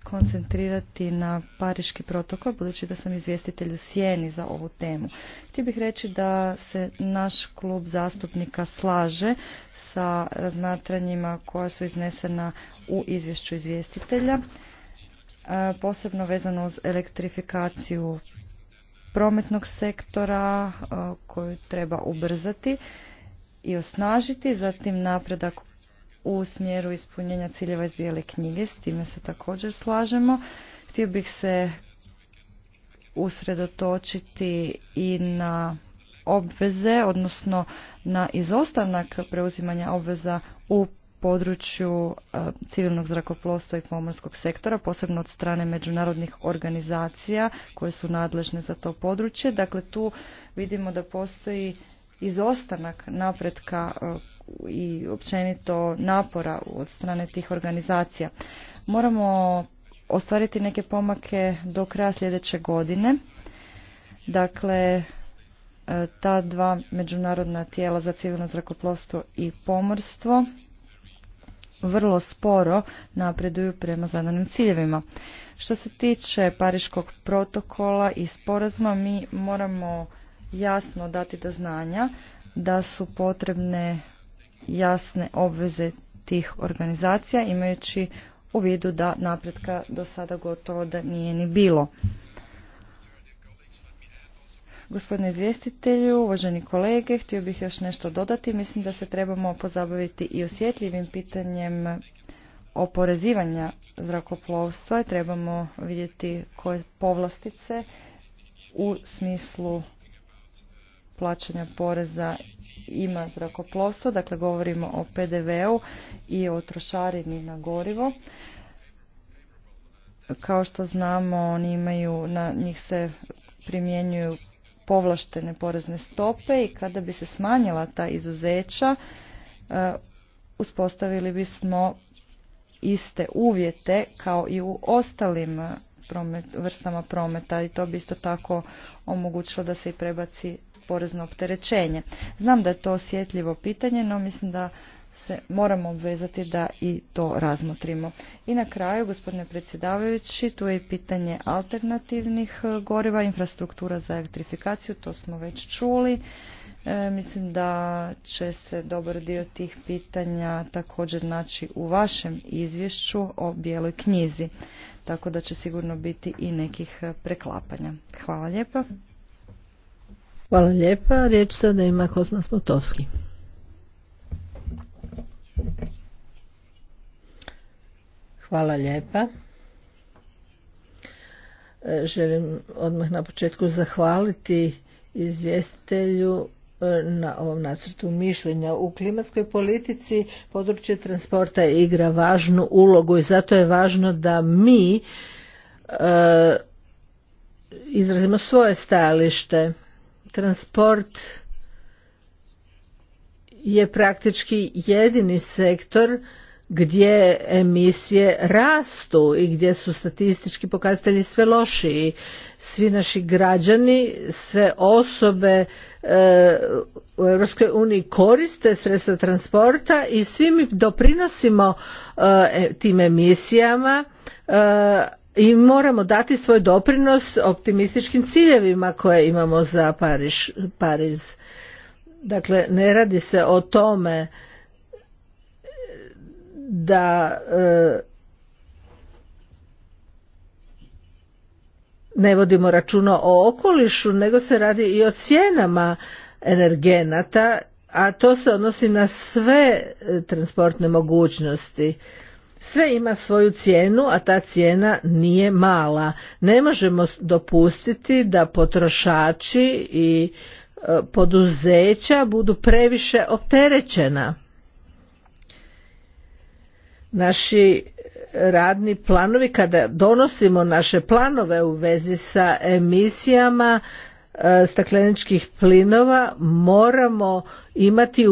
koncentrirati na Pariški protokol, budući da sam izvjestitelj u Sjeni za ovu temu. Htio bih reći da se naš klub zastupnika slaže sa razmatranjima koja su iznesena u izvješću izvjestitelja, e, posebno vezano uz elektrifikaciju prometnog sektora e, koju treba ubrzati i osnažiti, zatim napredak u smjeru ispunjenja ciljeva iz bijele knjige, s time se također slažemo. Htio bih se usredotočiti i na obveze, odnosno na izostanak preuzimanja obveza u području e, civilnog zrakoplovstva i pomorskog sektora, posebno od strane međunarodnih organizacija koje su nadležne za to područje. Dakle, tu vidimo da postoji izostanak napretka e, i općenito napora od strane tih organizacija. Moramo ostvariti neke pomake do kraja sljedeće godine. Dakle, e, ta dva međunarodna tijela za civilno zrakoplovstvo i pomorstvo vrlo sporo napreduju prema zadanim ciljevima. Što se tiče Pariškog protokola i sporazuma, mi moramo jasno dati do znanja da su potrebne jasne obveze tih organizacija imajući u vidu da napretka do sada gotovo da nije ni bilo. Gospodine izvjestitelju, uvaženi kolege, htio bih još nešto dodati. Mislim da se trebamo pozabaviti i osjetljivim pitanjem oporezivanja zrakoplovstva i trebamo vidjeti koje povlastice u smislu plaćanja poreza ima zrakoplovstvo. Dakle, govorimo o PDV-u i o trošarini na gorivo. Kao što znamo, oni imaju, na njih se primjenjuju povlaštene porezne stope i kada bi se smanjila ta izuzeća, e, uspostavili bismo iste uvjete kao i u ostalim e, vrstama prometa i to bi isto tako omogućilo da se i prebaci porezno opterećenje. Znam da je to osjetljivo pitanje, no mislim da se moramo obvezati da i to razmotrimo. I na kraju, gospodine predsjedavajući, tu je i pitanje alternativnih e, goriva, infrastruktura za elektrifikaciju, to smo već čuli. E, mislim da će se dobar dio tih pitanja također naći u vašem izvješću o bijeloj knjizi, tako da će sigurno biti i nekih e, preklapanja. Hvala lijepa. Hvala lijepa. Riječ sada ima Kosma Hvala lijepa. E, želim odmah na početku zahvaliti izvjestitelju e, na ovom nacrtu mišljenja. U klimatskoj politici područje transporta igra važnu ulogu i zato je važno da mi e, izrazimo svoje stajalište. Transport je praktički jedini sektor gdje emisije rastu i gdje su statistički pokazatelji sve lošiji. Svi naši građani, sve osobe e, u EU koriste sredstva transporta i svi mi doprinosimo e, e, tim emisijama e, i moramo dati svoj doprinos optimističkim ciljevima koje imamo za Pariz Dakle, ne radi se o tome da e, ne vodimo računa o okolišu, nego se radi i o cijenama energenata, a to se odnosi na sve transportne mogućnosti. Sve ima svoju cijenu, a ta cijena nije mala. Ne možemo dopustiti da potrošači i poduzeća budu previše opterećena. Naši radni planovi, kada donosimo naše planove u vezi sa emisijama e, stakleničkih plinova, moramo imati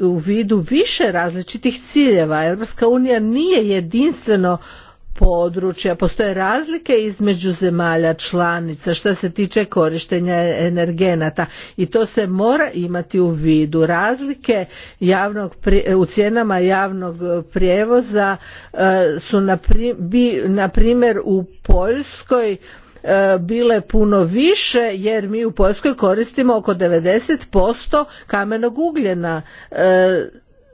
u vidu više različitih ciljeva. Europska unija nije jedinstveno područja postoje razlike između zemalja članica što se tiče korištenja energenata i to se mora imati u vidu razlike javnog, u cijenama javnog prijevoza e, su na primjer u Poljskoj e, bile puno više jer mi u Poljskoj koristimo oko 90% kamenog ugljena e,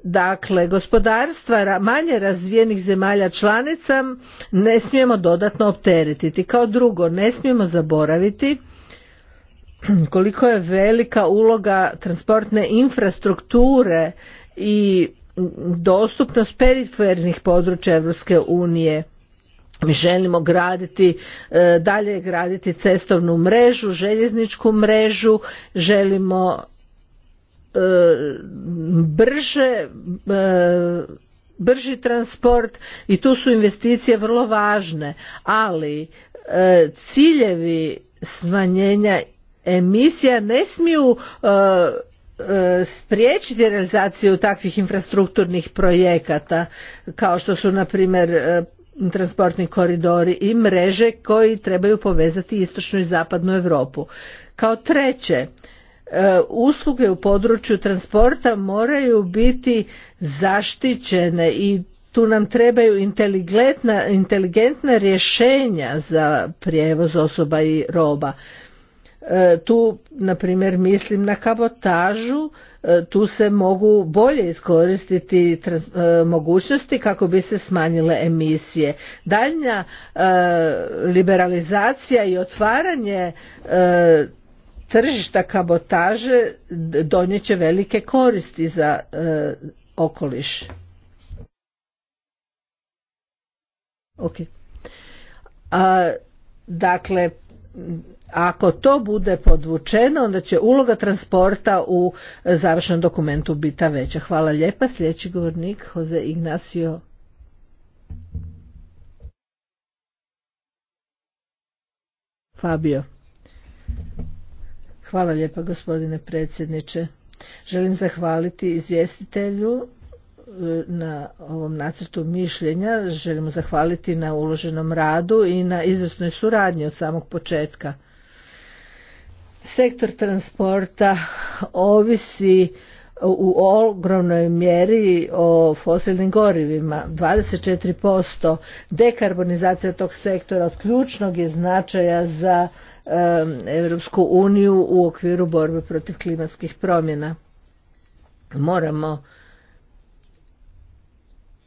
dakle gospodarstva manje razvijenih zemalja članica ne smijemo dodatno opteretiti kao drugo ne smijemo zaboraviti koliko je velika uloga transportne infrastrukture i dostupnost perifernih područja Europske unije mi želimo graditi e, dalje graditi cestovnu mrežu, željezničku mrežu, želimo brže e, brži transport i tu su investicije vrlo važne ali e, ciljevi smanjenja emisija ne smiju e, spriječiti realizaciju takvih infrastrukturnih projekata kao što su na primjer transportni koridori i mreže koji trebaju povezati istočnu i zapadnu Europu. Kao treće, E, usluge u području transporta moraju biti zaštićene i tu nam trebaju inteligentna, inteligentna rješenja za prijevoz osoba i roba. E, tu, na primjer, mislim na kabotažu, e, tu se mogu bolje iskoristiti mogućnosti kako bi se smanjile emisije. Daljnja liberalizacija i otvaranje tržišta kabotaže donijet će velike koristi za e, okoliš. Ok. A, dakle, ako to bude podvučeno, onda će uloga transporta u završnom dokumentu biti veća. Hvala lijepa. Sljedeći govornik, Jose Ignacio Fabio. Hvala lijepa gospodine predsjedniče. Želim zahvaliti izvjestitelju e, na ovom nacrtu mišljenja. Želimo zahvaliti na uloženom radu i na izvrsnoj suradnji od samog početka. Sektor transporta ovisi u ogromnoj mjeri o fosilnim gorivima. 24% dekarbonizacija tog sektora od ključnog je značaja za Um, Europsku uniju u okviru borbe protiv klimatskih promjena. Moramo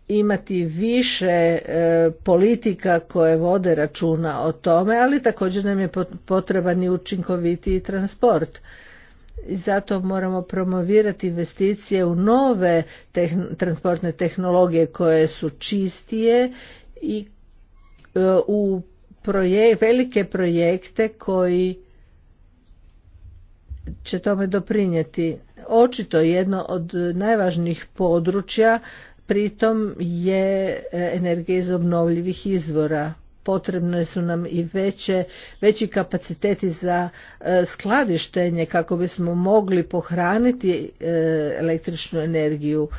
imati više e, politika koje vode računa o tome, ali također nam je potreban i učinkovitiji transport. I zato moramo promovirati investicije u nove transportne tehnologije koje su čistije i e, u proje velike projekte koji će tome doprinijeti. Očito jedno od najvažnijih područja pritom je e, energija iz obnovljivih izvora. Potrebne su nam i veće, veći kapaciteti za e, skladištenje kako bismo mogli pohraniti e, električnu energiju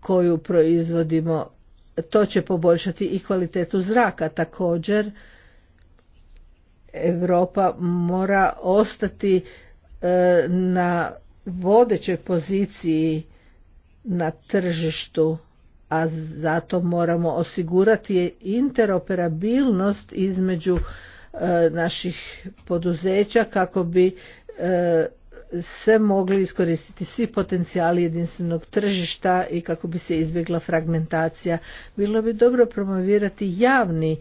koju proizvodimo to će poboljšati i kvalitetu zraka također Europa mora ostati e, na vodećoj poziciji na tržištu a zato moramo osigurati interoperabilnost između e, naših poduzeća kako bi e, se mogli iskoristiti svi potencijali jedinstvenog tržišta i kako bi se izbjegla fragmentacija. Bilo bi dobro promovirati javni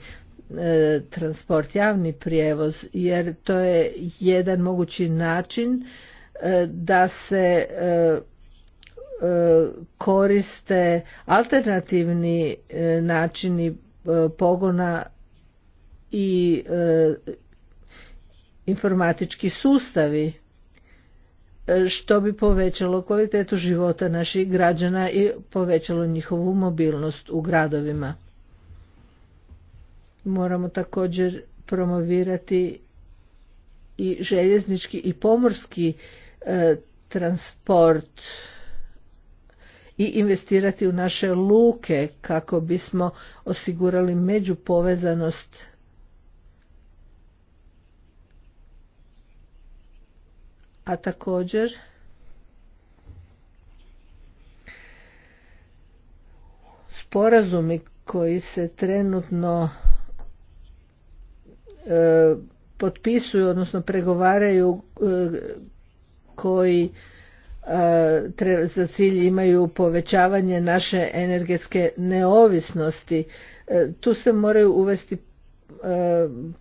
e, transport, javni prijevoz jer to je jedan mogući način e, da se e, koriste alternativni načini pogona i informatički sustavi E, što bi povećalo kvalitetu života naših građana i povećalo njihovu mobilnost u gradovima. Moramo također promovirati i željeznički i pomorski e, transport i investirati u naše luke kako bismo osigurali međupovezanost a također sporazumi koji se trenutno e, potpisuju odnosno pregovaraju e, koji e, za cilj imaju povećavanje naše energetske neovisnosti e, tu se moraju uvesti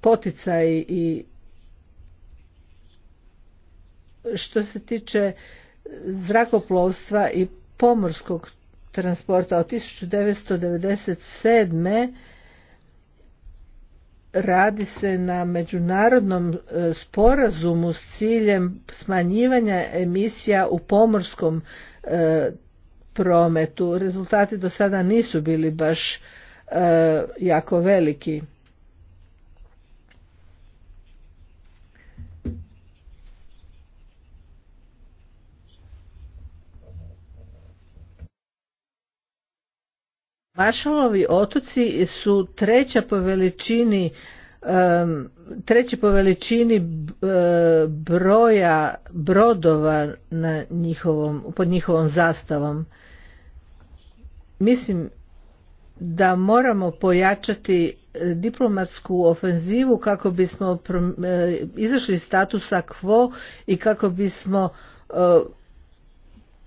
poticaji i što se tiče zrakoplovstva i pomorskog transporta od 1997. radi se na međunarodnom e, sporazumu s ciljem smanjivanja emisija u pomorskom e, prometu. Rezultati do sada nisu bili baš e, jako veliki. Maršalovi otoci su treća po veličini treći po veličini e, broja brodova na njihovom, pod njihovom zastavom. Mislim da moramo pojačati diplomatsku ofenzivu kako bismo e, izašli iz statusa quo i kako bismo e,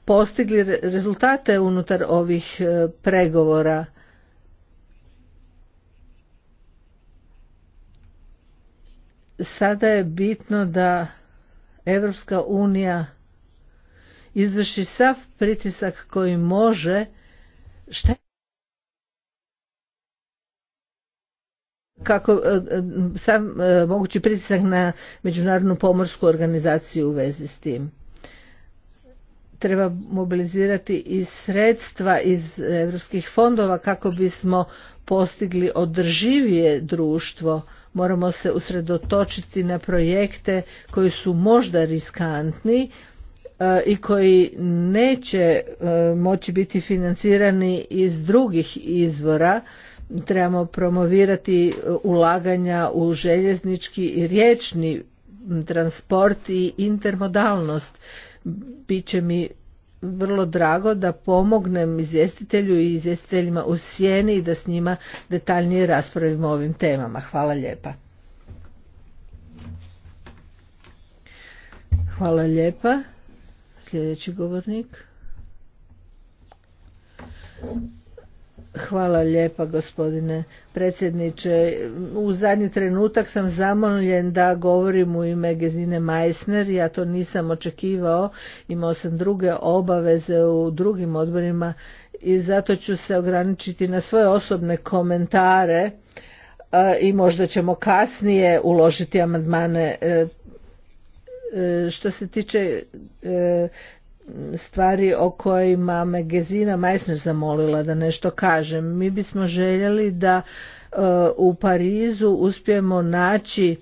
postigli rezultate unutar ovih e, pregovora. Sada je bitno da Evropska unija izvrši sav pritisak koji može šta kako e, e, sam mogući pritisak na međunarodnu pomorsku organizaciju u vezi s tim treba mobilizirati i sredstva iz europskih fondova kako bismo postigli održivije društvo moramo se usredotočiti na projekte koji su možda riskantni e, i koji neće e, moći biti financirani iz drugih izvora trebamo promovirati ulaganja u željeznički i riječni transport i intermodalnost bit će mi vrlo drago da pomognem izvjestitelju i izvjestiteljima u sjeni i da s njima detaljnije raspravimo o ovim temama. Hvala lijepa. Hvala lijepa. Sljedeći govornik. Hvala lijepa gospodine predsjedniče. U zadnji trenutak sam zamoljen da govorim u ime Gezine Meissner. Ja to nisam očekivao. Imao sam druge obaveze u drugim odborima i zato ću se ograničiti na svoje osobne komentare e, i možda ćemo kasnije uložiti amandmane e, e, što se tiče stvari o kojima me Gezina Meissner zamolila da nešto kažem. Mi bismo željeli da e, u Parizu uspijemo naći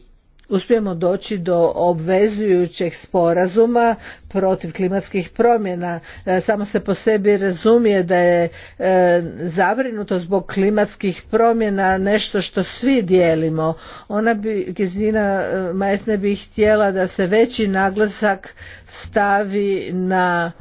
uspijemo doći do obvezujućeg sporazuma protiv klimatskih promjena. E, samo se po sebi razumije da je e, zabrinuto zbog klimatskih promjena nešto što svi dijelimo. Ona bi, Gezina e, majesne, bi htjela da se veći naglasak stavi na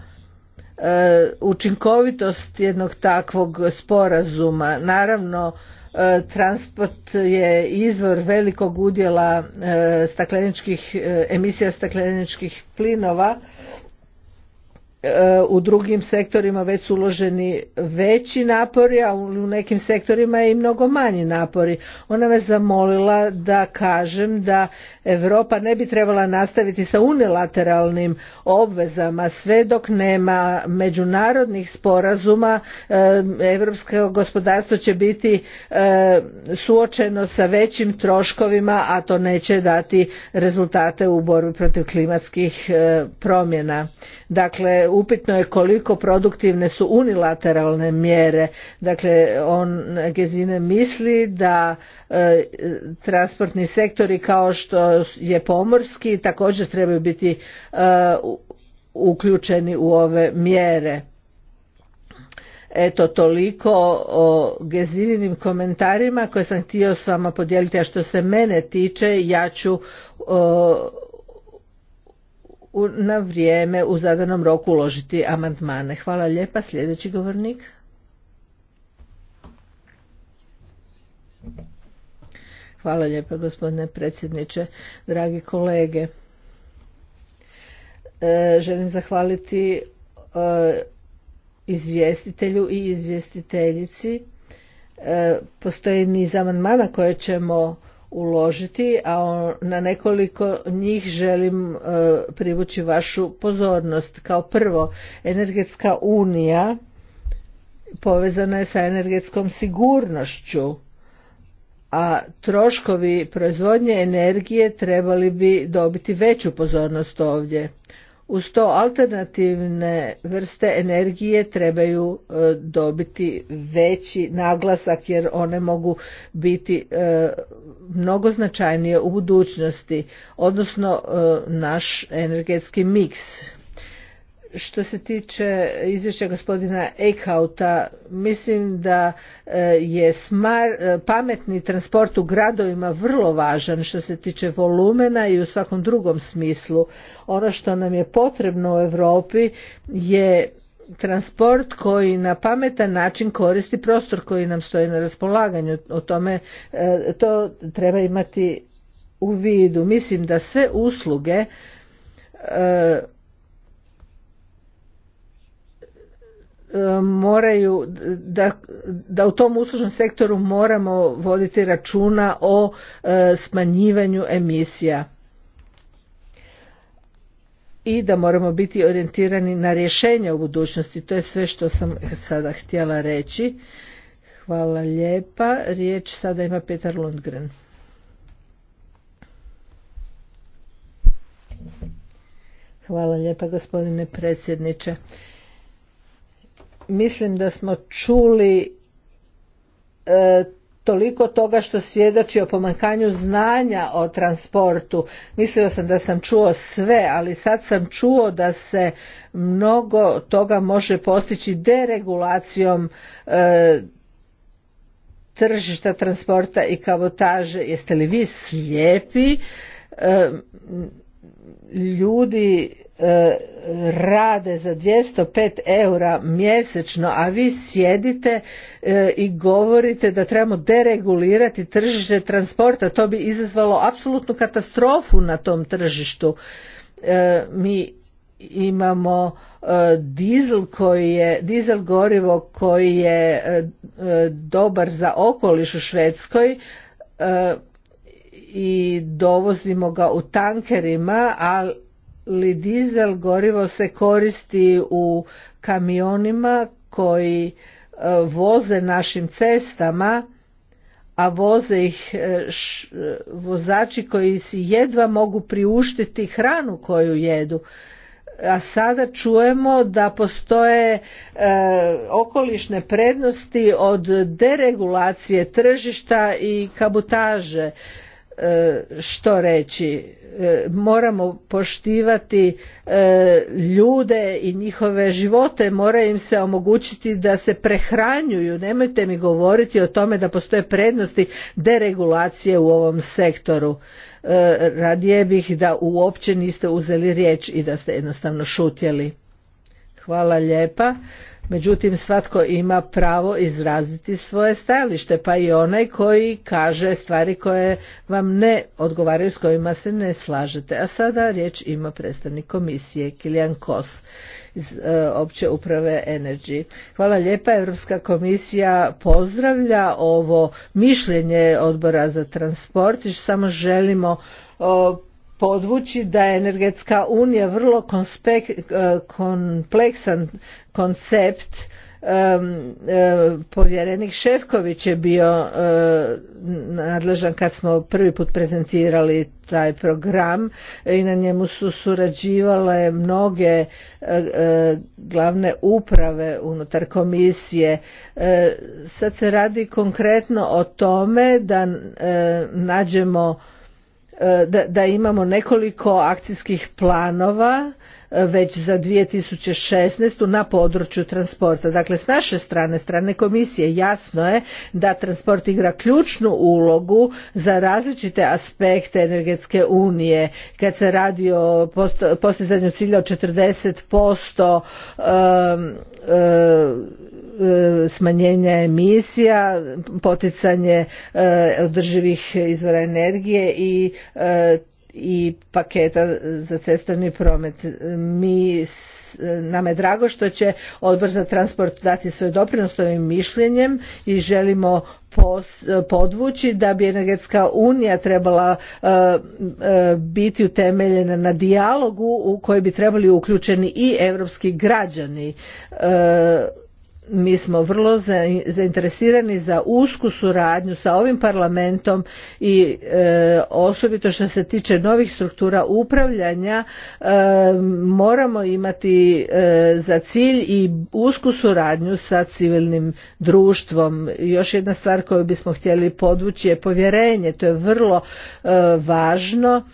učinkovitost jednog takvog sporazuma. Naravno, E, transport je izvor velikog udjela e, stakleničkih e, emisija stakleničkih plinova E, u drugim sektorima već su uloženi veći napori, a u nekim sektorima i mnogo manji napori. Ona me zamolila da kažem da Europa ne bi trebala nastaviti sa unilateralnim obvezama sve dok nema međunarodnih sporazuma europsko gospodarstvo će biti e, suočeno sa većim troškovima, a to neće dati rezultate u borbi protiv klimatskih e, promjena. Dakle, upitno je koliko produktivne su unilateralne mjere. Dakle, on Gezine misli da e, transportni sektori kao što je pomorski također trebaju biti e, uključeni u ove mjere. Eto toliko o Gezininim komentarima koje sam htio s vama podijeliti, a što se mene tiče ja ću na vrijeme u zadanom roku uložiti amandmane. Hvala lijepa. Sljedeći govornik. Hvala lijepa gospodine predsjedniče, dragi kolege. E, želim zahvaliti e, izvjestitelju i izvjestiteljici. E, postoji niz amandmana koje ćemo uložiti, a na nekoliko njih želim e, privući vašu pozornost. Kao prvo, energetska unija povezana je sa energetskom sigurnošću, a troškovi proizvodnje energije trebali bi dobiti veću pozornost ovdje. Uz to alternativne vrste energije trebaju e, dobiti veći naglasak jer one mogu biti e, mnogo značajnije u budućnosti, odnosno e, naš energetski miks. Što se tiče izvješća gospodina Eichauta, mislim da e, je smar, e, pametni transport u gradovima vrlo važan što se tiče volumena i u svakom drugom smislu. Ono što nam je potrebno u Europi je transport koji na pametan način koristi prostor koji nam stoji na raspolaganju. O tome e, to treba imati u vidu. Mislim da sve usluge e, e, moraju da, da u tom uslužnom sektoru moramo voditi računa o smanjivanju emisija i da moramo biti orijentirani na rješenje u budućnosti. To je sve što sam sada htjela reći. Hvala lijepa. Riječ sada ima Petar Lundgren. Hvala lijepa gospodine predsjedniče. Mislim da smo čuli e, toliko toga što svjedoči o pomankanju znanja o transportu. Mislio sam da sam čuo sve, ali sad sam čuo da se mnogo toga može postići deregulacijom e, tržišta transporta i kabotaže. Jeste li vi slijepi? E, ljudi e, rade za 205 eura mjesečno, a vi sjedite e, i govorite da trebamo deregulirati tržište transporta. To bi izazvalo apsolutnu katastrofu na tom tržištu. E, mi imamo dizel koji je dizel gorivo koji je dobar za okoliš u Švedskoj i dovozimo ga u tankerima, ali dizel gorivo se koristi u kamionima koji e, voze našim cestama, a voze ih e, e, vozači koji si jedva mogu priuštiti hranu koju jedu a sada čujemo da postoje okolišne prednosti od deregulacije tržišta i kabutaže E, što reći e, moramo poštivati e, ljude i njihove živote mora im se omogućiti da se prehranjuju nemojte mi govoriti o tome da postoje prednosti deregulacije u ovom sektoru radije bih da uopće niste uzeli riječ i da ste jednostavno šutjeli hvala lijepa Međutim, svatko ima pravo izraziti svoje stajalište, pa i onaj koji kaže stvari koje vam ne odgovaraju, s kojima se ne slažete. A sada riječ ima predstavnik komisije Kilian Kos iz e, opće uprave Energy. Hvala lijepa. Europska komisija pozdravlja ovo mišljenje odbora za transport i samo želimo podvući da je energetska unija vrlo e, kompleksan koncept e, e, povjerenik Šefković je bio nadležan kad smo prvi put prezentirali taj program i na njemu su surađivale mnoge glavne uprave unutar komisije. Sad se radi konkretno o tome da nađemo E, da, imamo nekoliko akcijskih planova već za 2016. na području transporta. Dakle, s naše strane, strane komisije, jasno je da transport igra ključnu ulogu za različite aspekte energetske unije. Kad se radi o postizanju cilja od 40% smanjenja emisija, poticanje održivih izvora energije i i paketa za cestovni promet. Mi, nam je drago što će odbor za transport dati svoj doprinos ovim mišljenjem i želimo podvući da bi energetska unija trebala e, e, biti utemeljena na dijalogu u koji bi trebali uključeni i europski građani. E, mi smo vrlo zainteresirani za usku suradnju sa ovim parlamentom i e, osobito što se tiče novih struktura upravljanja e, moramo imati e, za cilj i usku suradnju sa civilnim društvom još jedna stvar koju bismo htjeli podvući je povjerenje to je vrlo važno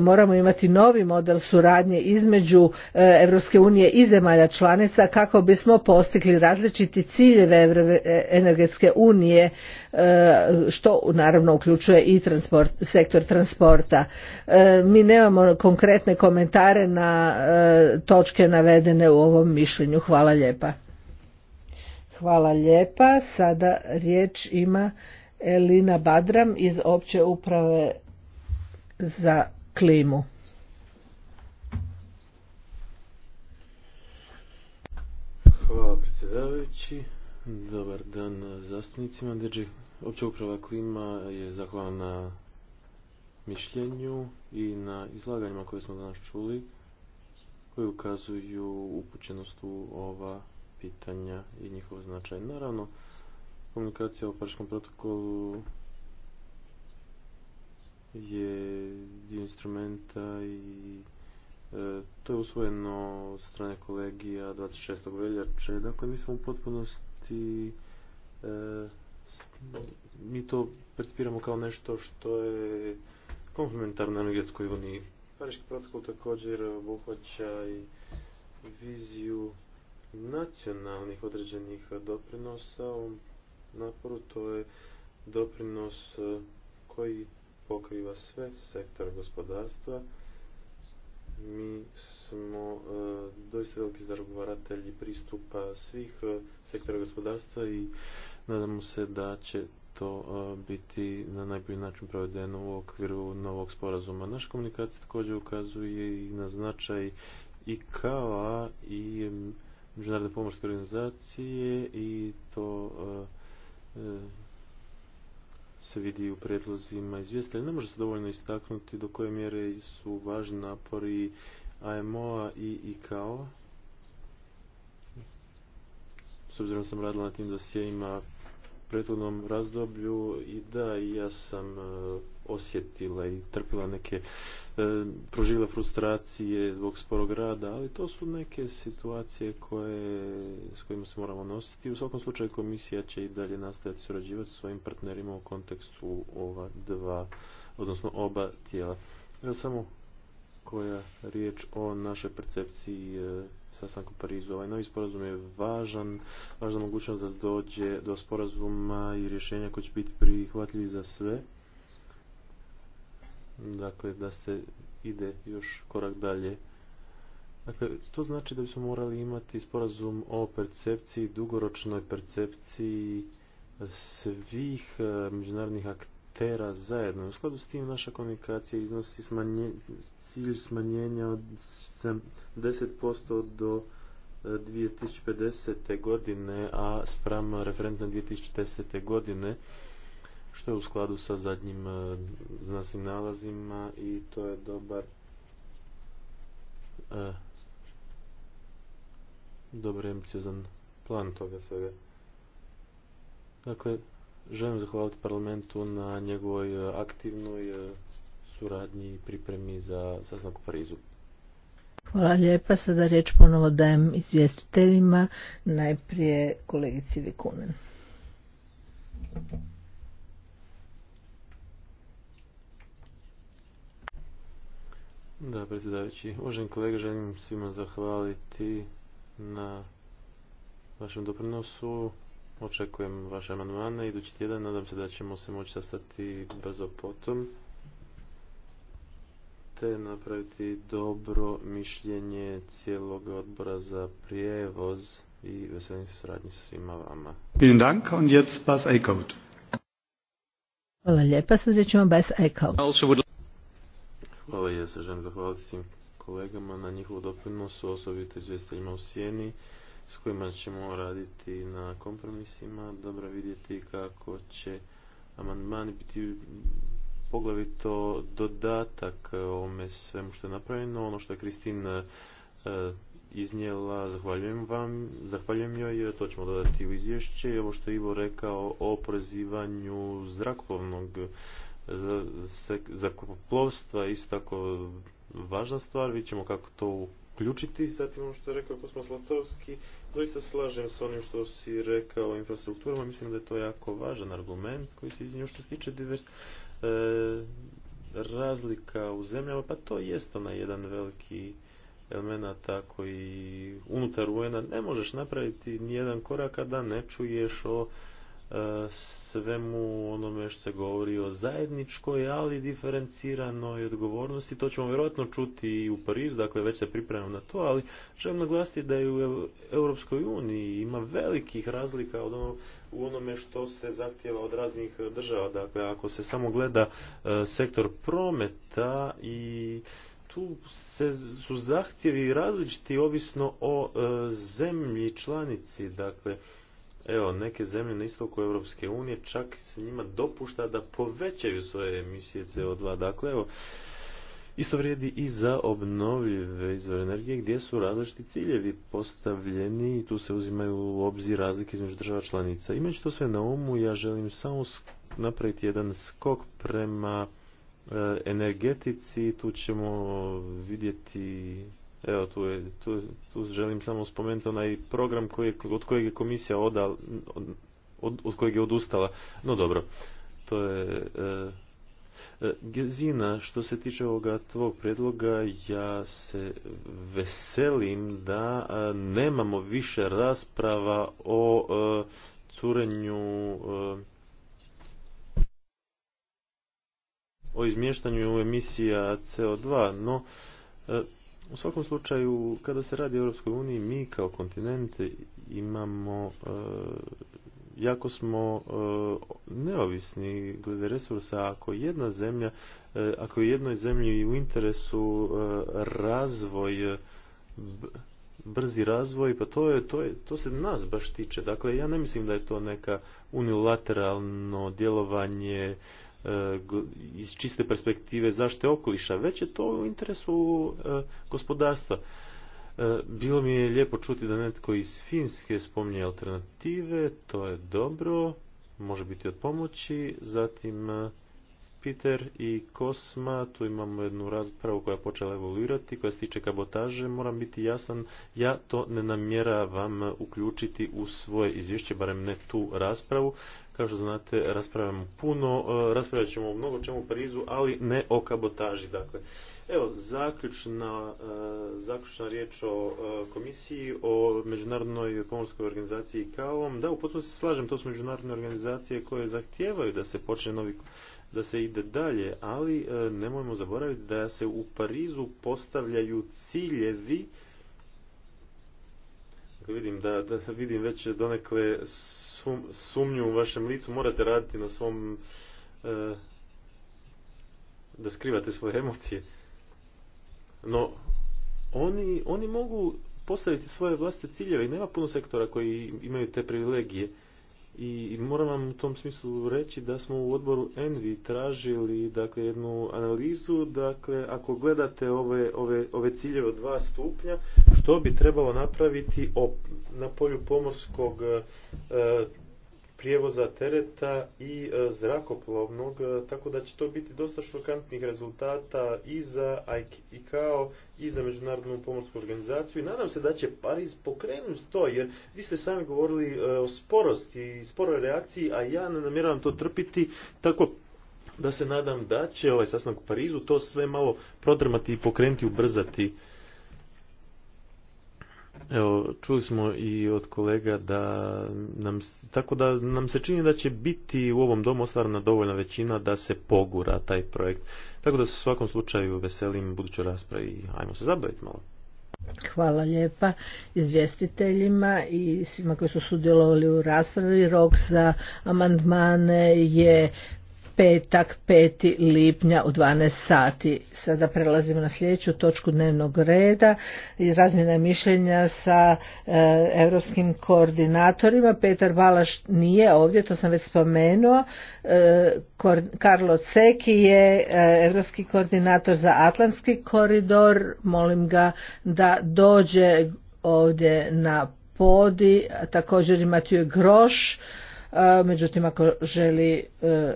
moramo imati novi model suradnje između Europske unije i zemalja članica kako bismo postigli različite različiti ciljeve e, energetske unije e, što naravno uključuje i transport, sektor transporta. E, mi nemamo konkretne komentare na točke navedene u ovom mišljenju. Hvala lijepa. Hvala lijepa. Sada riječ ima Elina Badram iz opće uprave za klimu. Hvala predsjedavajući. Dobar dan zastupnicima. Drži opća uprava klima je zahvalna mišljenju i na izlaganjima koje smo danas čuli koji ukazuju upućenost u ova pitanja i njihov značaj. Naravno, komunikacija o Pariškom protokolu je instrumenta i E, to je usvojeno od strane kolegija 26. veljače. Dakle, mi smo u potpunosti e, mi to percipiramo kao nešto što je komplementarno energetskoj uniji. Pariški protokol također obuhvaća i viziju nacionalnih određenih doprinosa u naporu. To je doprinos e, koji pokriva sve sektore gospodarstva mi smo e, doista veliki zagovaratelji pristupa svih e, sektora gospodarstva i nadamo se da će to e, biti na najbolji način provedeno u okviru novog sporazuma. Naša komunikacija također ukazuje i na značaj i kao i Međunarodne pomorske organizacije i to se vidi u predlozima izvjestitelja. Ne može se dovoljno istaknuti do koje mjere su važni napori AMO-a i ICAO. S obzirom sam radila na tim u prethodnom razdoblju i da ja sam e, osjetila i trpila neke, e, proživila frustracije zbog sporog rada, ali to su neke situacije koje, s kojima se moramo nositi. U svakom slučaju komisija će i dalje nastaviti surađivati sa svojim partnerima u kontekstu ova dva, odnosno oba tijela. Evo samo koja riječ o našoj percepciji e, sastanku u Parizu. Ovaj novi sporazum je važan, važna mogućnost da dođe do sporazuma i rješenja koji će biti prihvatljivi za sve dakle da se ide još korak dalje. Dakle, to znači da bismo morali imati sporazum o percepciji, dugoročnoj percepciji svih e, međunarodnih aktera zajedno. U skladu s tim naša komunikacija iznosi smanje, cilj smanjenja od 10% do 2050. E, godine, a spram referentne 2010. godine što je u skladu sa zadnjim znanstvenim e, nalazima i to je dobar e, dobar plan toga svega. Dakle, želim zahvaliti parlamentu na njegovoj e, aktivnoj suradnji i pripremi za sastanak u Parizu. Hvala lijepa. Sada riječ ponovo dajem izvjestiteljima, najprije kolegici Vikunen. Da, predsjedavajući. Uvaženi kolega, želim svima zahvaliti na vašem doprinosu. Očekujem vaše amandmane idući tjedan. Nadam se da ćemo se moći sastati brzo potom te napraviti dobro mišljenje cijelog odbora za prijevoz i veselim se suradnji sa svima vama. Hvala lijepa, sad ćemo Hvala i ja se želim zahvaliti svim kolegama na njihovu doprinosu, osobito izvjestiteljima u Sjeni s kojima ćemo raditi na kompromisima. Dobro vidjeti kako će amandmani biti poglavito dodatak ovome svemu što je napravljeno. Ono što je Kristin e, iznijela, zahvaljujem vam, zahvaljujem joj, to ćemo dodati u izvješće. Ovo što je Ivo rekao o porezivanju zrakovnog koplovstva. isto tako važna stvar, vidjet ćemo kako to uključiti. Zatim ono što je rekao Kosmos Slatovski, doista slažem s onim što si rekao o infrastrukturama, mislim da je to jako važan argument koji se iznio što se tiče divers, e, razlika u zemljama, pa to jest ona jedan veliki tako i unutar un ne možeš napraviti nijedan korak a da ne čuješ o E, svemu onome što se govori o zajedničkoj, ali diferenciranoj odgovornosti. To ćemo vjerojatno čuti i u Parizu, dakle već se pripremam na to, ali želim naglasiti da je u Europskoj uniji ima velikih razlika od ono, u onome što se zahtjeva od raznih država. Dakle, ako se samo gleda e, sektor prometa i tu se, su zahtjevi različiti ovisno o e, zemlji članici. Dakle, Evo, neke zemlje na istoku Europske unije čak se njima dopušta da povećaju svoje emisije CO2. Dakle, evo, isto vrijedi i za obnovljive izvore energije gdje su različiti ciljevi postavljeni i tu se uzimaju u obzir razlike između država članica. Imajući to sve na umu, ja želim samo napraviti jedan skok prema e, energetici. Tu ćemo vidjeti Evo, tu, je, tu, tu želim samo spomenuti onaj program koji, od kojeg je komisija odal, od, od, kojeg je odustala. No dobro, to je... E, e Gezina, što se tiče ovoga tvog predloga, ja se veselim da e, nemamo više rasprava o e, curenju o izmještanju emisija CO2, no u svakom slučaju, kada se radi o Europskoj uniji, mi kao kontinent imamo, e, jako smo e, neovisni glede resursa. Ako jedna zemlja, e, ako je jednoj zemlji u interesu razvoj, brzi razvoj, pa to, je, to, je, to se nas baš tiče. Dakle, ja ne mislim da je to neka unilateralno djelovanje E, iz čiste perspektive zaštite okoliša, već je to u interesu e, gospodarstva. E, bilo mi je lijepo čuti da netko iz Finske spominje alternative, to je dobro, može biti od pomoći. Zatim Peter i Kosma, tu imamo jednu raspravu koja je počela evoluirati, koja se tiče kabotaže, moram biti jasan, ja to ne namjeravam uključiti u svoje izvješće, barem ne tu raspravu, kao što znate, raspravljamo puno, e, raspravljat ćemo o mnogo čemu u Parizu, ali ne o kabotaži. Dakle, evo, zaključna, e, zaključna riječ o e, komisiji, o Međunarodnoj komorskoj organizaciji kao Da, u potpunosti se slažem, to su međunarodne organizacije koje zahtijevaju da se počne novi da se ide dalje, ali nemojmo zaboraviti da se u Parizu postavljaju ciljevi dakle, vidim da, da vidim već donekle sumnju u vašem licu, morate raditi na svom, e, da skrivate svoje emocije. No, oni, oni mogu postaviti svoje vlastite ciljeve i nema puno sektora koji imaju te privilegije. I moram vam u tom smislu reći da smo u odboru Envi tražili dakle, jednu analizu, dakle ako gledate ove, ove, ove ciljeve od dva stupnja, što bi trebalo napraviti na polju pomorskog e, prijevoza tereta i e, zrakoplovnog, e, tako da će to biti dosta šokantnih rezultata i za ICAO i za Međunarodnu pomorsku organizaciju i nadam se da će Pariz pokrenuti to, jer vi ste sami govorili e, o sporosti i sporoj reakciji, a ja ne namjeravam to trpiti, tako da se nadam da će ovaj sastanak u Parizu to sve malo prodrmati i pokrenuti, ubrzati. Evo, čuli smo i od kolega da nam, tako da nam se čini da će biti u ovom domu ostvarna dovoljna većina da se pogura taj projekt. Tako da se u svakom slučaju veselim budućoj raspravi i ajmo se zabaviti malo. Hvala lijepa izvjestiteljima i svima koji su sudjelovali u raspravi. Rok za amandmane je petak 5. lipnja u 12 sati. Sada prelazimo na sljedeću točku dnevnog reda iz razmjena mišljenja sa e, europskim koordinatorima. Petar Balaš nije ovdje, to sam već spomenuo. E, Karlo Ceki je europski koordinator za Atlantski koridor. Molim ga da dođe ovdje na podi. Također i Matiju Groš e, međutim ako želi e,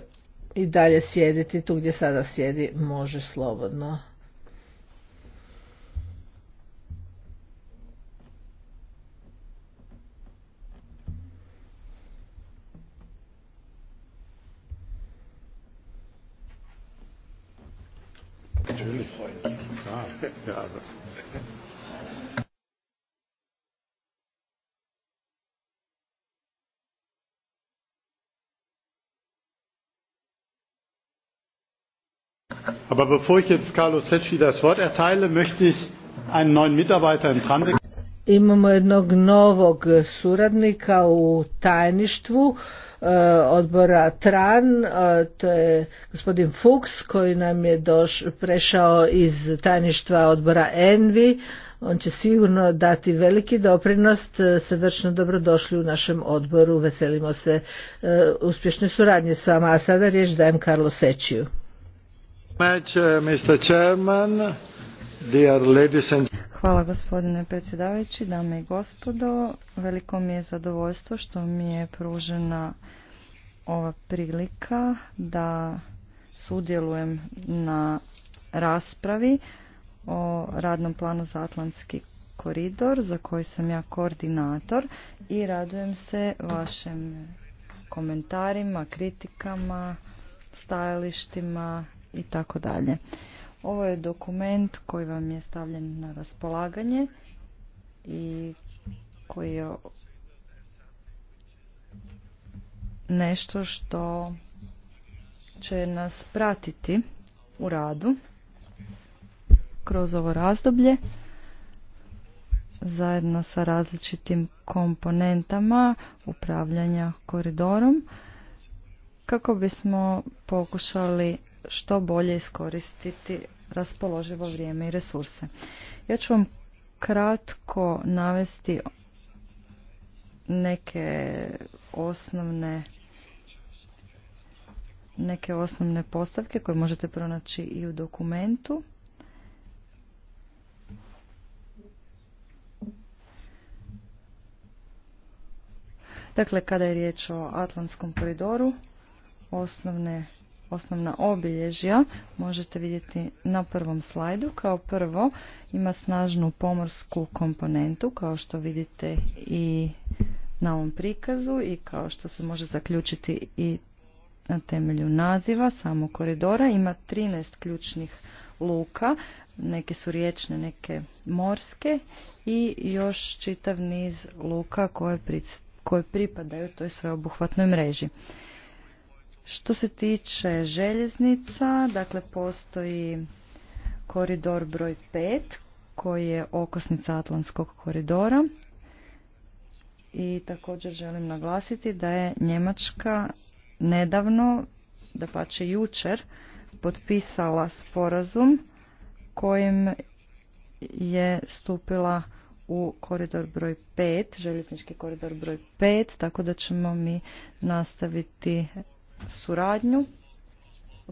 i dalje sjediti tu gdje sada sjedi može slobodno. Aber bevor ich jetzt Secchi erteile, möchte ich einen neuen Mitarbeiter Imamo jednog novog suradnika u tajništvu e, odbora TRAN, e, to je gospodin Fuchs koji nam je doš, prešao iz tajništva odbora ENVI. On će sigurno dati veliki doprinos, e, srdačno dobrodošli u našem odboru, veselimo se uspješne suradnje s vama, a sada riječ dajem Karlo Sečiju. Uh, Hvala gospodine predsjedavajući, dame i gospodo. Veliko mi je zadovoljstvo što mi je pružena ova prilika da sudjelujem na raspravi o radnom planu za Atlantski koridor za koji sam ja koordinator i radujem se vašim komentarima, kritikama, stajalištima i tako dalje. Ovo je dokument koji vam je stavljen na raspolaganje i koji je nešto što će nas pratiti u radu kroz ovo razdoblje zajedno sa različitim komponentama upravljanja koridorom kako bismo pokušali što bolje iskoristiti raspoloživo vrijeme i resurse. Ja ću vam kratko navesti neke osnovne neke osnovne postavke koje možete pronaći i u dokumentu. Dakle, kada je riječ o Atlantskom koridoru, osnovne osnovna obilježja možete vidjeti na prvom slajdu. Kao prvo ima snažnu pomorsku komponentu kao što vidite i na ovom prikazu i kao što se može zaključiti i na temelju naziva samog koridora. Ima 13 ključnih luka, neke su riječne, neke morske i još čitav niz luka koje, pripadaju toj sveobuhvatnoj mreži. Što se tiče željeznica, dakle postoji koridor broj 5 koji je okosnica Atlantskog koridora i također želim naglasiti da je Njemačka nedavno, da pače jučer, potpisala sporazum kojim je stupila u koridor broj 5, željeznički koridor broj 5, tako da ćemo mi nastaviti suradnju.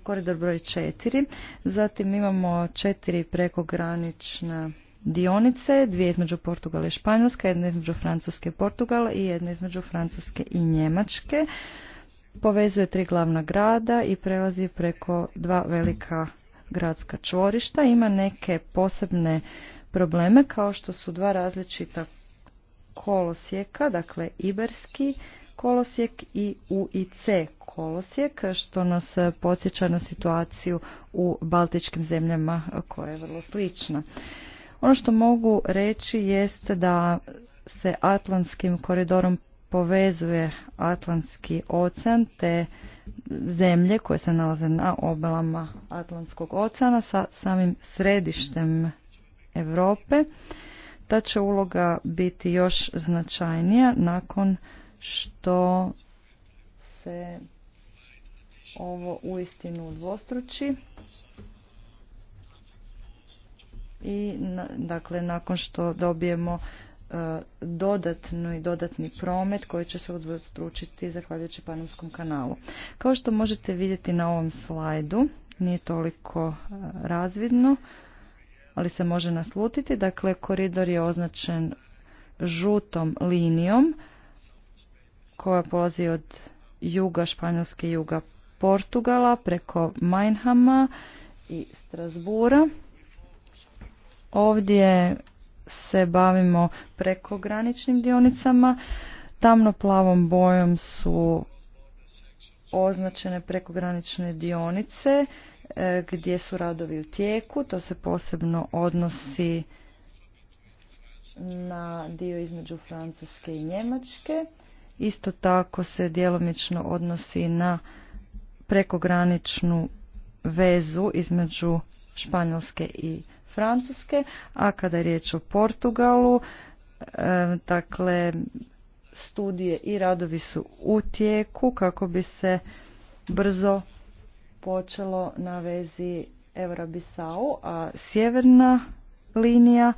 Koridor broj četiri. Zatim imamo četiri prekogranične dionice, dvije između Portugala i Španjolska, jedna između Francuske i Portugala i jedna između Francuske i Njemačke. Povezuje tri glavna grada i prelazi preko dva velika gradska čvorišta. Ima neke posebne probleme kao što su dva različita kolosijeka, dakle Iberski kolosijek i U i kolosijek, što nas podsjeća na situaciju u baltičkim zemljama koja je vrlo slična. Ono što mogu reći jest da se Atlantskim koridorom povezuje Atlantski ocean te zemlje koje se nalaze na obalama Atlantskog oceana sa samim središtem Europe. Ta će uloga biti još značajnija nakon što se ovo uistinu dvostruči. I dakle nakon što dobijemo e, dodatno i dodatni promet koji će se udvostručiti zahvaljujući Panovskom kanalu. Kao što možete vidjeti na ovom slajdu, nije toliko e, razvidno, ali se može naslutiti. Dakle, koridor je označen žutom linijom koja polazi od juga Španjolske juga Portugala preko Mainhama i Strasbura. Ovdje se bavimo prekograničnim dionicama. Tamno plavom bojom su označene prekogranične dionice e, gdje su radovi u tijeku. To se posebno odnosi na dio između Francuske i Njemačke isto tako se djelomično odnosi na prekograničnu vezu između Španjolske i Francuske, a kada je riječ o Portugalu, e, dakle, studije i radovi su u tijeku kako bi se brzo počelo na vezi eurobisau a sjeverna linija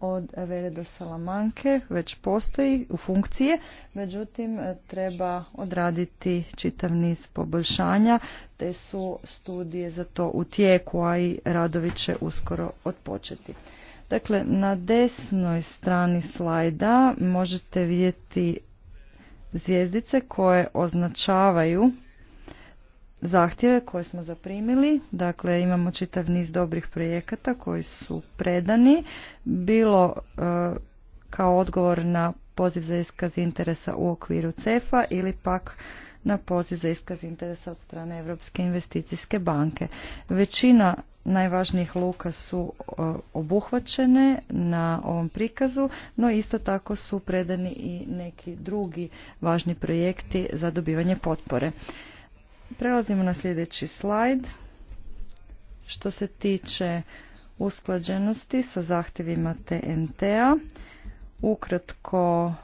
od Vere do Salamanke već postoji u funkcije, međutim treba odraditi čitav niz poboljšanja, te su studije za to u tijeku, a i radovi će uskoro odpočeti. Dakle, na desnoj strani slajda možete vidjeti zvijezdice koje označavaju zahtjeve koje smo zaprimili. Dakle, imamo čitav niz dobrih projekata koji su predani, bilo e, kao odgovor na poziv za iskaz interesa u okviru CEFA ili pak na poziv za iskaz interesa od strane Europske investicijske banke. Većina najvažnijih luka su e, obuhvaćene na ovom prikazu, no isto tako su predani i neki drugi važni projekti za dobivanje potpore. Prelazimo na sljedeći slajd. Što se tiče usklađenosti sa zahtjevima TNT-a, ukratko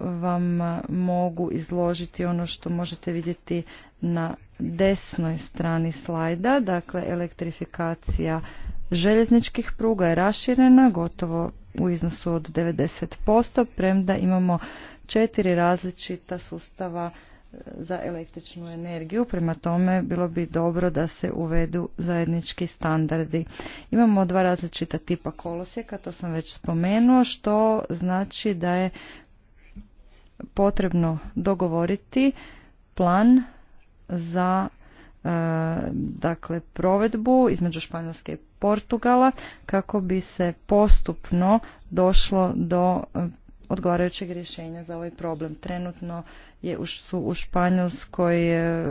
vam mogu izložiti ono što možete vidjeti na desnoj strani slajda, dakle elektrifikacija željezničkih pruga je raširena gotovo u iznosu od 90%, premda imamo četiri različita sustava za električnu energiju. Prema tome bilo bi dobro da se uvedu zajednički standardi. Imamo dva različita tipa kolosijeka, to sam već spomenuo, što znači da je potrebno dogovoriti plan za e, dakle provedbu između Španjolske i Portugala kako bi se postupno došlo do odgovarajućeg rješenja za ovaj problem. Trenutno je, su u Španjolskoj e,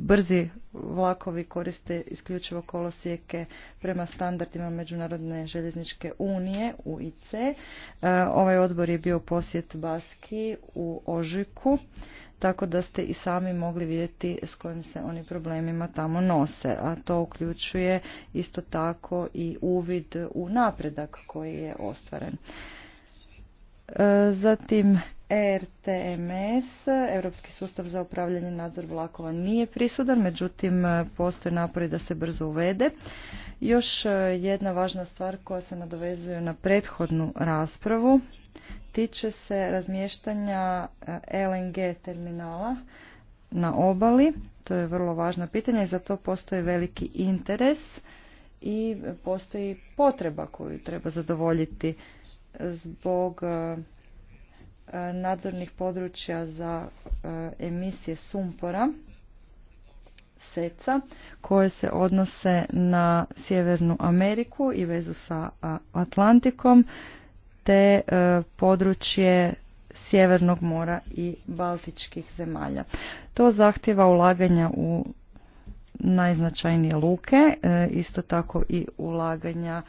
brzi vlakovi koriste isključivo kolosijeke prema standardima Međunarodne željezničke unije, UIC. E, ovaj odbor je bio posjet Baski u Ožujku, tako da ste i sami mogli vidjeti s kojim se oni problemima tamo nose, a to uključuje isto tako i uvid u napredak koji je ostvaren. Zatim ERTMS, Europski sustav za upravljanje nadzor vlakova nije prisudan, međutim postoje napori da se brzo uvede. Još jedna važna stvar koja se nadovezuje na prethodnu raspravu tiče se razmještanja e, LNG terminala na obali. To je vrlo važno pitanje i za to postoji veliki interes i postoji potreba koju treba zadovoljiti zbog e, nadzornih područja za e, emisije sumpora seca koje se odnose na Sjevernu Ameriku i vezu sa Atlantikom te e, područje Sjevernog mora i Baltičkih zemalja. To zahtjeva ulaganja u najznačajnije luke, isto tako i ulaganja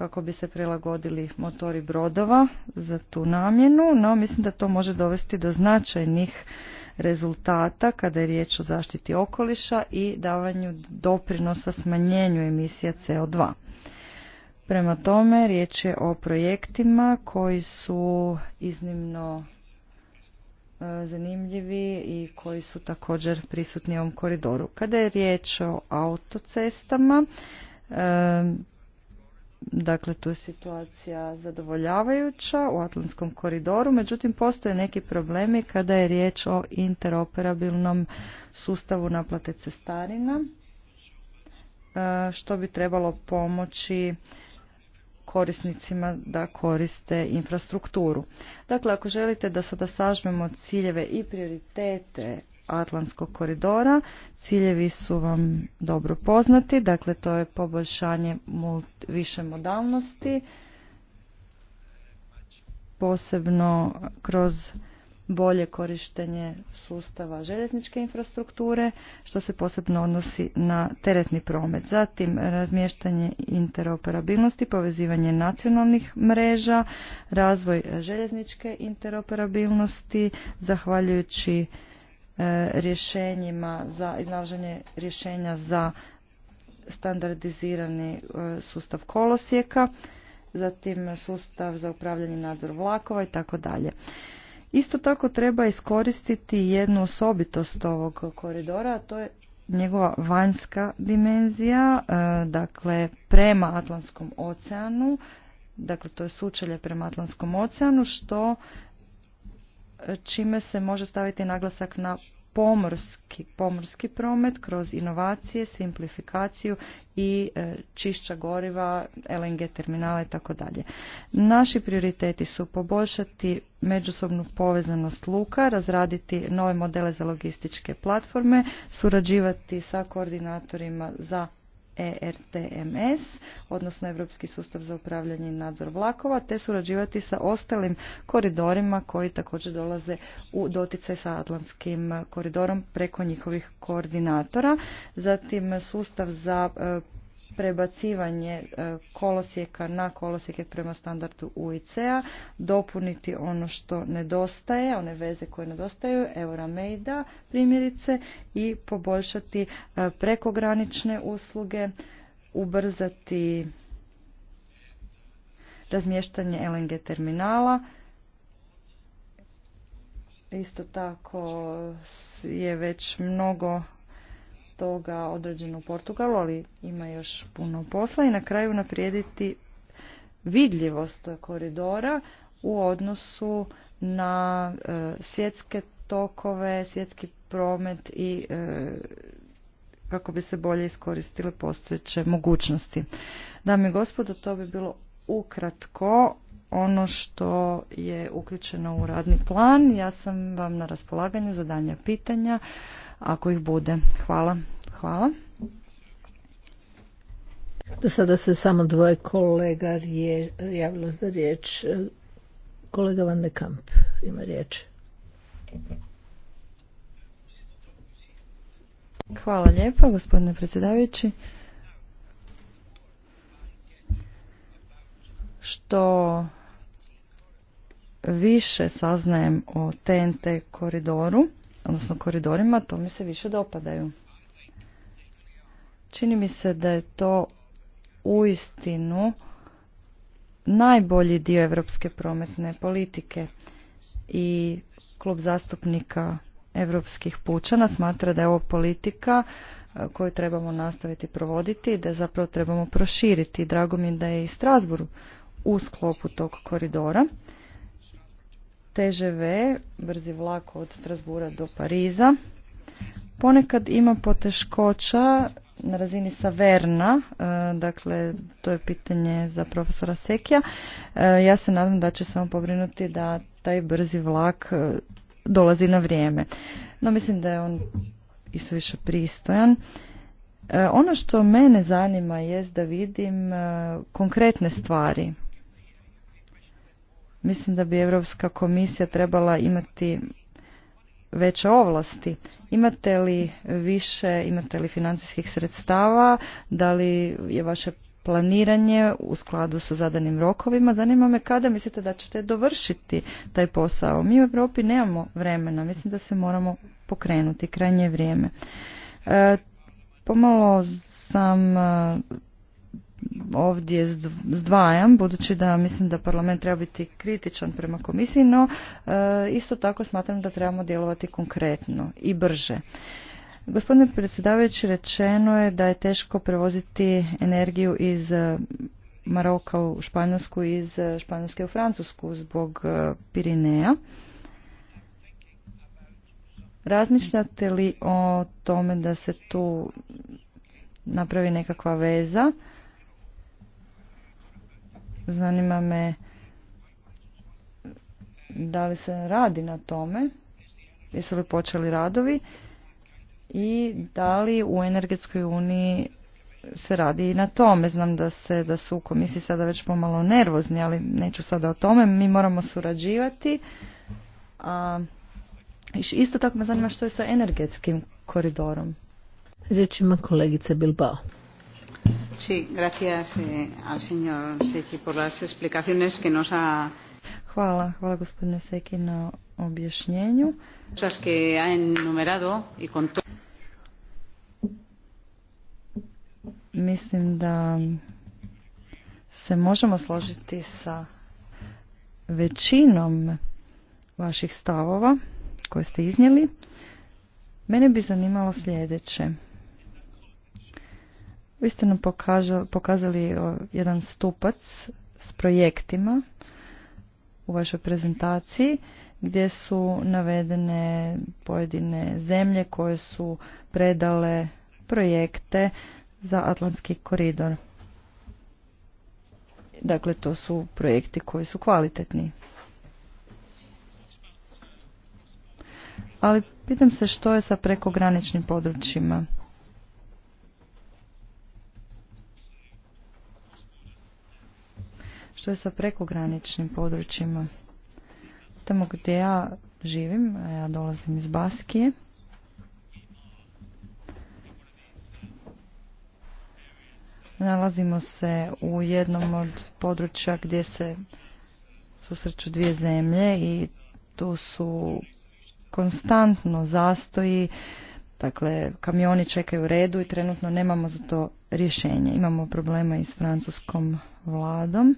kako bi se prilagodili motori brodova za tu namjenu, no mislim da to može dovesti do značajnih rezultata kada je riječ o zaštiti okoliša i davanju doprinosa smanjenju emisija CO2. Prema tome, riječ je o projektima koji su iznimno e, zanimljivi i koji su također prisutni u ovom koridoru. Kada je riječ o autocestama, e, Dakle, tu je situacija zadovoljavajuća u Atlantskom koridoru, međutim postoje neki problemi kada je riječ o interoperabilnom sustavu naplate cestarina, e, što bi trebalo pomoći korisnicima da koriste infrastrukturu. Dakle, ako želite da sada sažmemo ciljeve i prioritete Atlantskog koridora. Ciljevi su vam dobro poznati, dakle to je poboljšanje više modalnosti, posebno kroz bolje korištenje sustava željezničke infrastrukture, što se posebno odnosi na teretni promet. Zatim razmještanje interoperabilnosti, povezivanje nacionalnih mreža, razvoj željezničke interoperabilnosti, zahvaljujući E, rješenjima za iznalaženje rješenja za standardizirani e, sustav kolosijeka, zatim sustav za upravljanje nadzor vlakova i tako dalje. Isto tako treba iskoristiti jednu osobitost ovog koridora, a to je njegova vanjska dimenzija, e, dakle prema Atlantskom oceanu, dakle to je sučelje prema Atlantskom oceanu, što čime se može staviti naglasak na pomorski, pomorski promet kroz inovacije, simplifikaciju i e, čišća goriva, LNG terminala i tako dalje. Naši prioriteti su poboljšati međusobnu povezanost luka, razraditi nove modele za logističke platforme, surađivati sa koordinatorima za ERTMS, odnosno Europski sustav za upravljanje i nadzor vlakova, te surađivati sa ostalim koridorima koji također dolaze u doticaj sa Atlantskim koridorom preko njihovih koordinatora. Zatim sustav za e, prebacivanje e, kolosijeka na kolosijeke prema standardu UIC-a, dopuniti ono što nedostaje, one veze koje nedostaju, Euramejda primjerice i poboljšati e, prekogranične usluge, ubrzati razmještanje LNG terminala, isto tako je već mnogo toga određen u Portugalu, ali ima još puno posla i na kraju naprijediti vidljivost koridora u odnosu na e, svjetske tokove, svjetski promet i e, kako bi se bolje iskoristile postojeće mogućnosti. Dame i gospodo, to bi bilo ukratko ono što je uključeno u radni plan. Ja sam vam na raspolaganju za danja pitanja ako ih bude. Hvala. Hvala. Do sada se samo dvoje kolega je javilo za riječ. Kolega Van de Kamp ima riječ. Hvala lijepa, gospodine predsjedavajući. Što više saznajem o TNT koridoru, odnosno koridorima, to mi se više dopadaju. Čini mi se da je to uistinu najbolji dio europske prometne politike i klub zastupnika europskih pučana smatra da je ovo politika e, koju trebamo nastaviti provoditi i da zapravo trebamo proširiti. Drago mi je da je i Strasburu u sklopu tog koridora. TGV, brzi vlak od Strasbura do Pariza, ponekad ima poteškoća na razini Saverna, e, dakle to je pitanje za profesora Sekija. E, ja se nadam da će se on pobrinuti da taj brzi vlak e, dolazi na vrijeme. No mislim da je on više pristojan. Ono što mene zanima jest da vidim konkretne stvari Mislim da bi Europska komisija trebala imati veće ovlasti. Imate li više, imate li financijskih sredstava, da li je vaše planiranje u skladu sa zadanim rokovima. Zanima me kada mislite da ćete dovršiti taj posao. Mi u Europi nemamo vremena, mislim da se moramo pokrenuti krajnje vrijeme. E, pomalo sam ovdje zdvajam, budući da mislim da parlament treba biti kritičan prema komisiji, no e, isto tako smatram da trebamo djelovati konkretno i brže. Gospodine predsjedavajući, rečeno je da je teško prevoziti energiju iz e, Maroka u Španjolsku i iz e, Španjolske u Francusku zbog Pirineja. Razmišljate li o tome da se tu napravi nekakva veza Zanima me da li se radi na tome, jesu li počeli radovi i da li u energetskoj uniji se radi i na tome. Znam da se da su u komisiji sada već pomalo nervozni, ali neću sada o tome. Mi moramo surađivati. A, isto tako me zanima što je sa energetskim koridorom. Riječ ima kolegica Bilbao. Seki Hvala, hvala gospodine Seki na objašnjenju. Mislim da se možemo složiti sa većinom vaših stavova koje ste iznijeli. Mene bi zanimalo sljedeće. Vi ste nam pokazali jedan stupac s projektima u vašoj prezentaciji gdje su navedene pojedine zemlje koje su predale projekte za Atlantski koridor. Dakle, to su projekti koji su kvalitetni. Ali pitam se što je sa prekograničnim područjima. Što je sa prekograničnim područjima? Tamo gdje ja živim, ja dolazim iz Baskije, Nalazimo se u jednom od područja gdje se susreću dvije zemlje i tu su konstantno zastoji, dakle kamioni čekaju u redu i trenutno nemamo za to rješenje. Imamo problema i s francuskom vladom.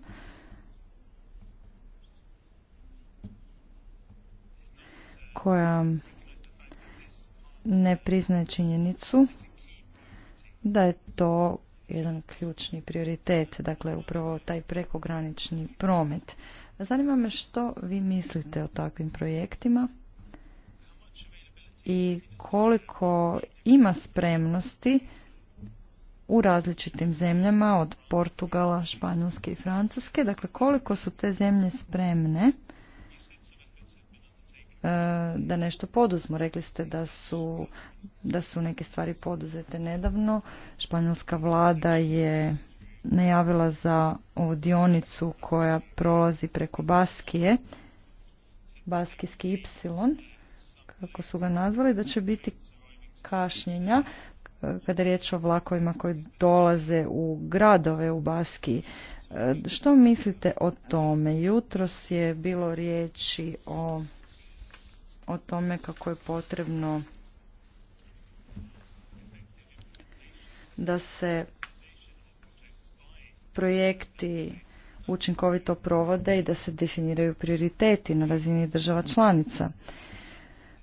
koja ne priznaje činjenicu da je to jedan ključni prioritet, dakle upravo taj prekogranični promet. Zanima me što vi mislite o takvim projektima i koliko ima spremnosti u različitim zemljama od Portugala, Španjolske i Francuske, dakle koliko su te zemlje spremne E, da nešto poduzmu. Rekli ste da su, da su neke stvari poduzete nedavno. Španjolska vlada je najavila za ovu dionicu koja prolazi preko Baskije, Baskijski Y, kako su ga nazvali, da će biti kašnjenja e, kada je riječ o vlakovima koji dolaze u gradove u Baskiji. E, što mislite o tome? Jutros je bilo riječi o o tome kako je potrebno da se projekti učinkovito provode i da se definiraju prioriteti na razini država članica.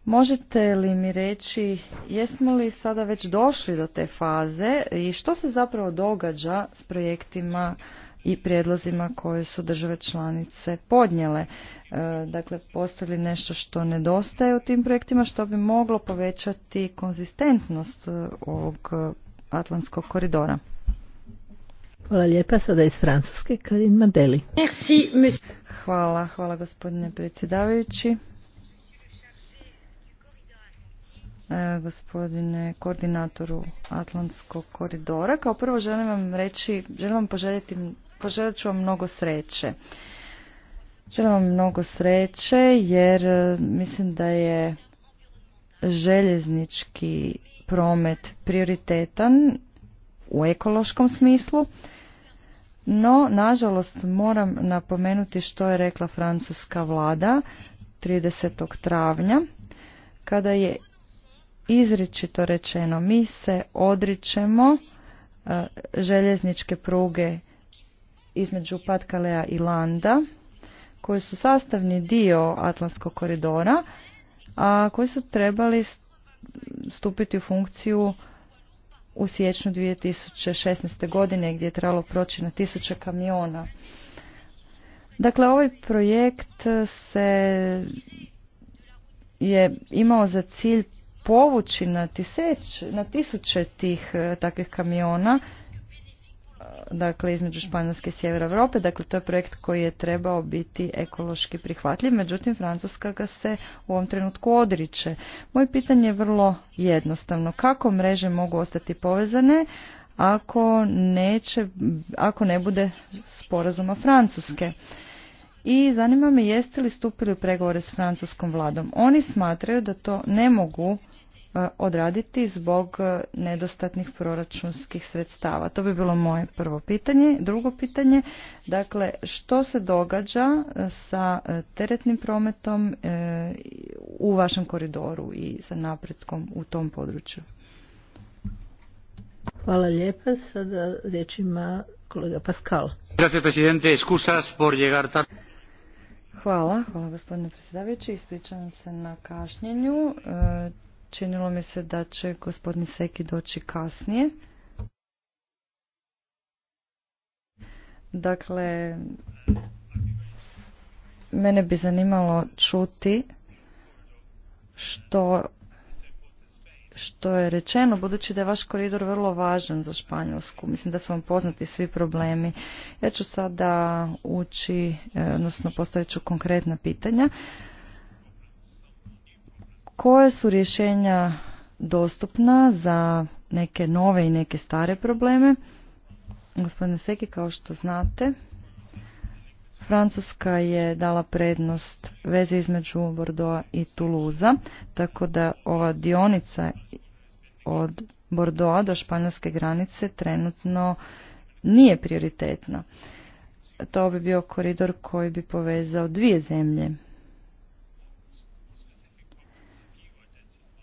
Možete li mi reći jesmo li sada već došli do te faze i što se zapravo događa s projektima i prijedlozima koje su države članice podnijele. E, dakle, postoji nešto što nedostaje u tim projektima što bi moglo povećati konzistentnost e, ovog Atlantskog koridora? Hvala lijepa. Sada iz Francuske, Karin Madeli. Hvala, hvala gospodine predsjedavajući. E, gospodine koordinatoru Atlantskog koridora. Kao prvo želim vam reći, želim vam poželjeti poželit ću vam mnogo sreće. Želim vam mnogo sreće jer e, mislim da je željeznički promet prioritetan u ekološkom smislu. No, nažalost, moram napomenuti što je rekla francuska vlada 30. travnja, kada je izričito rečeno mi se odričemo e, željezničke pruge između Patkalea i Landa koji su sastavni dio Atlantskog koridora, a koji su trebali stupiti u funkciju u siječnju 2016. godine gdje je trebalo proći na tisuće kamiona. Dakle, ovaj projekt se je imao za cilj povući na, tiseć, na tisuće tih eh, takvih kamiona dakle između Španjolske i Sjevera Europe. Dakle, to je projekt koji je trebao biti ekološki prihvatljiv, međutim Francuska ga se u ovom trenutku odriče. Moje pitanje je vrlo jednostavno. Kako mreže mogu ostati povezane ako, neće, ako ne bude sporazuma Francuske? I zanima me jeste li stupili u pregovore s francuskom vladom. Oni smatraju da to ne mogu E, odraditi zbog e, nedostatnih proračunskih sredstava? To bi bilo moje prvo pitanje. Drugo pitanje, dakle, što se događa e, sa teretnim prometom u vašem koridoru i sa napretkom u tom području? Hvala lijepa. Sada riječ ima kolega Pascal. Hvala, hvala gospodine predsjedavajući. Ispričavam se na kašnjenju. Činilo mi se da će gospodin Seki doći kasnije. Dakle, mene bi zanimalo čuti što, što je rečeno, budući da je vaš koridor vrlo važan za Španjolsku. Mislim da su vam poznati svi problemi. Ja ću sada ući, eh, odnosno postavit ću konkretna pitanja koje su rješenja dostupna za neke nove i neke stare probleme. Gospodine Seki, kao što znate, Francuska je dala prednost veze između Bordeaux i Tuluza, tako da ova dionica od Bordeaux do španjolske granice trenutno nije prioritetna. To bi bio koridor koji bi povezao dvije zemlje,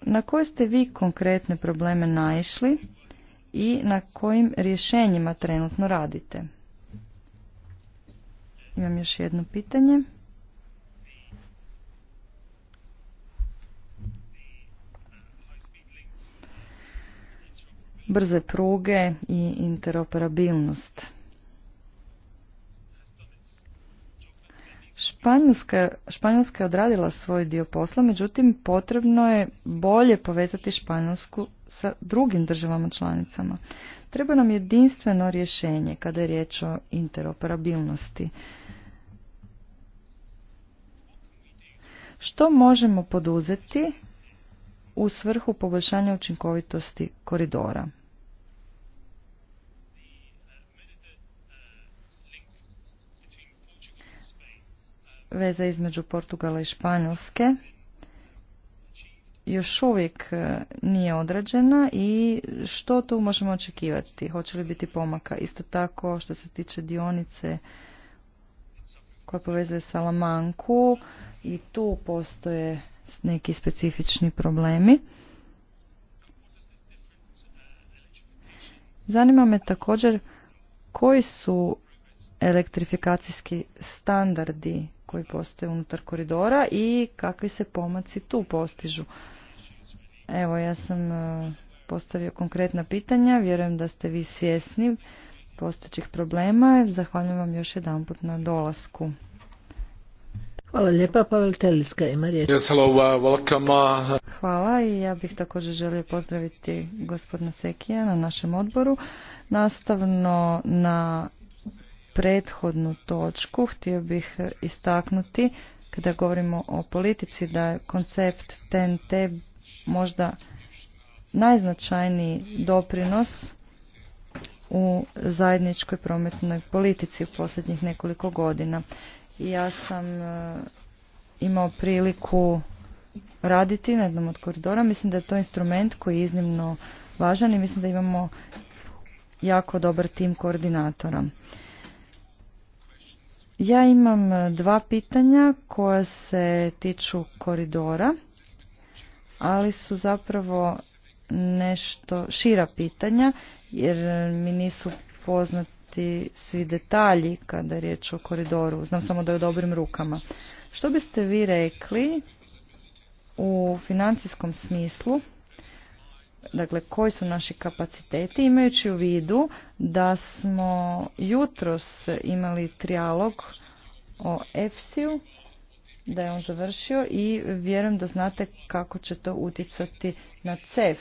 Na koje ste vi konkretne probleme naišli i na kojim rješenjima trenutno radite? Imam još jedno pitanje. Brze pruge i interoperabilnost. Španjolska, Španjolska je odradila svoj dio posla, međutim potrebno je bolje povezati Španjolsku sa drugim državama članicama. Treba nam jedinstveno rješenje kada je riječ o interoperabilnosti. Što možemo poduzeti u svrhu poboljšanja učinkovitosti koridora? veza između Portugala i Španjolske još uvijek e, nije odrađena i što tu možemo očekivati? Hoće li biti pomaka? Isto tako što se tiče dionice koja povezuje Salamanku i tu postoje neki specifični problemi. Zanima me također koji su elektrifikacijski standardi koji postoje unutar koridora i kakvi se pomaci tu postižu. Evo, ja sam e, postavio konkretna pitanja, vjerujem da ste vi svjesni postojećih problema. Zahvaljujem vam još put na dolasku. Hvala lijepa, Pavel Teliska i Marija. Hvala i ja bih također želio pozdraviti gospodina Sekija na našem odboru. Nastavno na prethodnu točku, htio bih istaknuti kada govorimo o politici da je koncept TNT možda najznačajniji doprinos u zajedničkoj prometnoj politici u posljednjih nekoliko godina. Ja sam e, imao priliku raditi na jednom od koridora. Mislim da je to instrument koji je iznimno važan i mislim da imamo jako dobar tim koordinatora. Ja imam e, dva pitanja koja se tiču koridora, ali su zapravo nešto šira pitanja jer e, mi nisu poznati svi detalji kada je riječ o koridoru. Znam samo da je u dobrim rukama. Što biste vi rekli u financijskom smislu dakle koji su naši kapaciteti imajući u vidu da smo jutros imali trijalog o EFSI-u, da je on završio i vjerujem da znate kako će to utjecati na CEF.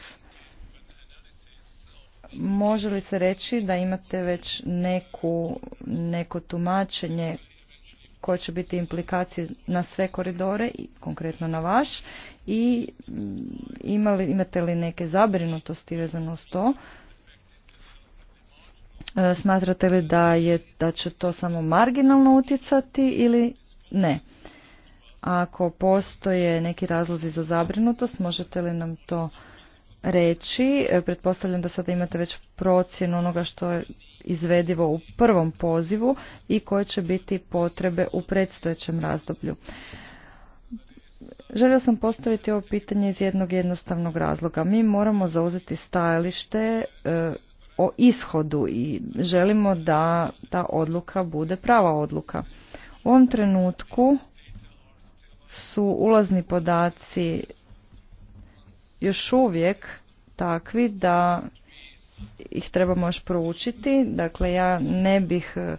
Može li se reći da imate već neku, neko tumačenje koje će biti implikacije na sve koridore, konkretno na vaš, i mm, imali, imate li neke zabrinutosti vezano s to? E, smatrate li da, je, da će to samo marginalno utjecati ili ne? Ako postoje neki razlozi za zabrinutost, možete li nam to reći? E, pretpostavljam da sada imate već procjenu onoga što je izvedivo u prvom pozivu i koje će biti potrebe u predstojećem razdoblju. Želio sam postaviti ovo pitanje iz jednog jednostavnog razloga. Mi moramo zauzeti stajalište e, o ishodu i želimo da ta odluka bude prava odluka. U ovom trenutku su ulazni podaci još uvijek takvi da ih trebamo još proučiti. Dakle, ja ne bih e,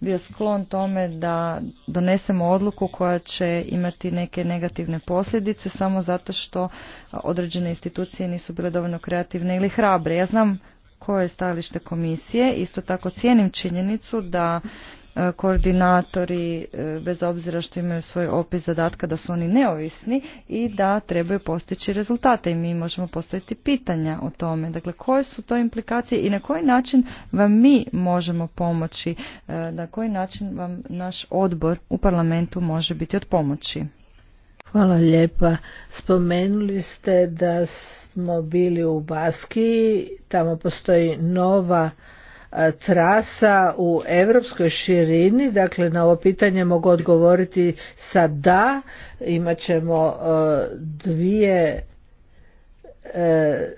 bio sklon tome da donesemo odluku koja će imati neke negativne posljedice samo zato što određene institucije nisu bile dovoljno kreativne ili hrabre. Ja znam koje je stajalište komisije. Isto tako cijenim činjenicu da E, koordinatori, e, bez obzira što imaju svoj opis zadatka, da su oni neovisni i da trebaju postići rezultate. I mi možemo postaviti pitanja o tome. Dakle, koje su to implikacije i na koji način vam mi možemo pomoći, e, na koji način vam naš odbor u parlamentu može biti od pomoći. Hvala lijepa. Spomenuli ste da smo bili u Baskiji, tamo postoji nova trasa u europskoj širini, dakle na ovo pitanje mogu odgovoriti sa da, imat ćemo e, dvije e,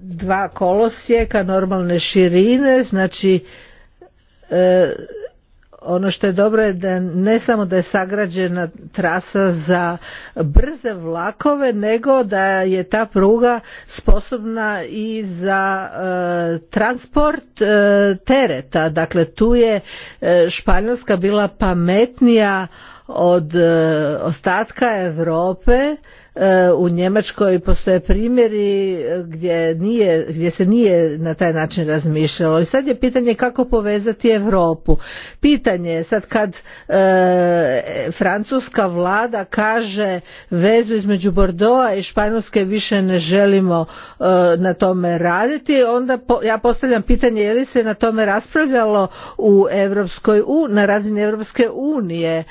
dva kolosijeka normalne širine, znači e, ono što je dobro je da ne samo da je sagrađena trasa za brze vlakove nego da je ta pruga sposobna i za e, transport e, tereta dakle tu je e, španjolska bila pametnija od ostatka Europe E, u Njemačkoj postoje primjeri e, gdje, gdje se nije na taj način razmišljalo i sad je pitanje kako povezati Europu. Pitanje je sad kad e, francuska vlada kaže vezu između Bordoa i Španjolske više ne želimo na tome raditi, onda ja postavljam pitanje je li se na tome raspravljalo u Europskoj, na razini Europske unije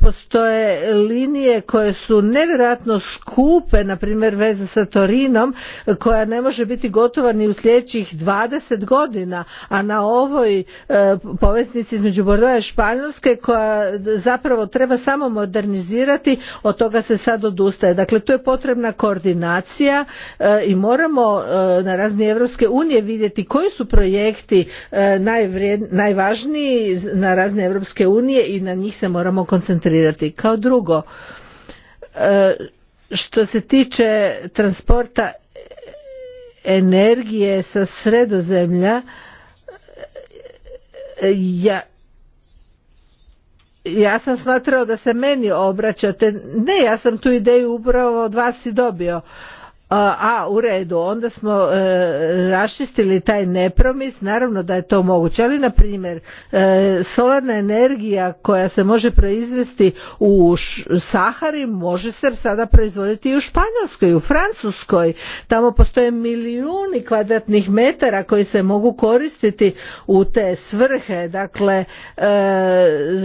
postoje linije koje su nevjerojatno skupe na primjer veze sa Torinom koja ne može biti gotova ni u sljedećih 20 godina a na ovoj e, poveznici između Bordeaux i Španjolske koja zapravo treba samo modernizirati od toga se sad odustaje dakle tu je potrebna koordinacija e, i moramo e, na razini Europske unije vidjeti koji su projekti najvažniji na razini Europske unije i na njih se moramo koncentrirati kao drugo, e, što se tiče transporta energije sa sredozemlja, ja, ja sam smatrao da se meni obraćate. Ne, ja sam tu ideju upravo od vas i dobio a u redu onda smo e, raščistili taj nepromis naravno da je to moguće ali na primjer e, solarna energija koja se može proizvesti u Sahari može se sada proizvoditi i u Španjolskoj u Francuskoj tamo postoje milijuni kvadratnih metara koji se mogu koristiti u te svrhe dakle e,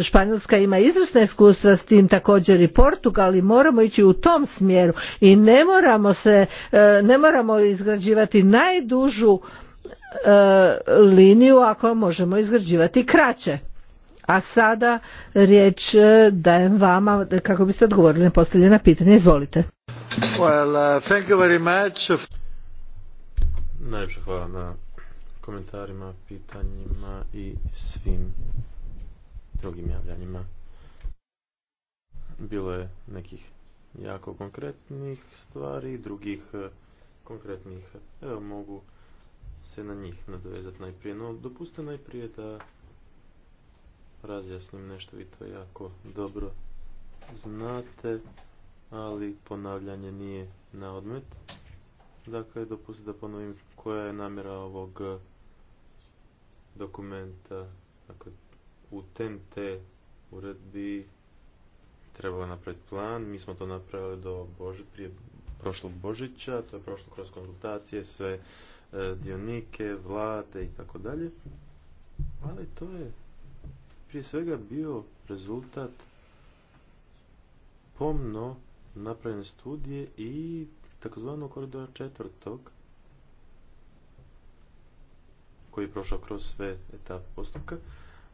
Španjolska ima izvrsna iskustva s tim također i Portugal i moramo ići u tom smjeru i ne moramo se E, ne moramo izgrađivati najdužu e, liniju ako možemo izgrađivati kraće. A sada riječ e, dajem vama kako biste odgovorili na postavljena pitanja. Izvolite. Well, uh, thank you very much. hvala na komentarima, pitanjima i svim drugim javljanjima. Bilo je nekih jako konkretnih stvari, drugih e, konkretnih. Evo mogu se na njih nadovezati najprije. No, dopuste najprije da razjasnim nešto, vi to jako dobro znate, ali ponavljanje nije na odmet. Dakle, dopustite da ponovim koja je namjera ovog e, dokumenta, dakle, u TNT uredbi trebalo napraviti plan. Mi smo to napravili do prije prošlog Božića, to je prošlo kroz konzultacije, sve e, dionike, vlade i tako dalje. Ali to je prije svega bio rezultat pomno napravljene studije i takozvanog koridora četvrtog koji je prošao kroz sve etape postupka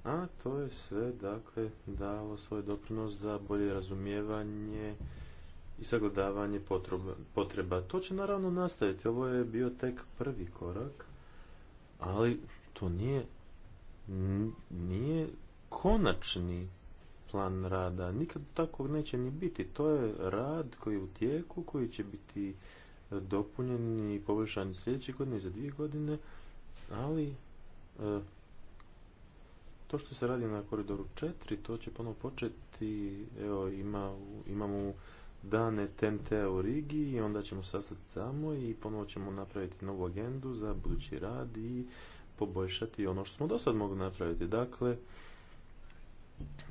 a to je sve dakle dalo svoj doprinos za bolje razumijevanje i sagledavanje potreba. To će naravno nastaviti, ovo je bio tek prvi korak, ali to nije, nije konačni plan rada, nikad takvog neće ni biti. To je rad koji je u tijeku, koji će biti dopunjen i poboljšan sljedeće godine za dvije godine, ali e, to što se radi na koridoru 4, to će ponovo početi, evo imamo dane TNT u Rigi i onda ćemo sastati tamo i ponovo ćemo napraviti novu agendu za budući rad i poboljšati ono što smo do sad mogli napraviti. Dakle,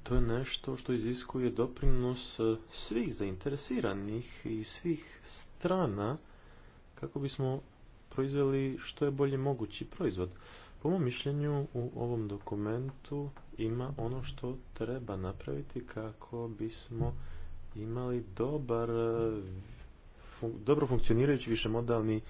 to je nešto što iziskuje doprinos e, svih zainteresiranih i svih strana kako bismo proizveli što je bolje mogući proizvod. Po mom mišljenju u ovom dokumentu ima ono što treba napraviti kako bismo imali dobar, dobro funkcionirajući višemodalni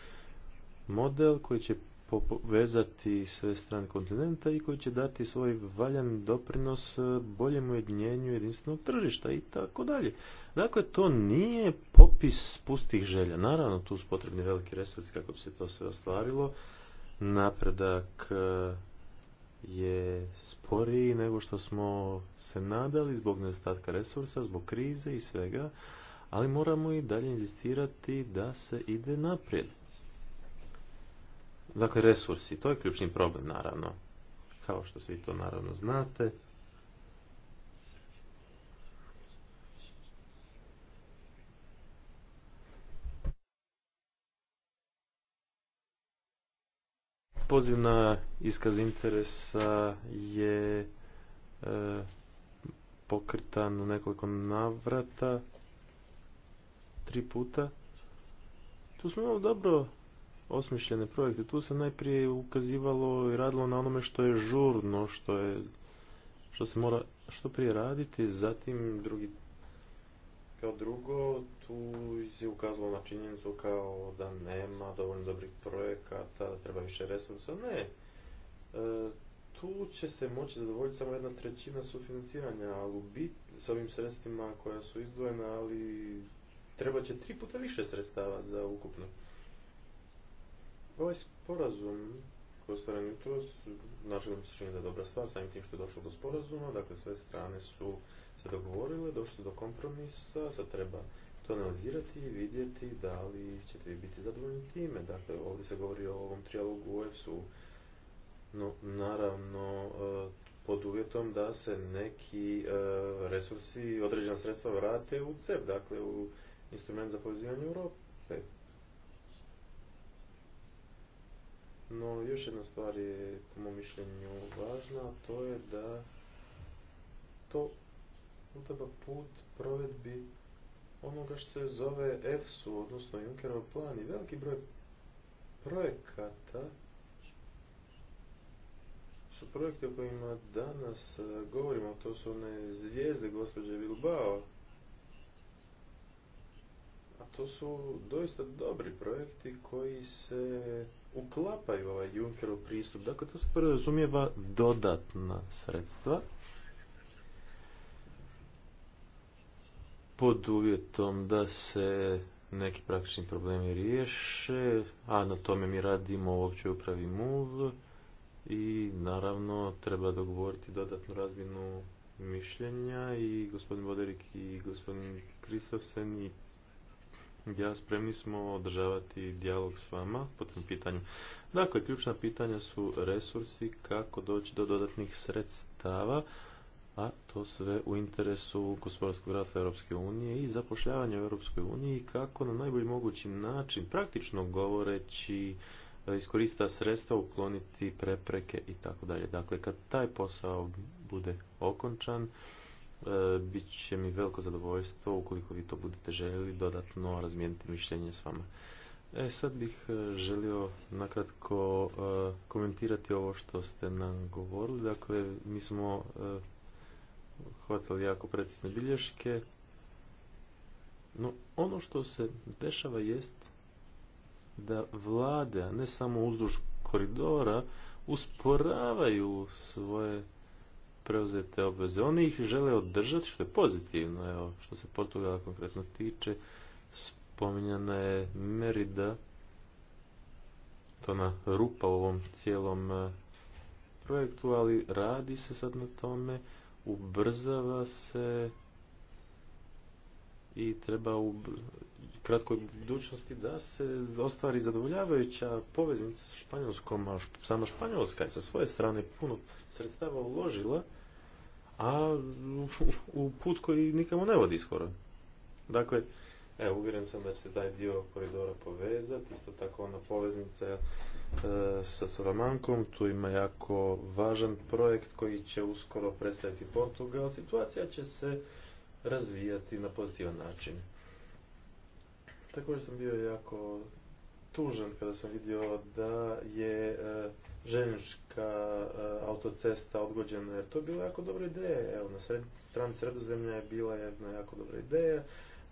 model koji će povezati sve strane kontinenta i koji će dati svoj valjan doprinos boljem ujedinjenju jedinstvenog tržišta i tako dalje. Dakle, to nije popis pustih želja. Naravno, tu su potrebni veliki resursi kako bi se to sve ostvarilo napredak eh, je sporiji nego što smo se nadali zbog nedostatka resursa, zbog krize i svega, ali moramo i dalje inzistirati da se ide naprijed. Dakle, resursi, to je ključni problem, naravno. Kao što svi to naravno znate. Poziv na iskaz interesa je e, pokritan u nekoliko navrata, tri puta. Tu smo imali dobro osmišljene projekte. Tu se najprije ukazivalo i radilo na onome što je žurno, što je što se mora što prije raditi, zatim drugi kao drugo, tu je ukazalo na činjenicu kao da nema dovoljno dobrih projekata, da treba više resursa. Ne, e, tu će se moći zadovoljiti samo jedna trećina sufinanciranja, ali u bit, s ovim sredstvima koja su izdvojena, ali treba će tri puta više sredstava za ukupno. Ovaj sporazum koji je ostvaren jutros, načelno mi se čini za dobra stvar, samim tim što je došlo do sporazuma, dakle sve strane su se dogovorile, došli do kompromisa, sad treba to analizirati i vidjeti da li ćete vi biti zadovoljni time. Dakle, ovdje se govori o ovom trijalogu u EFSU, no, naravno e, pod uvjetom da se neki e, resursi, određena sredstva vrate u CEP, dakle u instrument za povezivanje Europe. No, još jedna stvar je po mom mišljenju važna, a to je da to Utaba put provedbi onoga što se zove EFSU, odnosno Junckerov plan i veliki broj projekata su projekte o kojima danas e, govorimo, to su one zvijezde gospođe Bilbao, a to su doista dobri projekti koji se uklapaju ovaj Junckerov pristup. Dakle, to se podrazumijeva dodatna sredstva pod uvjetom da se neki praktični problemi riješe, a na tome mi radimo u općoj upravi MUV i naravno treba dogovoriti dodatnu razmjenu mišljenja i gospodin Voderik i gospodin Kristofsen i ja spremni smo održavati dijalog s vama po tom pitanju. Dakle, ključna pitanja su resursi, kako doći do dodatnih sredstava, a to sve u interesu gospodarskog rasta Europske unije i zapošljavanja u Europskoj uniji kako na najbolji mogući način, praktično govoreći, e, iskorista sredstva, ukloniti prepreke i tako dalje. Dakle, kad taj posao bude okončan, e, bit će mi veliko zadovoljstvo ukoliko vi to budete željeli dodatno razmijeniti mišljenje s vama. E, sad bih e, želio nakratko komentirati ovo što ste nam govorili. Dakle, mi smo hvatali jako precizne bilješke. No, ono što se dešava jest da vlade, a ne samo uzduž koridora, usporavaju svoje preuzete obveze. Oni ih žele održati, što je pozitivno. Evo, što se Portugala konkretno tiče, spominjana je Merida, to na rupa u ovom cijelom eh, projektu, ali radi se sad na tome ubrzava se i treba u kratkoj budućnosti da se ostvari zadovoljavajuća poveznica sa Španjolskom, a samo Španjolska je sa svoje strane puno sredstava uložila, a u put koji nikamo ne vodi skoro. Dakle, evo, uvjeren sam da će se taj dio koridora povezati, isto tako ona poveznica E, sa salamankom tu ima jako važan projekt koji će uskoro predstaviti Portugal. Situacija će se razvijati na pozitivan način. Također sam bio jako tužan kada sam vidio da je e, željeznička e, autocesta odgođena jer to je bila jako dobra ideja. Evo, na sred, strani sredozemlja je bila jedna jako dobra ideja.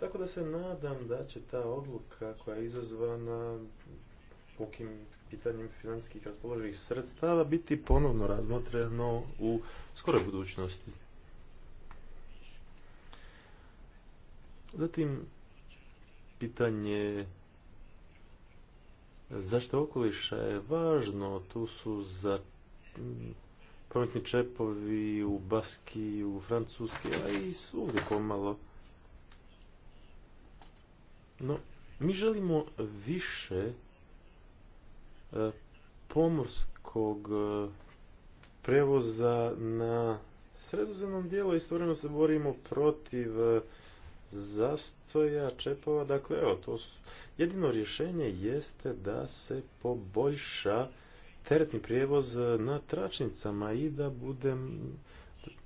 Tako da se nadam da će ta odluka koja je izazvana pukim pitanjem financijskih raspoloživih sredstava biti ponovno razmotreno u skoroj budućnosti. Zatim, pitanje zašto okoliša je važno. Tu su za mm, prometni čepovi u Baski, u Francuski, a i svugdje pomalo. No, mi želimo više E, pomorskog e, prevoza na sredozemnom dijelu istovremeno se borimo protiv e, zastoja čepova. Dakle, evo, to su, jedino rješenje jeste da se poboljša teretni prijevoz na tračnicama i da budem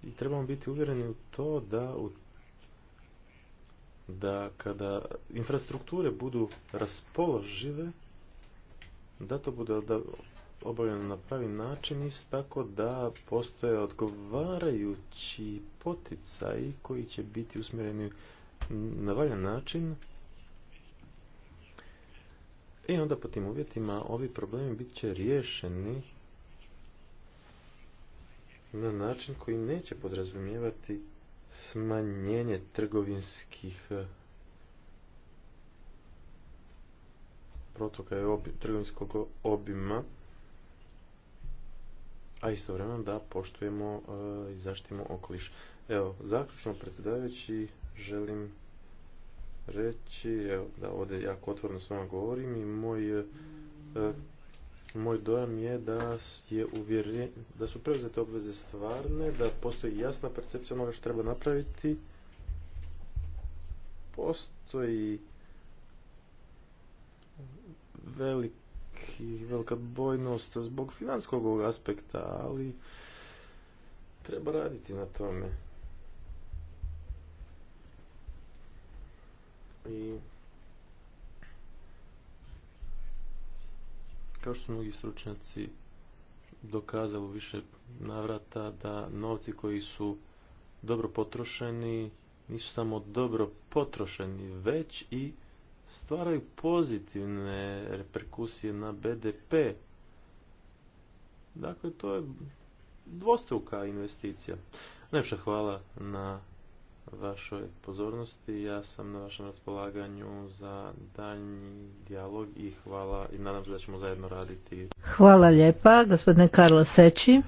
i trebamo biti uvjereni u to da da kada infrastrukture budu raspoložive da to bude obavljeno na pravi način isto tako da postoje odgovarajući poticaji koji će biti usmjereni na valjan način i onda po tim uvjetima ovi problemi bit će riješeni na način koji neće podrazumijevati smanjenje trgovinskih protoka i obi, trgovinskog obima, a istovremeno da poštujemo e, i zaštitimo okoliš. Evo, zaključno predsjedavajući želim reći, evo, da ovdje jako otvorno s vama govorim i moj, e, moj dojam je da, je uvjeren, da su preuzete obveze stvarne, da postoji jasna percepcija onoga što treba napraviti, postoji veliki, velika bojnost zbog finanskog aspekta, ali treba raditi na tome. I kao što su mnogi stručnjaci dokazali više navrata da novci koji su dobro potrošeni nisu samo dobro potrošeni, već i stvaraju pozitivne reperkusije na BDP. Dakle, to je dvostruka investicija. Najpša hvala na vašoj pozornosti. Ja sam na vašem raspolaganju za daljnji dijalog i hvala i nadam se da ćemo zajedno raditi. Hvala lijepa, gospodine Karlo Seći.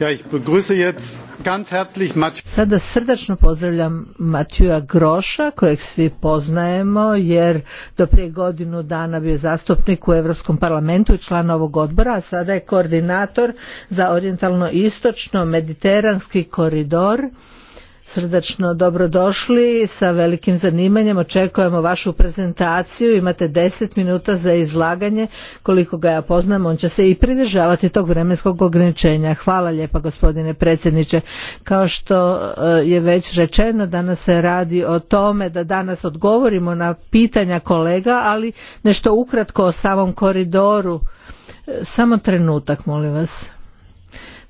Ja, Sada srdačno pozdravljam Matija Groša, kojeg svi poznajemo, jer do prije godinu dana bio zastupnik u Europskom parlamentu i član ovog odbora, a sada je koordinator za orientalno istočno mediteranski koridor srdačno dobrodošli sa velikim zanimanjem očekujemo vašu prezentaciju imate 10 minuta za izlaganje koliko ga ja poznam on će se i pridržavati tog vremenskog ograničenja hvala lijepa gospodine predsjedniče kao što eh, je već rečeno danas se radi o tome da danas odgovorimo na pitanja kolega ali nešto ukratko o samom koridoru eh, samo trenutak molim vas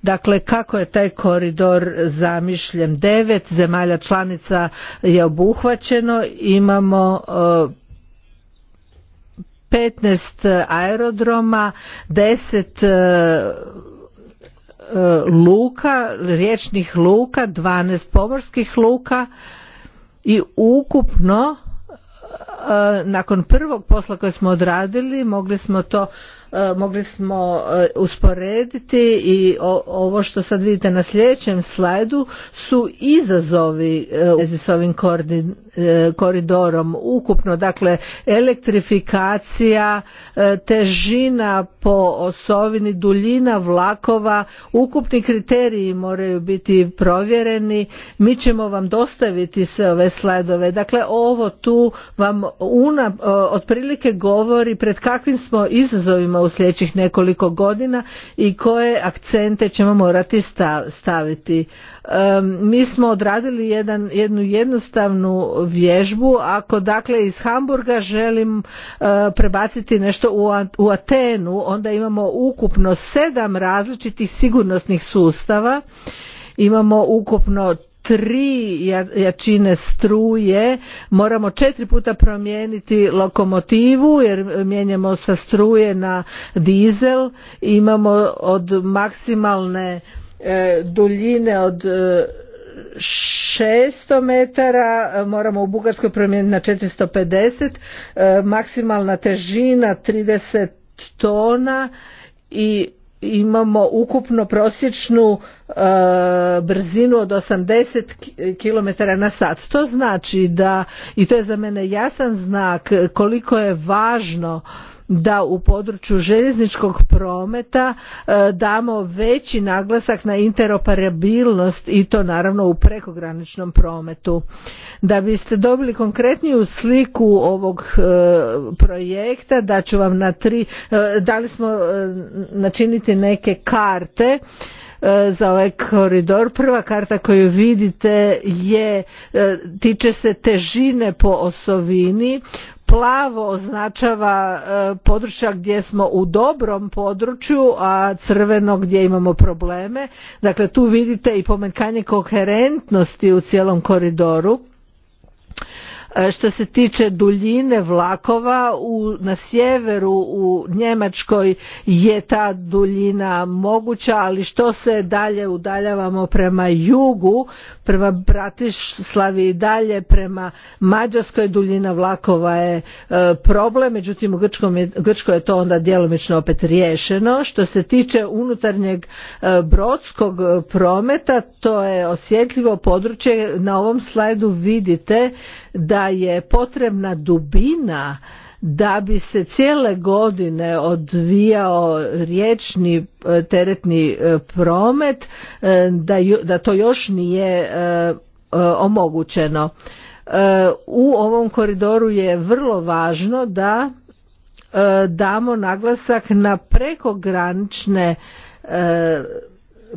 Dakle, kako je taj koridor zamišljen? Devet zemalja članica je obuhvaćeno, imamo 15 e, aerodroma, 10 e, e, luka, riječnih luka, 12 pomorskih luka i ukupno nakon prvog posla koji smo odradili mogli smo to E, mogli smo e, usporediti i ovo što sad vidite na sljedećem slajdu su izazovi e, s ovim koridorom ukupno dakle elektrifikacija težina po osovini duljina vlakova ukupni kriteriji moraju biti provjereni mi ćemo vam dostaviti sve ove slajdove dakle ovo tu vam una otprilike govori pred kakvim smo izazovima u sljedećih nekoliko godina i koje akcente ćemo morati staviti. Mi smo odradili jedan, jednu jednostavnu vježbu, ako dakle iz Hamburga želim e, prebaciti nešto u Atenu, onda imamo ukupno sedam različitih sigurnosnih sustava imamo ukupno tri jačine struje moramo četiri puta promijeniti lokomotivu jer mijenjamo sa struje na dizel imamo od maksimalne e, duljine od 600 e, metara, moramo u Bugarskoj promijeniti na 450, e, maksimalna težina 30 tona i imamo ukupno prosječnu e, brzinu od 80 km na sat. To znači da, i to je za mene jasan znak koliko je važno da u području željezničkog prometa e, damo veći naglasak na interoperabilnost i to naravno u prekograničnom prometu. Da biste dobili konkretniju sliku ovog e, projekta, da ću vam na tri, e, dali smo načiniti neke karte za ovaj koridor. Prva karta koju vidite je tiče se težine po osovini, plavo označava e, područja gdje smo u dobrom području, a crveno gdje imamo probleme. Dakle, tu vidite i pomenkanje koherentnosti u cijelom koridoru E, što se tiče duljine vlakova, u, na sjeveru u Njemačkoj je ta duljina moguća, ali što se dalje udaljavamo prema jugu, prema Bratislavi i dalje, prema Mađarskoj duljina vlakova je e, problem, međutim u je, Grčkoj je to onda djelomično opet riješeno. Što se tiče unutarnjeg e, brodskog prometa, to je osjetljivo područje, na ovom slajdu vidite da je potrebna dubina da bi se cijele godine odvijao riječni e, teretni e, promet e, da to još nije omogućeno u ovom koridoru je vrlo važno da damo naglasak na prekogranične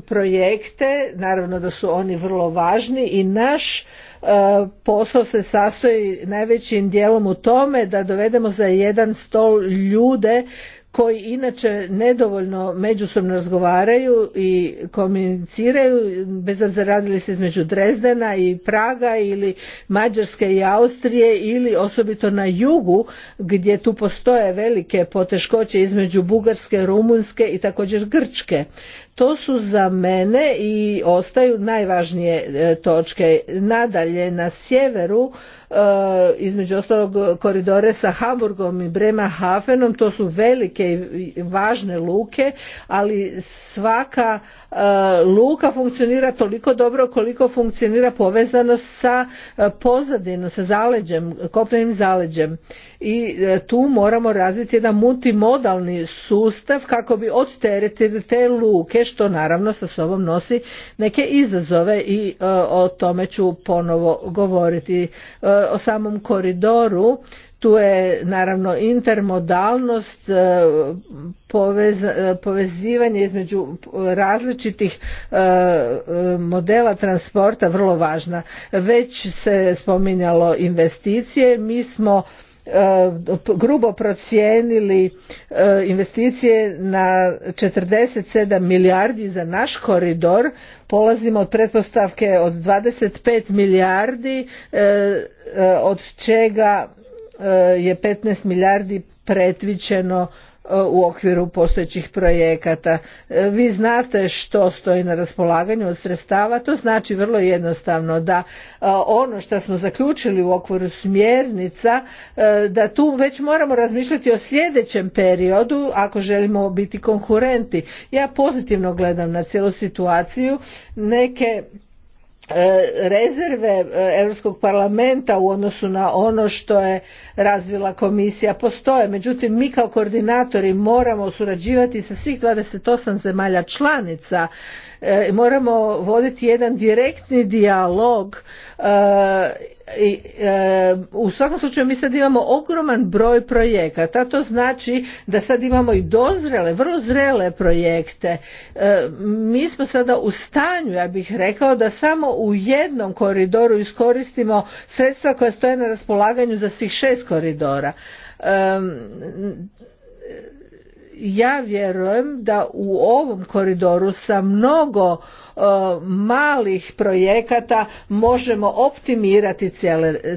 projekte naravno da su oni vrlo važni i naš posao se sastoji najvećim dijelom u tome da dovedemo za jedan stol ljude koji inače nedovoljno međusobno razgovaraju i komuniciraju, bez obzira radili se između Drezdena i Praga ili Mađarske i Austrije ili osobito na jugu gdje tu postoje velike poteškoće između Bugarske, Rumunjske i također Grčke. To su za mene i ostaju najvažnije e, točke. Nadalje na sjeveru, e, između ostalog koridore sa Hamburgom i Hafenom, to su velike i važne luke, ali svaka e, luka funkcionira toliko dobro koliko funkcionira povezanost sa pozadinom, sa zaleđem, kopnenim zaleđem i e, tu moramo razviti jedan multimodalni sustav kako bi odteretili te luke što naravno sa sobom nosi neke izazove i e, o tome ću ponovo govoriti. E, o samom koridoru tu je naravno intermodalnost, povezivanje između različitih modela transporta vrlo važna. Već se spominjalo investicije, mi smo E, grubo procijenili e, investicije na 47 milijardi za naš koridor polazimo od pretpostavke od 25 milijardi e, od čega je 15 milijardi pretvičeno E, u okviru postojećih projekata. E, vi znate što stoji na raspolaganju od sredstava, to znači vrlo jednostavno da e, ono što smo zaključili u okviru smjernica, da tu već moramo razmišljati o sljedećem periodu ako želimo biti konkurenti. Ja pozitivno gledam na cijelu situaciju, neke E, rezerve e, Europskog parlamenta u odnosu na ono što je razvila komisija postoje. Međutim, mi kao koordinatori moramo surađivati sa svih 28 zemalja članica. E, moramo voditi jedan direktni dijalog i e, u svakom slučaju mi sad imamo ogroman broj projekata to znači da sad imamo i dozrele vrlo zrele projekte e, mi smo sada u stanju ja bih rekao da samo u jednom koridoru iskoristimo sredstva koja stoje na raspolaganju za svih šest koridora e, ja vjerujem da u ovom koridoru sa mnogo E, malih projekata možemo optimirati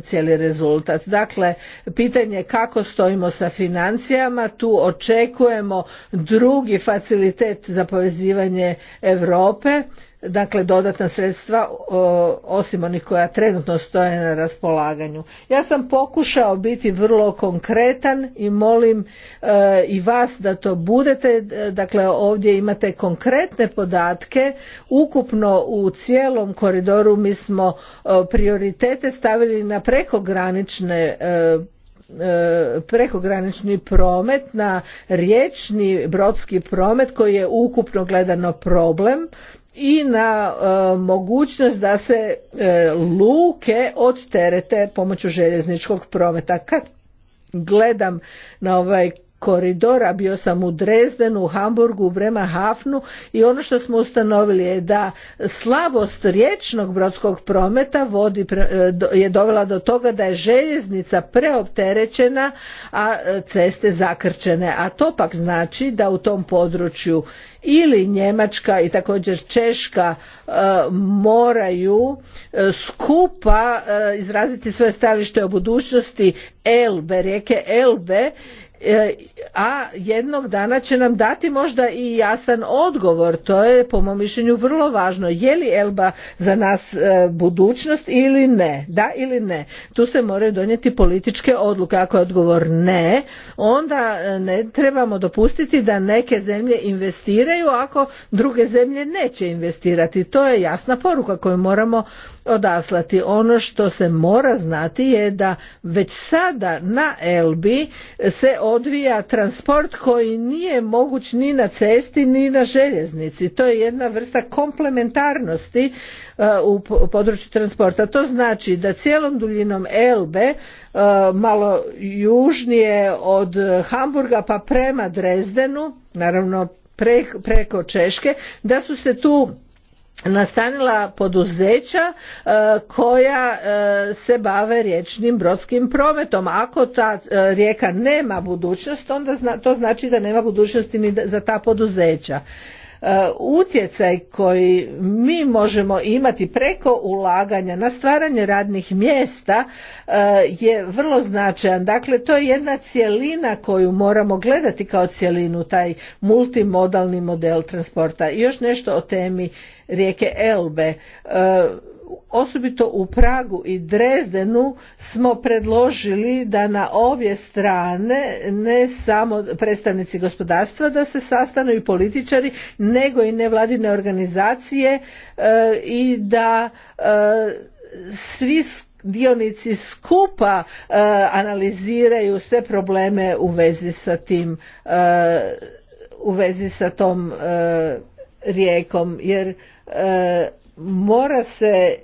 cijeli, rezultat. Dakle, pitanje kako stojimo sa financijama, tu očekujemo drugi facilitet za povezivanje Europe dakle dodatna sredstva osim onih koja trenutno stoje na raspolaganju. Ja sam pokušao biti vrlo konkretan i molim e, i vas da to budete, dakle ovdje imate konkretne podatke, ukupno u cijelom koridoru mi smo e, prioritete stavili na prekogranične e, prekogranični promet na riječni brodski promet koji je ukupno gledano problem i na e, mogućnost da se e, luke odterete pomoću željezničkog prometa. Kad gledam na ovaj koridor, a bio sam u Drezdenu, u Hamburgu, u Hafnu, i ono što smo ustanovili je da slabost riječnog brodskog prometa vodi, e, je dovela do toga da je željeznica preopterećena, a ceste zakrčene. A to pak znači da u tom području ili Njemačka i također Češka e, moraju e, skupa e, izraziti svoje stajalište o budućnosti Elbe, rijeke Elbe E, a jednog dana će nam dati možda i jasan odgovor. To je po mom mišljenju vrlo važno. Je li Elba za nas e, budućnost ili ne? Da ili ne? Tu se moraju donijeti političke odluke. Ako je odgovor ne, onda e, ne trebamo dopustiti da neke zemlje investiraju ako druge zemlje neće investirati. To je jasna poruka koju moramo odaslati. Ono što se mora znati je da već sada na Elbi se odvija transport koji nije moguć ni na cesti ni na željeznici. To je jedna vrsta komplementarnosti e, u području transporta. To znači da cijelom duljinom Elbe, e, malo južnije od Hamburga pa prema Drezdenu, naravno preko Češke, da su se tu nastanila poduzeća e, koja e, se bave riječnim brodskim prometom. Ako ta e, rijeka nema budućnost, onda to znači da nema budućnosti ni za ta poduzeća. E, utjecaj koji mi možemo imati preko ulaganja na stvaranje radnih mjesta e, je vrlo značajan. Dakle, to je jedna cjelina koju moramo gledati kao cjelinu, taj multimodalni model transporta. I još nešto o temi rijeke Elbe. E, osobito u Pragu i Dresdenu smo predložili da na obje strane ne samo predstavnici gospodarstva da se sastanu i političari nego i nevladine organizacije e, i da e, svi dionici skupa e, analiziraju sve probleme u vezi sa tim u vezi sa tom rijekom jer mora se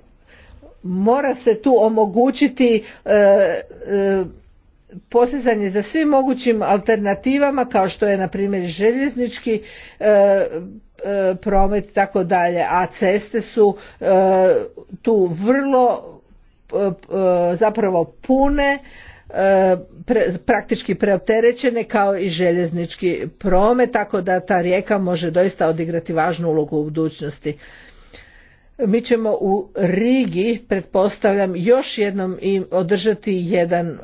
mora se tu omogućiti e, e, posezanje za svim mogućim alternativama kao što je na primjer željeznički e, e, promet i tako dalje a ceste su tu vrlo zapravo pune praktički preopterećene kao i željeznički promet tako da ta rijeka može doista odigrati važnu ulogu u budućnosti mi ćemo u Rigi, pretpostavljam, još jednom im održati jedan e,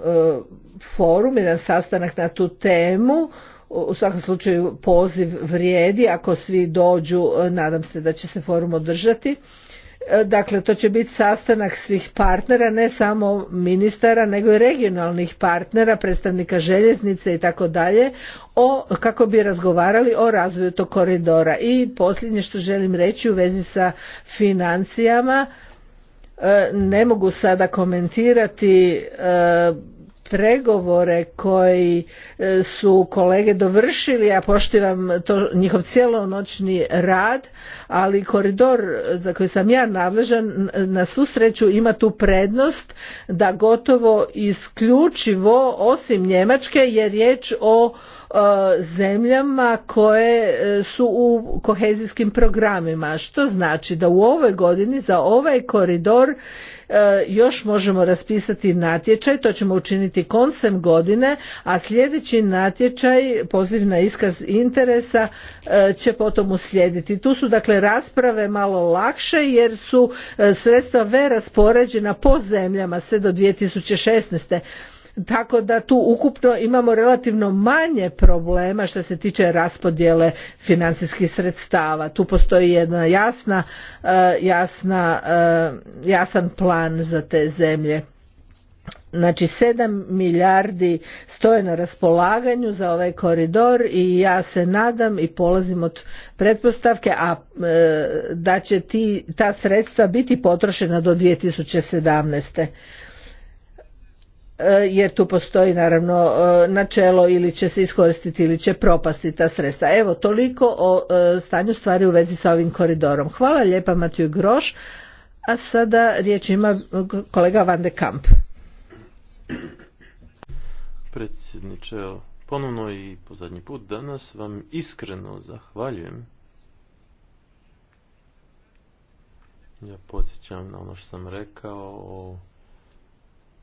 forum, jedan sastanak na tu temu. U svakom slučaju poziv vrijedi, ako svi dođu, e, nadam se da će se forum održati. E, dakle, to će biti sastanak svih partnera, ne samo ministara, nego i regionalnih partnera, predstavnika željeznice i tako dalje, kako bi razgovarali o razvoju tog koridora. I posljednje što želim reći u vezi sa financijama, e, ne mogu sada komentirati e, pregovore koji e, su kolege dovršili, ja poštivam to, njihov noćni rad, ali koridor za koji sam ja nadležan na svu sreću ima tu prednost da gotovo isključivo osim Njemačke je riječ o e, zemljama koje e, su u kohezijskim programima što znači da u ovoj godini za ovaj koridor E, još možemo raspisati natječaj, to ćemo učiniti koncem godine, a sljedeći natječaj, poziv na iskaz interesa, e, će potom uslijediti. Tu su dakle rasprave malo lakše jer su e, sredstva V raspoređena po zemljama sve do 2016 tako da tu ukupno imamo relativno manje problema što se tiče raspodjele financijskih sredstava tu postoji jedna jasna e, jasna e, jasan plan za te zemlje Znači 7 milijardi stoje na raspolaganju za ovaj koridor i ja se nadam i polazim od pretpostavke a e, da će ta sredstva biti potrošena do 2017. E, jer tu postoji naravno e, načelo ili će se iskoristiti ili će propasti ta sredstva. Evo toliko o e, stanju stvari u vezi sa ovim koridorom. Hvala lijepa Matiju Groš, a sada riječ ima kolega Van de Kamp. Predsjedniče, ponovno i po zadnji put danas vam iskreno zahvaljujem. Ja podsjećam na ono što sam rekao o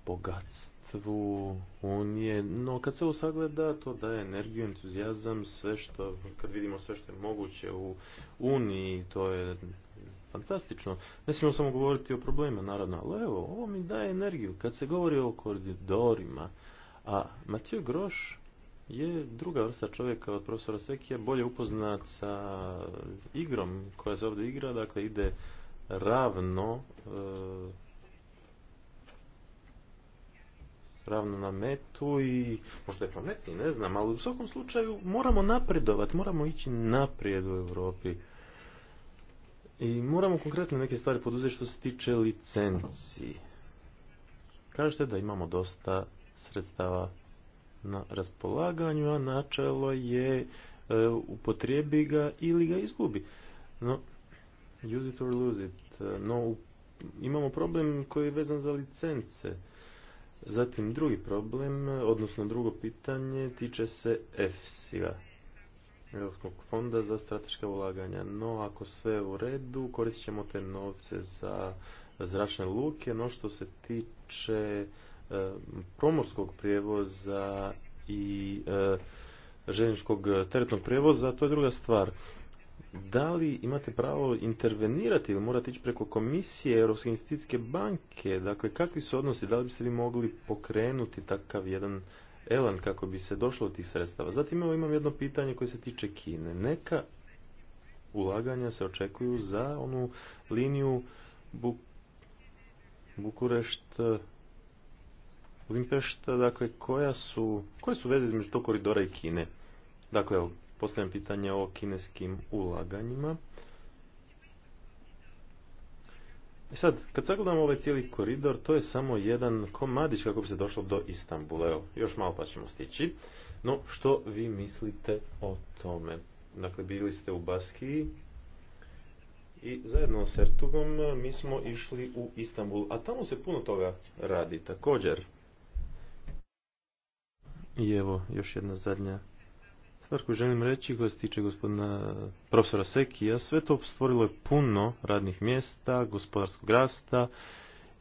bogatstvu on Unije, no kad se ovo sagleda, to daje energiju, entuzijazam, sve što, kad vidimo sve što je moguće u Uniji, to je fantastično. Ne smijemo samo govoriti o problemima, naravno, ali evo, ovo mi daje energiju. Kad se govori o koridorima, a Matiju Groš je druga vrsta čovjeka od profesora Sekija, bolje upoznat sa igrom koja se ovdje igra, dakle ide ravno e, ravno na metu i možda je pametni, ne znam, ali u svakom slučaju moramo napredovati, moramo ići naprijed u Europi. I moramo konkretno neke stvari poduzeti što se tiče licenci. Kažete da imamo dosta sredstava na raspolaganju, a načelo je e, upotrijebi ga ili ga izgubi. No, use it or lose it. E, no, imamo problem koji je vezan za licence. Zatim drugi problem, odnosno drugo pitanje, tiče se EFSI-a, Europskog fonda za strateška ulaganja. No, ako sve u redu, koristit ćemo te novce za zračne luke, no što se tiče e, promorskog prijevoza i e, željezničkog teretnog prijevoza, to je druga stvar da li imate pravo intervenirati ili morate ići preko komisije Europske investicijske banke? Dakle, kakvi su odnosi? Da li biste vi mogli pokrenuti takav jedan elan kako bi se došlo od tih sredstava? Zatim evo, imam jedno pitanje koje se tiče Kine. Neka ulaganja se očekuju za onu liniju Bukurešt dakle, koja su, koje su veze između tog koridora i Kine? Dakle, postavljam pitanje o kineskim ulaganjima. E sad, kad sagledamo ovaj cijeli koridor, to je samo jedan komadić kako bi se došlo do Istambula. Evo, još malo pa ćemo stići. No, što vi mislite o tome? Dakle, bili ste u Baskiji i zajedno s Ertugom e, mi smo išli u Istanbul, a tamo se puno toga radi također. I evo, još jedna zadnja stvar koju želim reći koja se tiče gospodina profesora Sekija, sve to stvorilo je puno radnih mjesta, gospodarskog rasta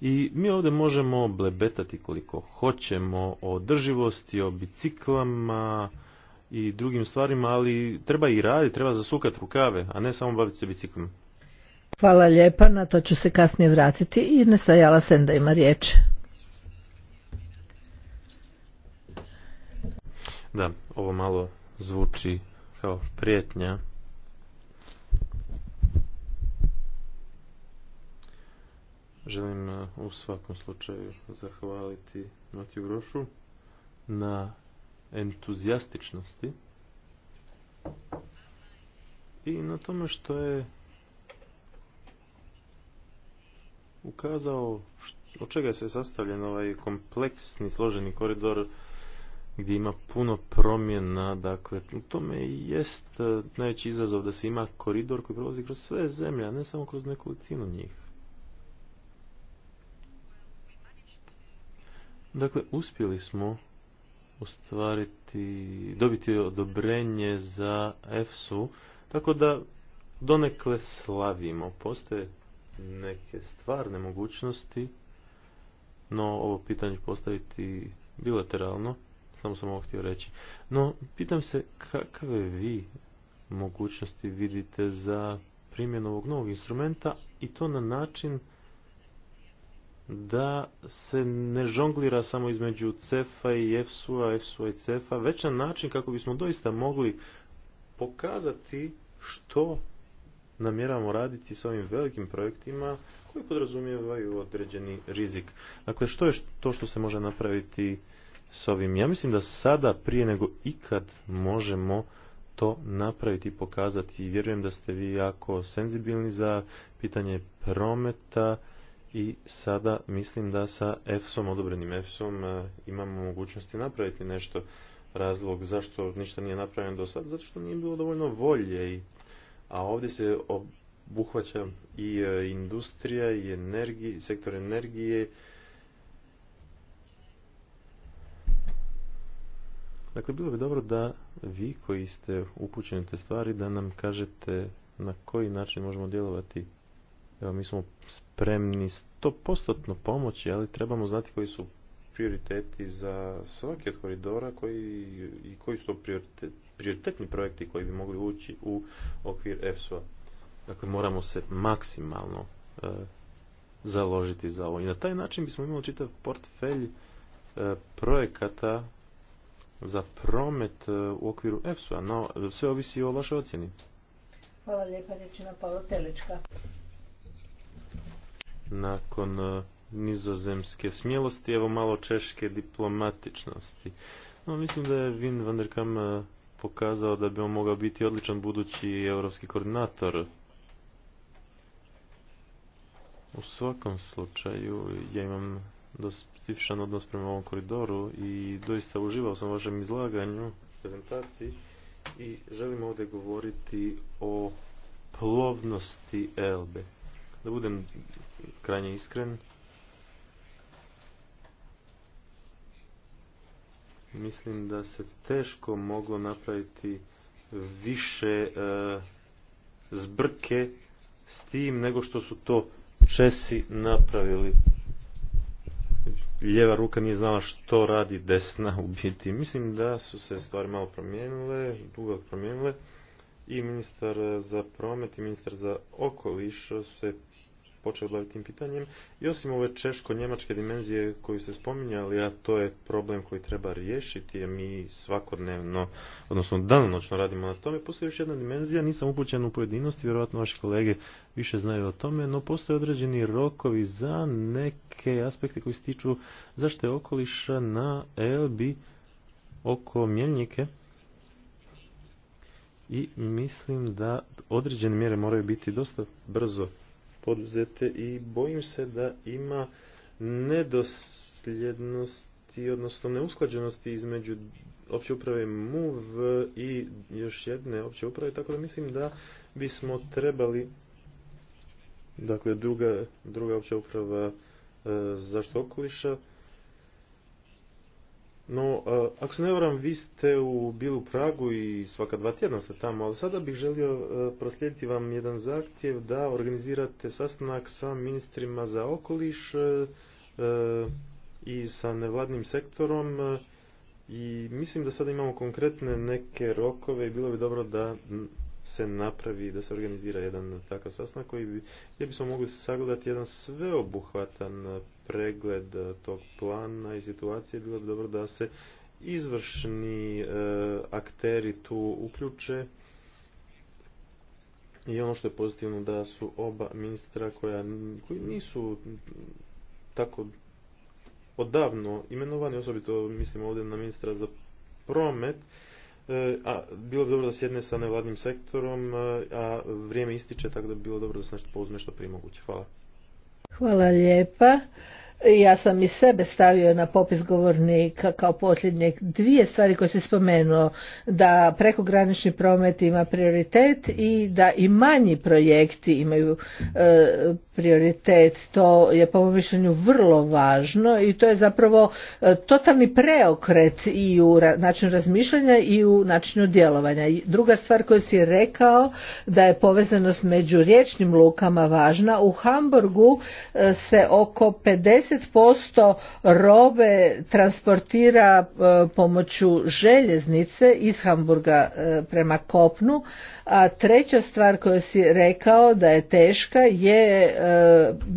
i mi ovdje možemo blebetati koliko hoćemo o drživosti, o biciklama i drugim stvarima, ali treba i raditi, treba zasukati rukave, a ne samo baviti se biciklom. Hvala lijepa, na to ću se kasnije vratiti i ne sajala sem da ima riječ. Da, ovo malo zvuči kao prijetnja. Želim e, u svakom slučaju zahvaliti Matiju Grošu na entuzijastičnosti i na tome što je ukazao od čega se sastavljen ovaj kompleksni složeni koridor gdje ima puno promjena, dakle, u tome i jest e, najveći izazov da se ima koridor koji prolazi kroz sve zemlje, a ne samo kroz nekolicinu njih. Dakle, uspjeli smo ostvariti, dobiti odobrenje za EFSU, tako da donekle slavimo. Postoje neke stvarne mogućnosti, no ovo pitanje postaviti bilateralno samo sam ovo htio reći. No, pitam se kakve vi mogućnosti vidite za primjenu ovog novog instrumenta i to na način da se ne žonglira samo između CEFA i EFSU-a, efsu i CEFA, već na način kako bismo doista mogli pokazati što namjeramo raditi s ovim velikim projektima koji podrazumijevaju određeni rizik. Dakle, što je to što se može napraviti s ovim. Ja mislim da sada prije nego ikad možemo to napraviti i pokazati. Vjerujem da ste vi jako senzibilni za pitanje prometa i sada mislim da sa EFSom, odobrenim EFSom, eh, imamo mogućnosti napraviti nešto. Razlog zašto ništa nije napravljeno do sada, zato što nije bilo dovoljno volje. A ovdje se obuhvaća i eh, industrija i sektor energije, Dakle, bilo bi dobro da vi koji ste upućeni te stvari, da nam kažete na koji način možemo djelovati. Evo, mi smo spremni 100% pomoći, ali trebamo znati koji su prioriteti za svaki od koridora koji, i koji su to prioritetni projekti koji bi mogli ući u okvir EFSO-a. Dakle, moramo se maksimalno e, založiti za ovo. I na taj način bismo imali čitav portfelj e, projekata za promet e, u okviru EFSU-a, no sve ovisi o vašoj ocjeni. Hvala lijepa, rečina Paolo Telička. Nakon e, nizozemske smjelosti, evo malo češke diplomatičnosti. No, mislim da je Vin van der Kam e, pokazao da bi on mogao biti odličan budući europski koordinator. U svakom slučaju, ja imam specifičan odnos prema ovom koridoru i doista uživao sam vašem izlaganju, prezentaciji i želim ovdje govoriti o plovnosti Elbe. Da budem krajnje iskren, mislim da se teško moglo napraviti više e, zbrke s tim nego što su to Česi napravili lijeva ruka nije znala što radi desna u biti. Mislim da su se stvari malo promijenile, dugo promijenile i ministar za promet i ministar za okoliš su se počeo tim pitanjem. I osim ove češko-njemačke dimenzije koju ste spominjali, a to je problem koji treba riješiti, jer mi svakodnevno, odnosno danonoćno radimo na tome, postoji još jedna dimenzija, nisam upućen u pojedinosti, vjerojatno vaši kolege više znaju o tome, no postoje određeni rokovi za neke aspekte koji se tiču zaštite okoliša na LB oko mjeljnike i mislim da određene mjere moraju biti dosta brzo poduzete i bojim se da ima nedosljednosti, odnosno neusklađenosti između opće uprave MUV i još jedne opće uprave, tako da mislim da bismo trebali dakle druga, druga opća uprava e, zašto okoliša no, e, ako se ne varam, vi ste u Bilu Pragu i svaka dva tjedna ste tamo, ali sada bih želio e, proslijediti vam jedan zahtjev da organizirate sastanak sa ministrima za okoliš e, i sa nevladnim sektorom i mislim da sada imamo konkretne neke rokove i bilo bi dobro da se napravi, da se organizira jedan takav sastanak koji bi, gdje bismo mogli sagledati jedan sveobuhvatan pregled tog plana i situacije. Bilo bi dobro da se izvršni e, akteri tu uključe i ono što je pozitivno da su oba ministra koja, koji nisu tako odavno imenovani, osobito mislim ovdje na ministra za promet, E, a bilo bi dobro da sjedne sa nevladnim sektorom, e, a vrijeme ističe, tako da bi bilo dobro da se nešto pouzme što prije moguće. Hvala. Hvala lijepa. Ja sam i sebe stavio na popis govornika kao posljednje dvije stvari koje se spomenuo, da prekogranični promet ima prioritet i da i manji projekti imaju e, prioritet. To je po mom mišljenju vrlo važno i to je zapravo e, totalni preokret i u načinu razmišljanja i u načinu djelovanja. Druga stvar koju si rekao da je povezanost među riječnim lukama važna. U Hamburgu e, se oko 50% robe transportira e, pomoću željeznice iz Hamburga prema kopnu. A treća stvar koju si rekao da je teška je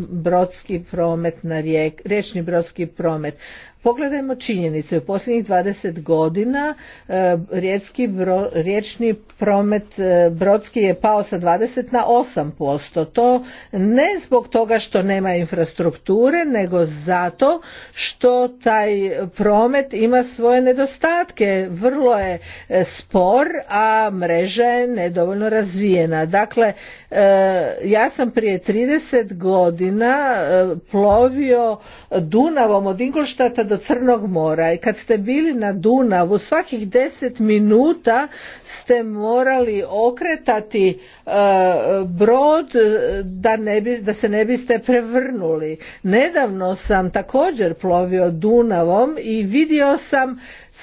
brodski promet na rijek, riječni brodski promet. Pogledajmo činjenice. U posljednjih 20 godina e, riječni promet e, brodski je pao sa 20 na 8%. To ne zbog toga što nema infrastrukture, nego zato što taj promet ima svoje nedostatke. Vrlo je e, spor, a mreža je nedovoljno razvijena. Dakle, ja sam prije 30 godina plovio Dunavom od Ingolštata do Crnog mora i kad ste bili na Dunavu svakih deset minuta ste morali okretati e, brod e, da, ne bi, da se ne biste prevrnuli. Nedavno sam također plovio Dunavom i vidio sam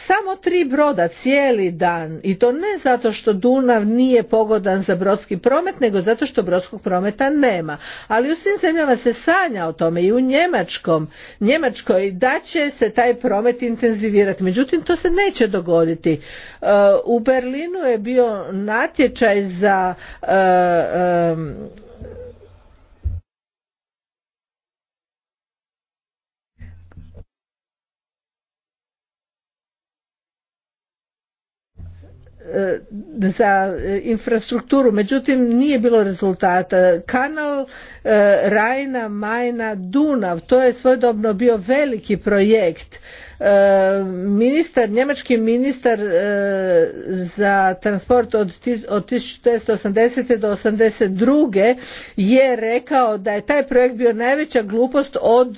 samo tri broda cijeli dan i to ne zato što Dunav nije pogodan za brodski promet nego zato što brodskog prometa nema. Ali u svim zemljama se sanja o tome i u Njemačkom, Njemačkoj da će se taj promet intenzivirati. Međutim, to se neće dogoditi. E, u Berlinu je bio natječaj za e, e, E, za e, infrastrukturu, međutim nije bilo rezultata. Kanal e, Rajna, Majna, Dunav, to je svojedobno bio veliki projekt. Ministar, njemački ministar za transport od 1980. do 1982. je rekao da je taj projekt bio najveća glupost od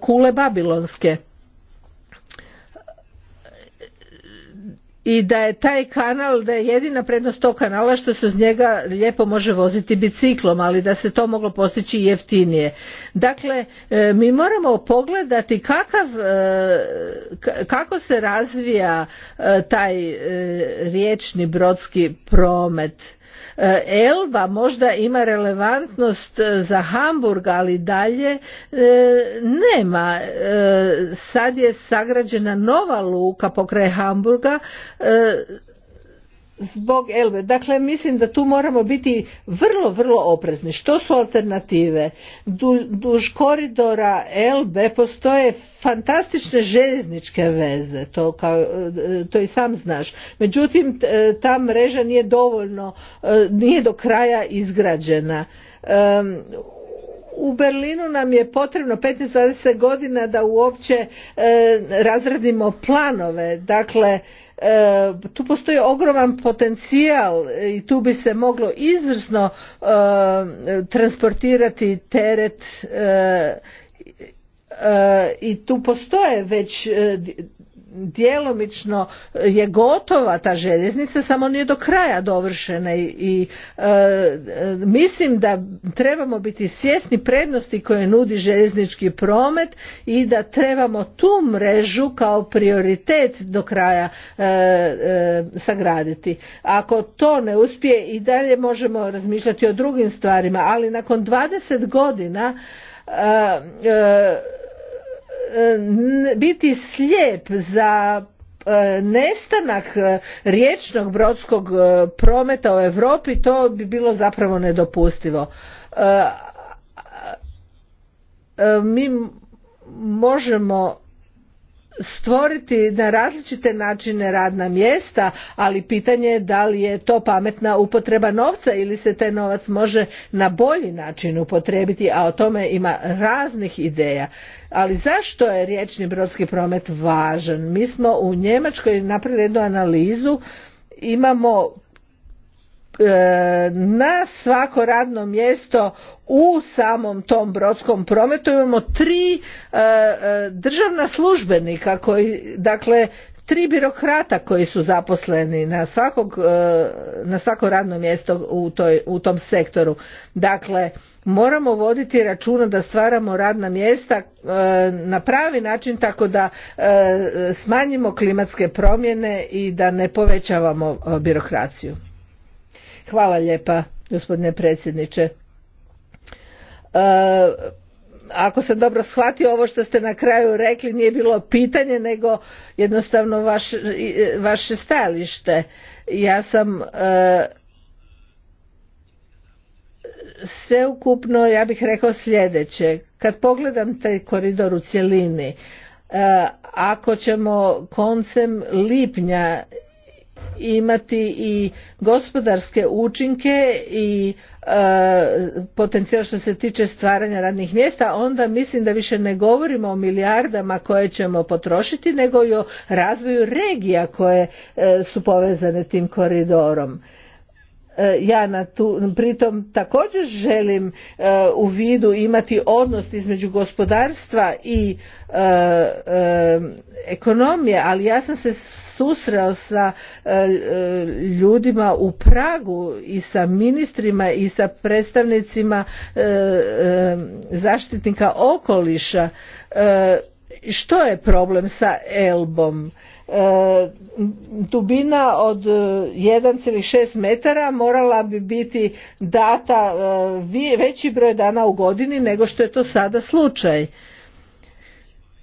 kule Babilonske. i da je taj kanal, da je jedina prednost tog kanala što se uz njega lijepo može voziti biciklom, ali da se to moglo postići jeftinije. Dakle, e, mi moramo pogledati kakav, e, kako se razvija e, taj riječni brodski promet Eh, Elba možda ima relevantnost eh, za Hamburg, ali dalje eh, nema. Sad je sagrađena nova luka pokraj Hamburga zbog Elbe. Dakle, mislim da tu moramo biti vrlo, vrlo oprezni. Što su alternative? Du, duž koridora Elbe postoje fantastične željezničke veze, to, kao, e, to i sam znaš. Međutim, e, ta mreža nije dovoljno, e, nije do kraja izgrađena. U Berlinu nam je potrebno 15-20 godina da uopće razradimo planove. Dakle, E, tu postoji ogroman potencijal i tu bi se moglo izvrsno e, transportirati teret e, i tu postoje već djelomično je gotova ta željeznica samo nije do kraja dovršena i, e, mislim da trebamo biti svjesni prednosti koje nudi željeznički promet i da trebamo tu mrežu kao prioritet do kraja e, e, sagraditi ako to ne uspije i dalje možemo razmišljati o drugim stvarima ali nakon 20 godina E, biti slijep za e, nestanak e, riječnog brodskog prometa u Europi to bi bilo zapravo nedopustivo. Mi možemo stvoriti na različite načine radna mjesta, ali pitanje je da li je to pametna upotreba novca ili se taj novac može na bolji način upotrijebiti, a o tome ima raznih ideja. Ali zašto je riječni brodski promet važan? Mi smo u Njemačkoj napravili jednu analizu, imamo E, na svako radno mjesto u samom tom brodskom prometu imamo tri e, e, državna službenika koji dakle tri birokrata koji su zaposleni na, svakog, na svako radno mjesto u, toj, u tom sektoru. Dakle, moramo voditi računa da stvaramo radna mjesta na pravi način tako da smanjimo klimatske promjene i da ne povećavamo birokraciju. Hvala lijepa, gospodine predsjedniče. E, ako sam dobro shvatio ovo što ste na kraju rekli nije bilo pitanje nego jednostavno vaš, vaše stajalište. Ja sam e, sveukupno ja bih rekao sljedeće. Kad pogledam taj koridor u cjelini, e, ako ćemo koncem lipnja imati i gospodarske učinke i e, potencijal što se tiče stvaranja radnih mjesta onda mislim da više ne govorimo o milijardama koje ćemo potrošiti nego i o razvoju regija koje e, su povezane tim koridorom e, ja na tu, pritom također želim e, u vidu imati odnos između gospodarstva i ekonomije, ali ja sam se susreo sa e, e, ljudima u Pragu i sa ministrima i sa predstavnicima e, zaštitnika okoliša što je problem sa elbom dubina od 1,6 metara morala bi biti data veći broj dana u godini nego što je to sada slučaj.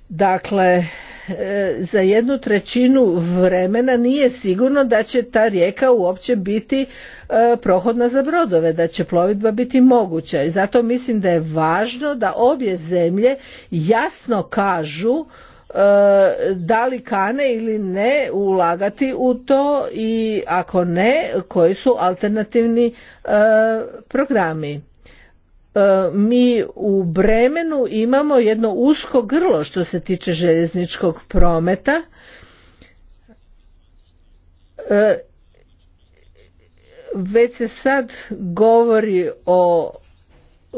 Dakle, E, za jednu trećinu vremena nije sigurno da će ta rijeka uopće biti e, prohodna za brodove, da će plovidba biti moguća. I zato mislim da je važno da obje zemlje jasno kažu e, da li kane ili ne ulagati u to i ako ne, koji su alternativni programi. E, mi u Bremenu imamo jedno usko grlo što se tiče željezničkog prometa e, već se sad govori o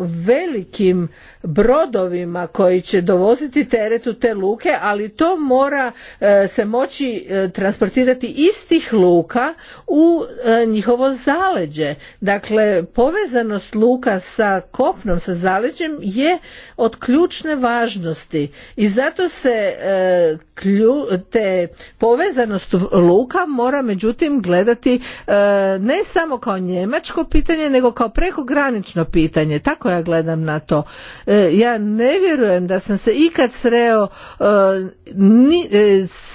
velikim brodovima koji će dovoziti teret u te luke, ali to mora e, se moći e, transportirati iz tih luka u e, njihovo zaleđe. Dakle, povezanost luka sa kopnom, sa zaleđem je od ključne važnosti i zato se te povezanost luka mora međutim gledati e, ne samo kao njemačko pitanje nego kao prekogranično pitanje tako ja gledam na to e, ja ne vjerujem da sam se ikad sreo e, ni,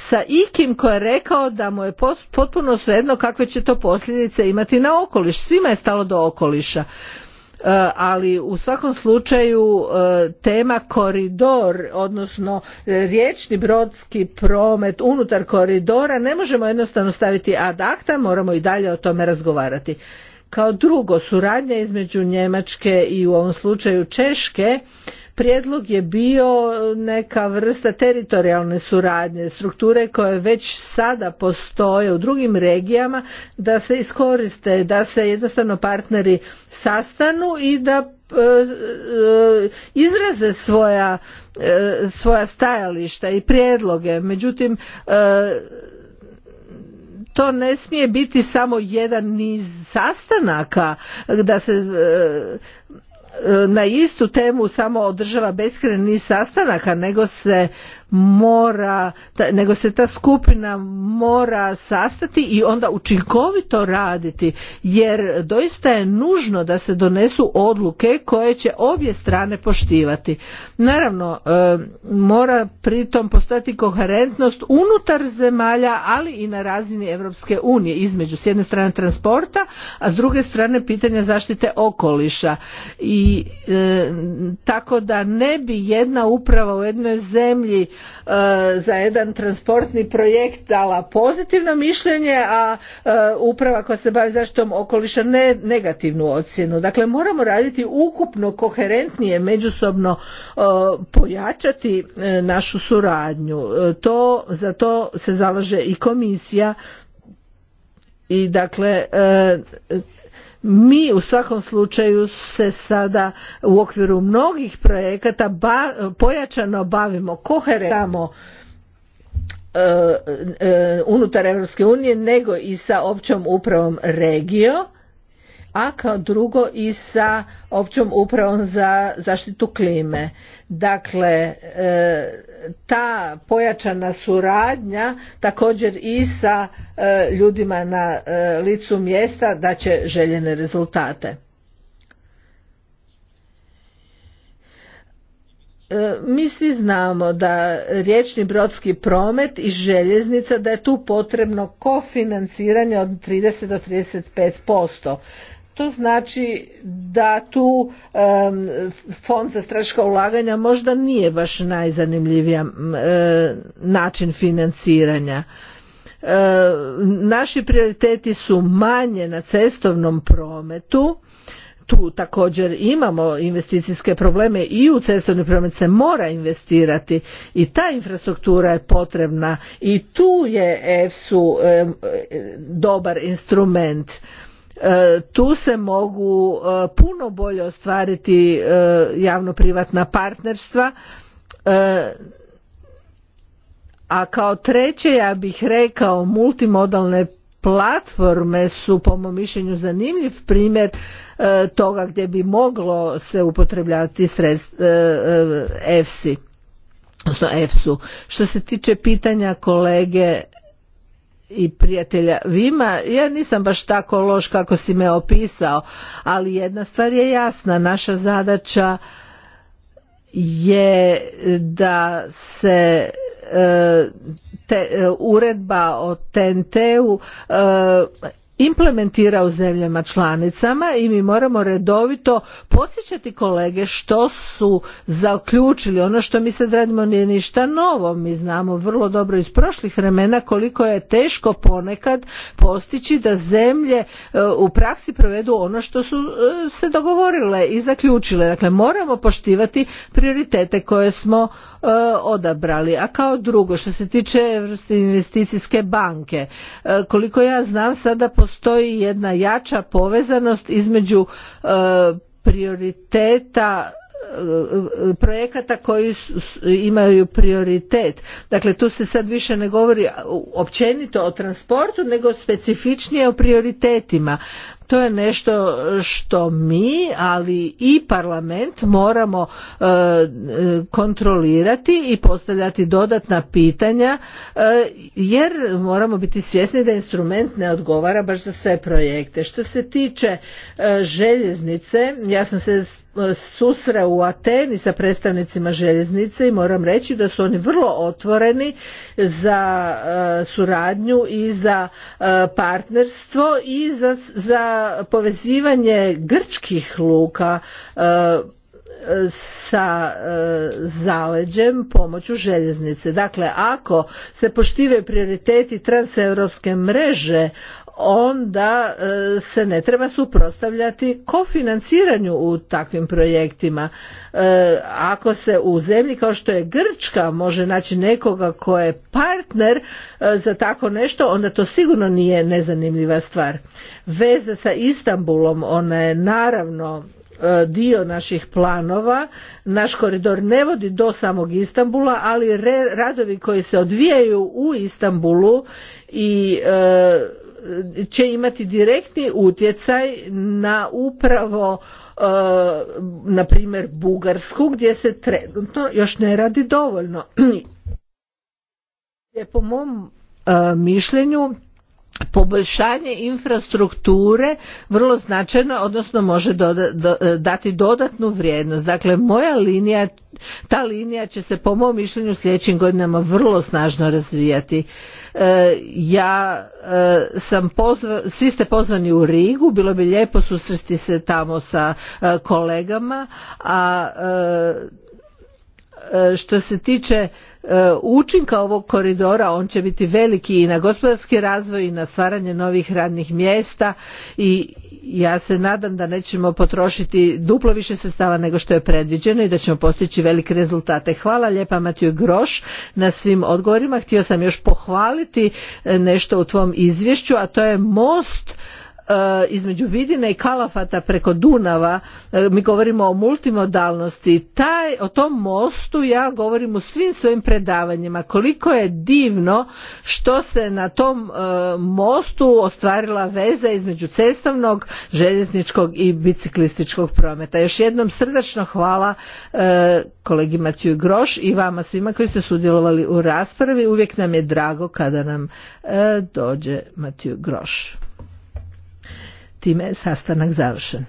sa ikim ko je rekao da mu je potpuno svejedno kakve će to posljedice imati na okoliš svima je stalo do okoliša Eh, ali u svakom slučaju eh, tema koridor odnosno eh, riječni brodski promet unutar koridora ne možemo jednostavno staviti ad acta moramo i dalje o tome razgovarati kao drugo suradnja između njemačke i u ovom slučaju češke prijedlog je bio neka vrsta teritorijalne suradnje, strukture koje već sada postoje u drugim regijama da se iskoriste, da se jednostavno partneri sastanu i da e, e, izraze svoja, e, svoja stajališta i prijedloge. Međutim, to ne smije biti samo jedan niz sastanaka da se na istu temu samo održava beskreni sastanaka nego se mora, nego se ta skupina mora sastati i onda učinkovito raditi jer doista je nužno da se donesu odluke koje će obje strane poštivati. Naravno, e, mora pritom postojati koherentnost unutar zemalja, ali i na razini Europske unije između s jedne strane transporta, a s druge strane pitanja zaštite okoliša. I e, tako da ne bi jedna uprava u jednoj zemlji E, za jedan transportni projekt dala pozitivno mišljenje, a e, uprava koja se bavi zaštitom okoliša ne negativnu ocjenu. Dakle, moramo raditi ukupno koherentnije, međusobno e, pojačati našu suradnju. To, za to se zalaže i komisija i dakle mi u svakom slučaju se sada u okviru mnogih projekata pojačano bavimo koherentamo e, e, unutar Europske unije nego i sa općom upravom regijom a kao drugo i sa općom upravom za zaštitu klime. Dakle, e, ta pojačana suradnja također i sa e, ljudima na e, licu mjesta da će željene rezultate. mi svi znamo da riječni brodski promet i željeznica da je tu potrebno kofinanciranje od 30 do 35% to znači da tu fond za strateška ulaganja možda nije baš najzanimljivija e, način financiranja e, naši prioriteti su manje na cestovnom prometu tu također imamo investicijske probleme i u cestovni promet se mora investirati i ta infrastruktura je potrebna i tu je EFSU e, dobar instrument E, tu se mogu e, puno bolje ostvariti e, javno privatna partnerstva a kao treće ja bih rekao multimodalne platforme su po mom mišljenju zanimljiv primjer toga gdje bi moglo se upotrebljavati sredst, EFSI, Što se tiče pitanja kolege i prijatelja Vima, ja nisam baš tako loš kako si me opisao, ali jedna stvar je jasna, naša zadaća je da se e, te, e, uredba o TNT-u e, implementira u zemljama članicama i mi moramo redovito podsjećati kolege što su zaključili. Ono što mi sad radimo nije ništa novo. Mi znamo vrlo dobro iz prošlih vremena koliko je teško ponekad postići da zemlje e, u praksi provedu ono što su e, se dogovorile i zaključile. Dakle, moramo poštivati prioritete koje smo e, odabrali. A kao drugo, što se tiče investicijske banke, koliko ja znam sada postoji postoji jedna jača povezanost između e, prioriteta e, projekata koji imaju prioritet. Dakle, tu se sad više ne govori općenito o transportu, nego specifičnije o prioritetima to je nešto što mi ali i parlament moramo e, kontrolirati i postavljati dodatna pitanja e, jer moramo biti svjesni da instrument ne odgovara baš za sve projekte što se tiče e, željeznice ja sam se susreo u Ateni sa predstavnicima željeznice i moram reći da su oni vrlo otvoreni za suradnju i za partnerstvo i za, za povezivanje grčkih luka e, sa e, zaleđem pomoću željeznice. Dakle, ako se poštivaju prioriteti transeuropske mreže, onda e, se ne treba suprotstavljati kofinanciranju u takvim projektima. E, ako se u zemlji kao što je Grčka može naći nekoga ko je partner e, za tako nešto, onda to sigurno nije nezanimljiva stvar. Veze sa Istanbulom, ona je naravno dio naših planova. Naš koridor ne vodi do samog Istambula, ali radovi koji se odvijaju u Istambulu i će imati direktni utjecaj na upravo e, na primjer Bugarsku gdje se trenutno još ne radi dovoljno. <clears throat> Je po mom e, mišljenju poboljšanje infrastrukture vrlo značajno odnosno može e, dati dodatnu vrijednost dakle moja linija ta linija će se po mom mišljenju sljedećim godinama vrlo snažno razvijati E, ja e, sam pozva, svi ste pozvani u Rigu, bilo bi lijepo susresti se tamo sa e, kolegama, a E, što se tiče e, učinka ovog koridora on će biti veliki i na gospodarski razvoj i na stvaranje novih radnih mjesta i ja se nadam da nećemo potrošiti duplo više sredstava nego što je predviđeno i da ćemo postići velike rezultate. Hvala lijepa Matiju Groš na svim odgovorima. Htio sam još pohvaliti e, nešto u tvom izvješću, a to je most E, između Vidina i Kalafata preko Dunava, e, mi govorimo o multimodalnosti, taj, o tom mostu ja govorim u svim svojim predavanjima. Koliko je divno što se na tom e, mostu ostvarila veza između cestovnog, željezničkog i biciklističkog prometa. Još jednom srdačno hvala kolegi Matiju Groš i vama svima koji ste sudjelovali u raspravi. Uvijek nam je drago kada nam dođe Matiju Groš time je sastanak završen.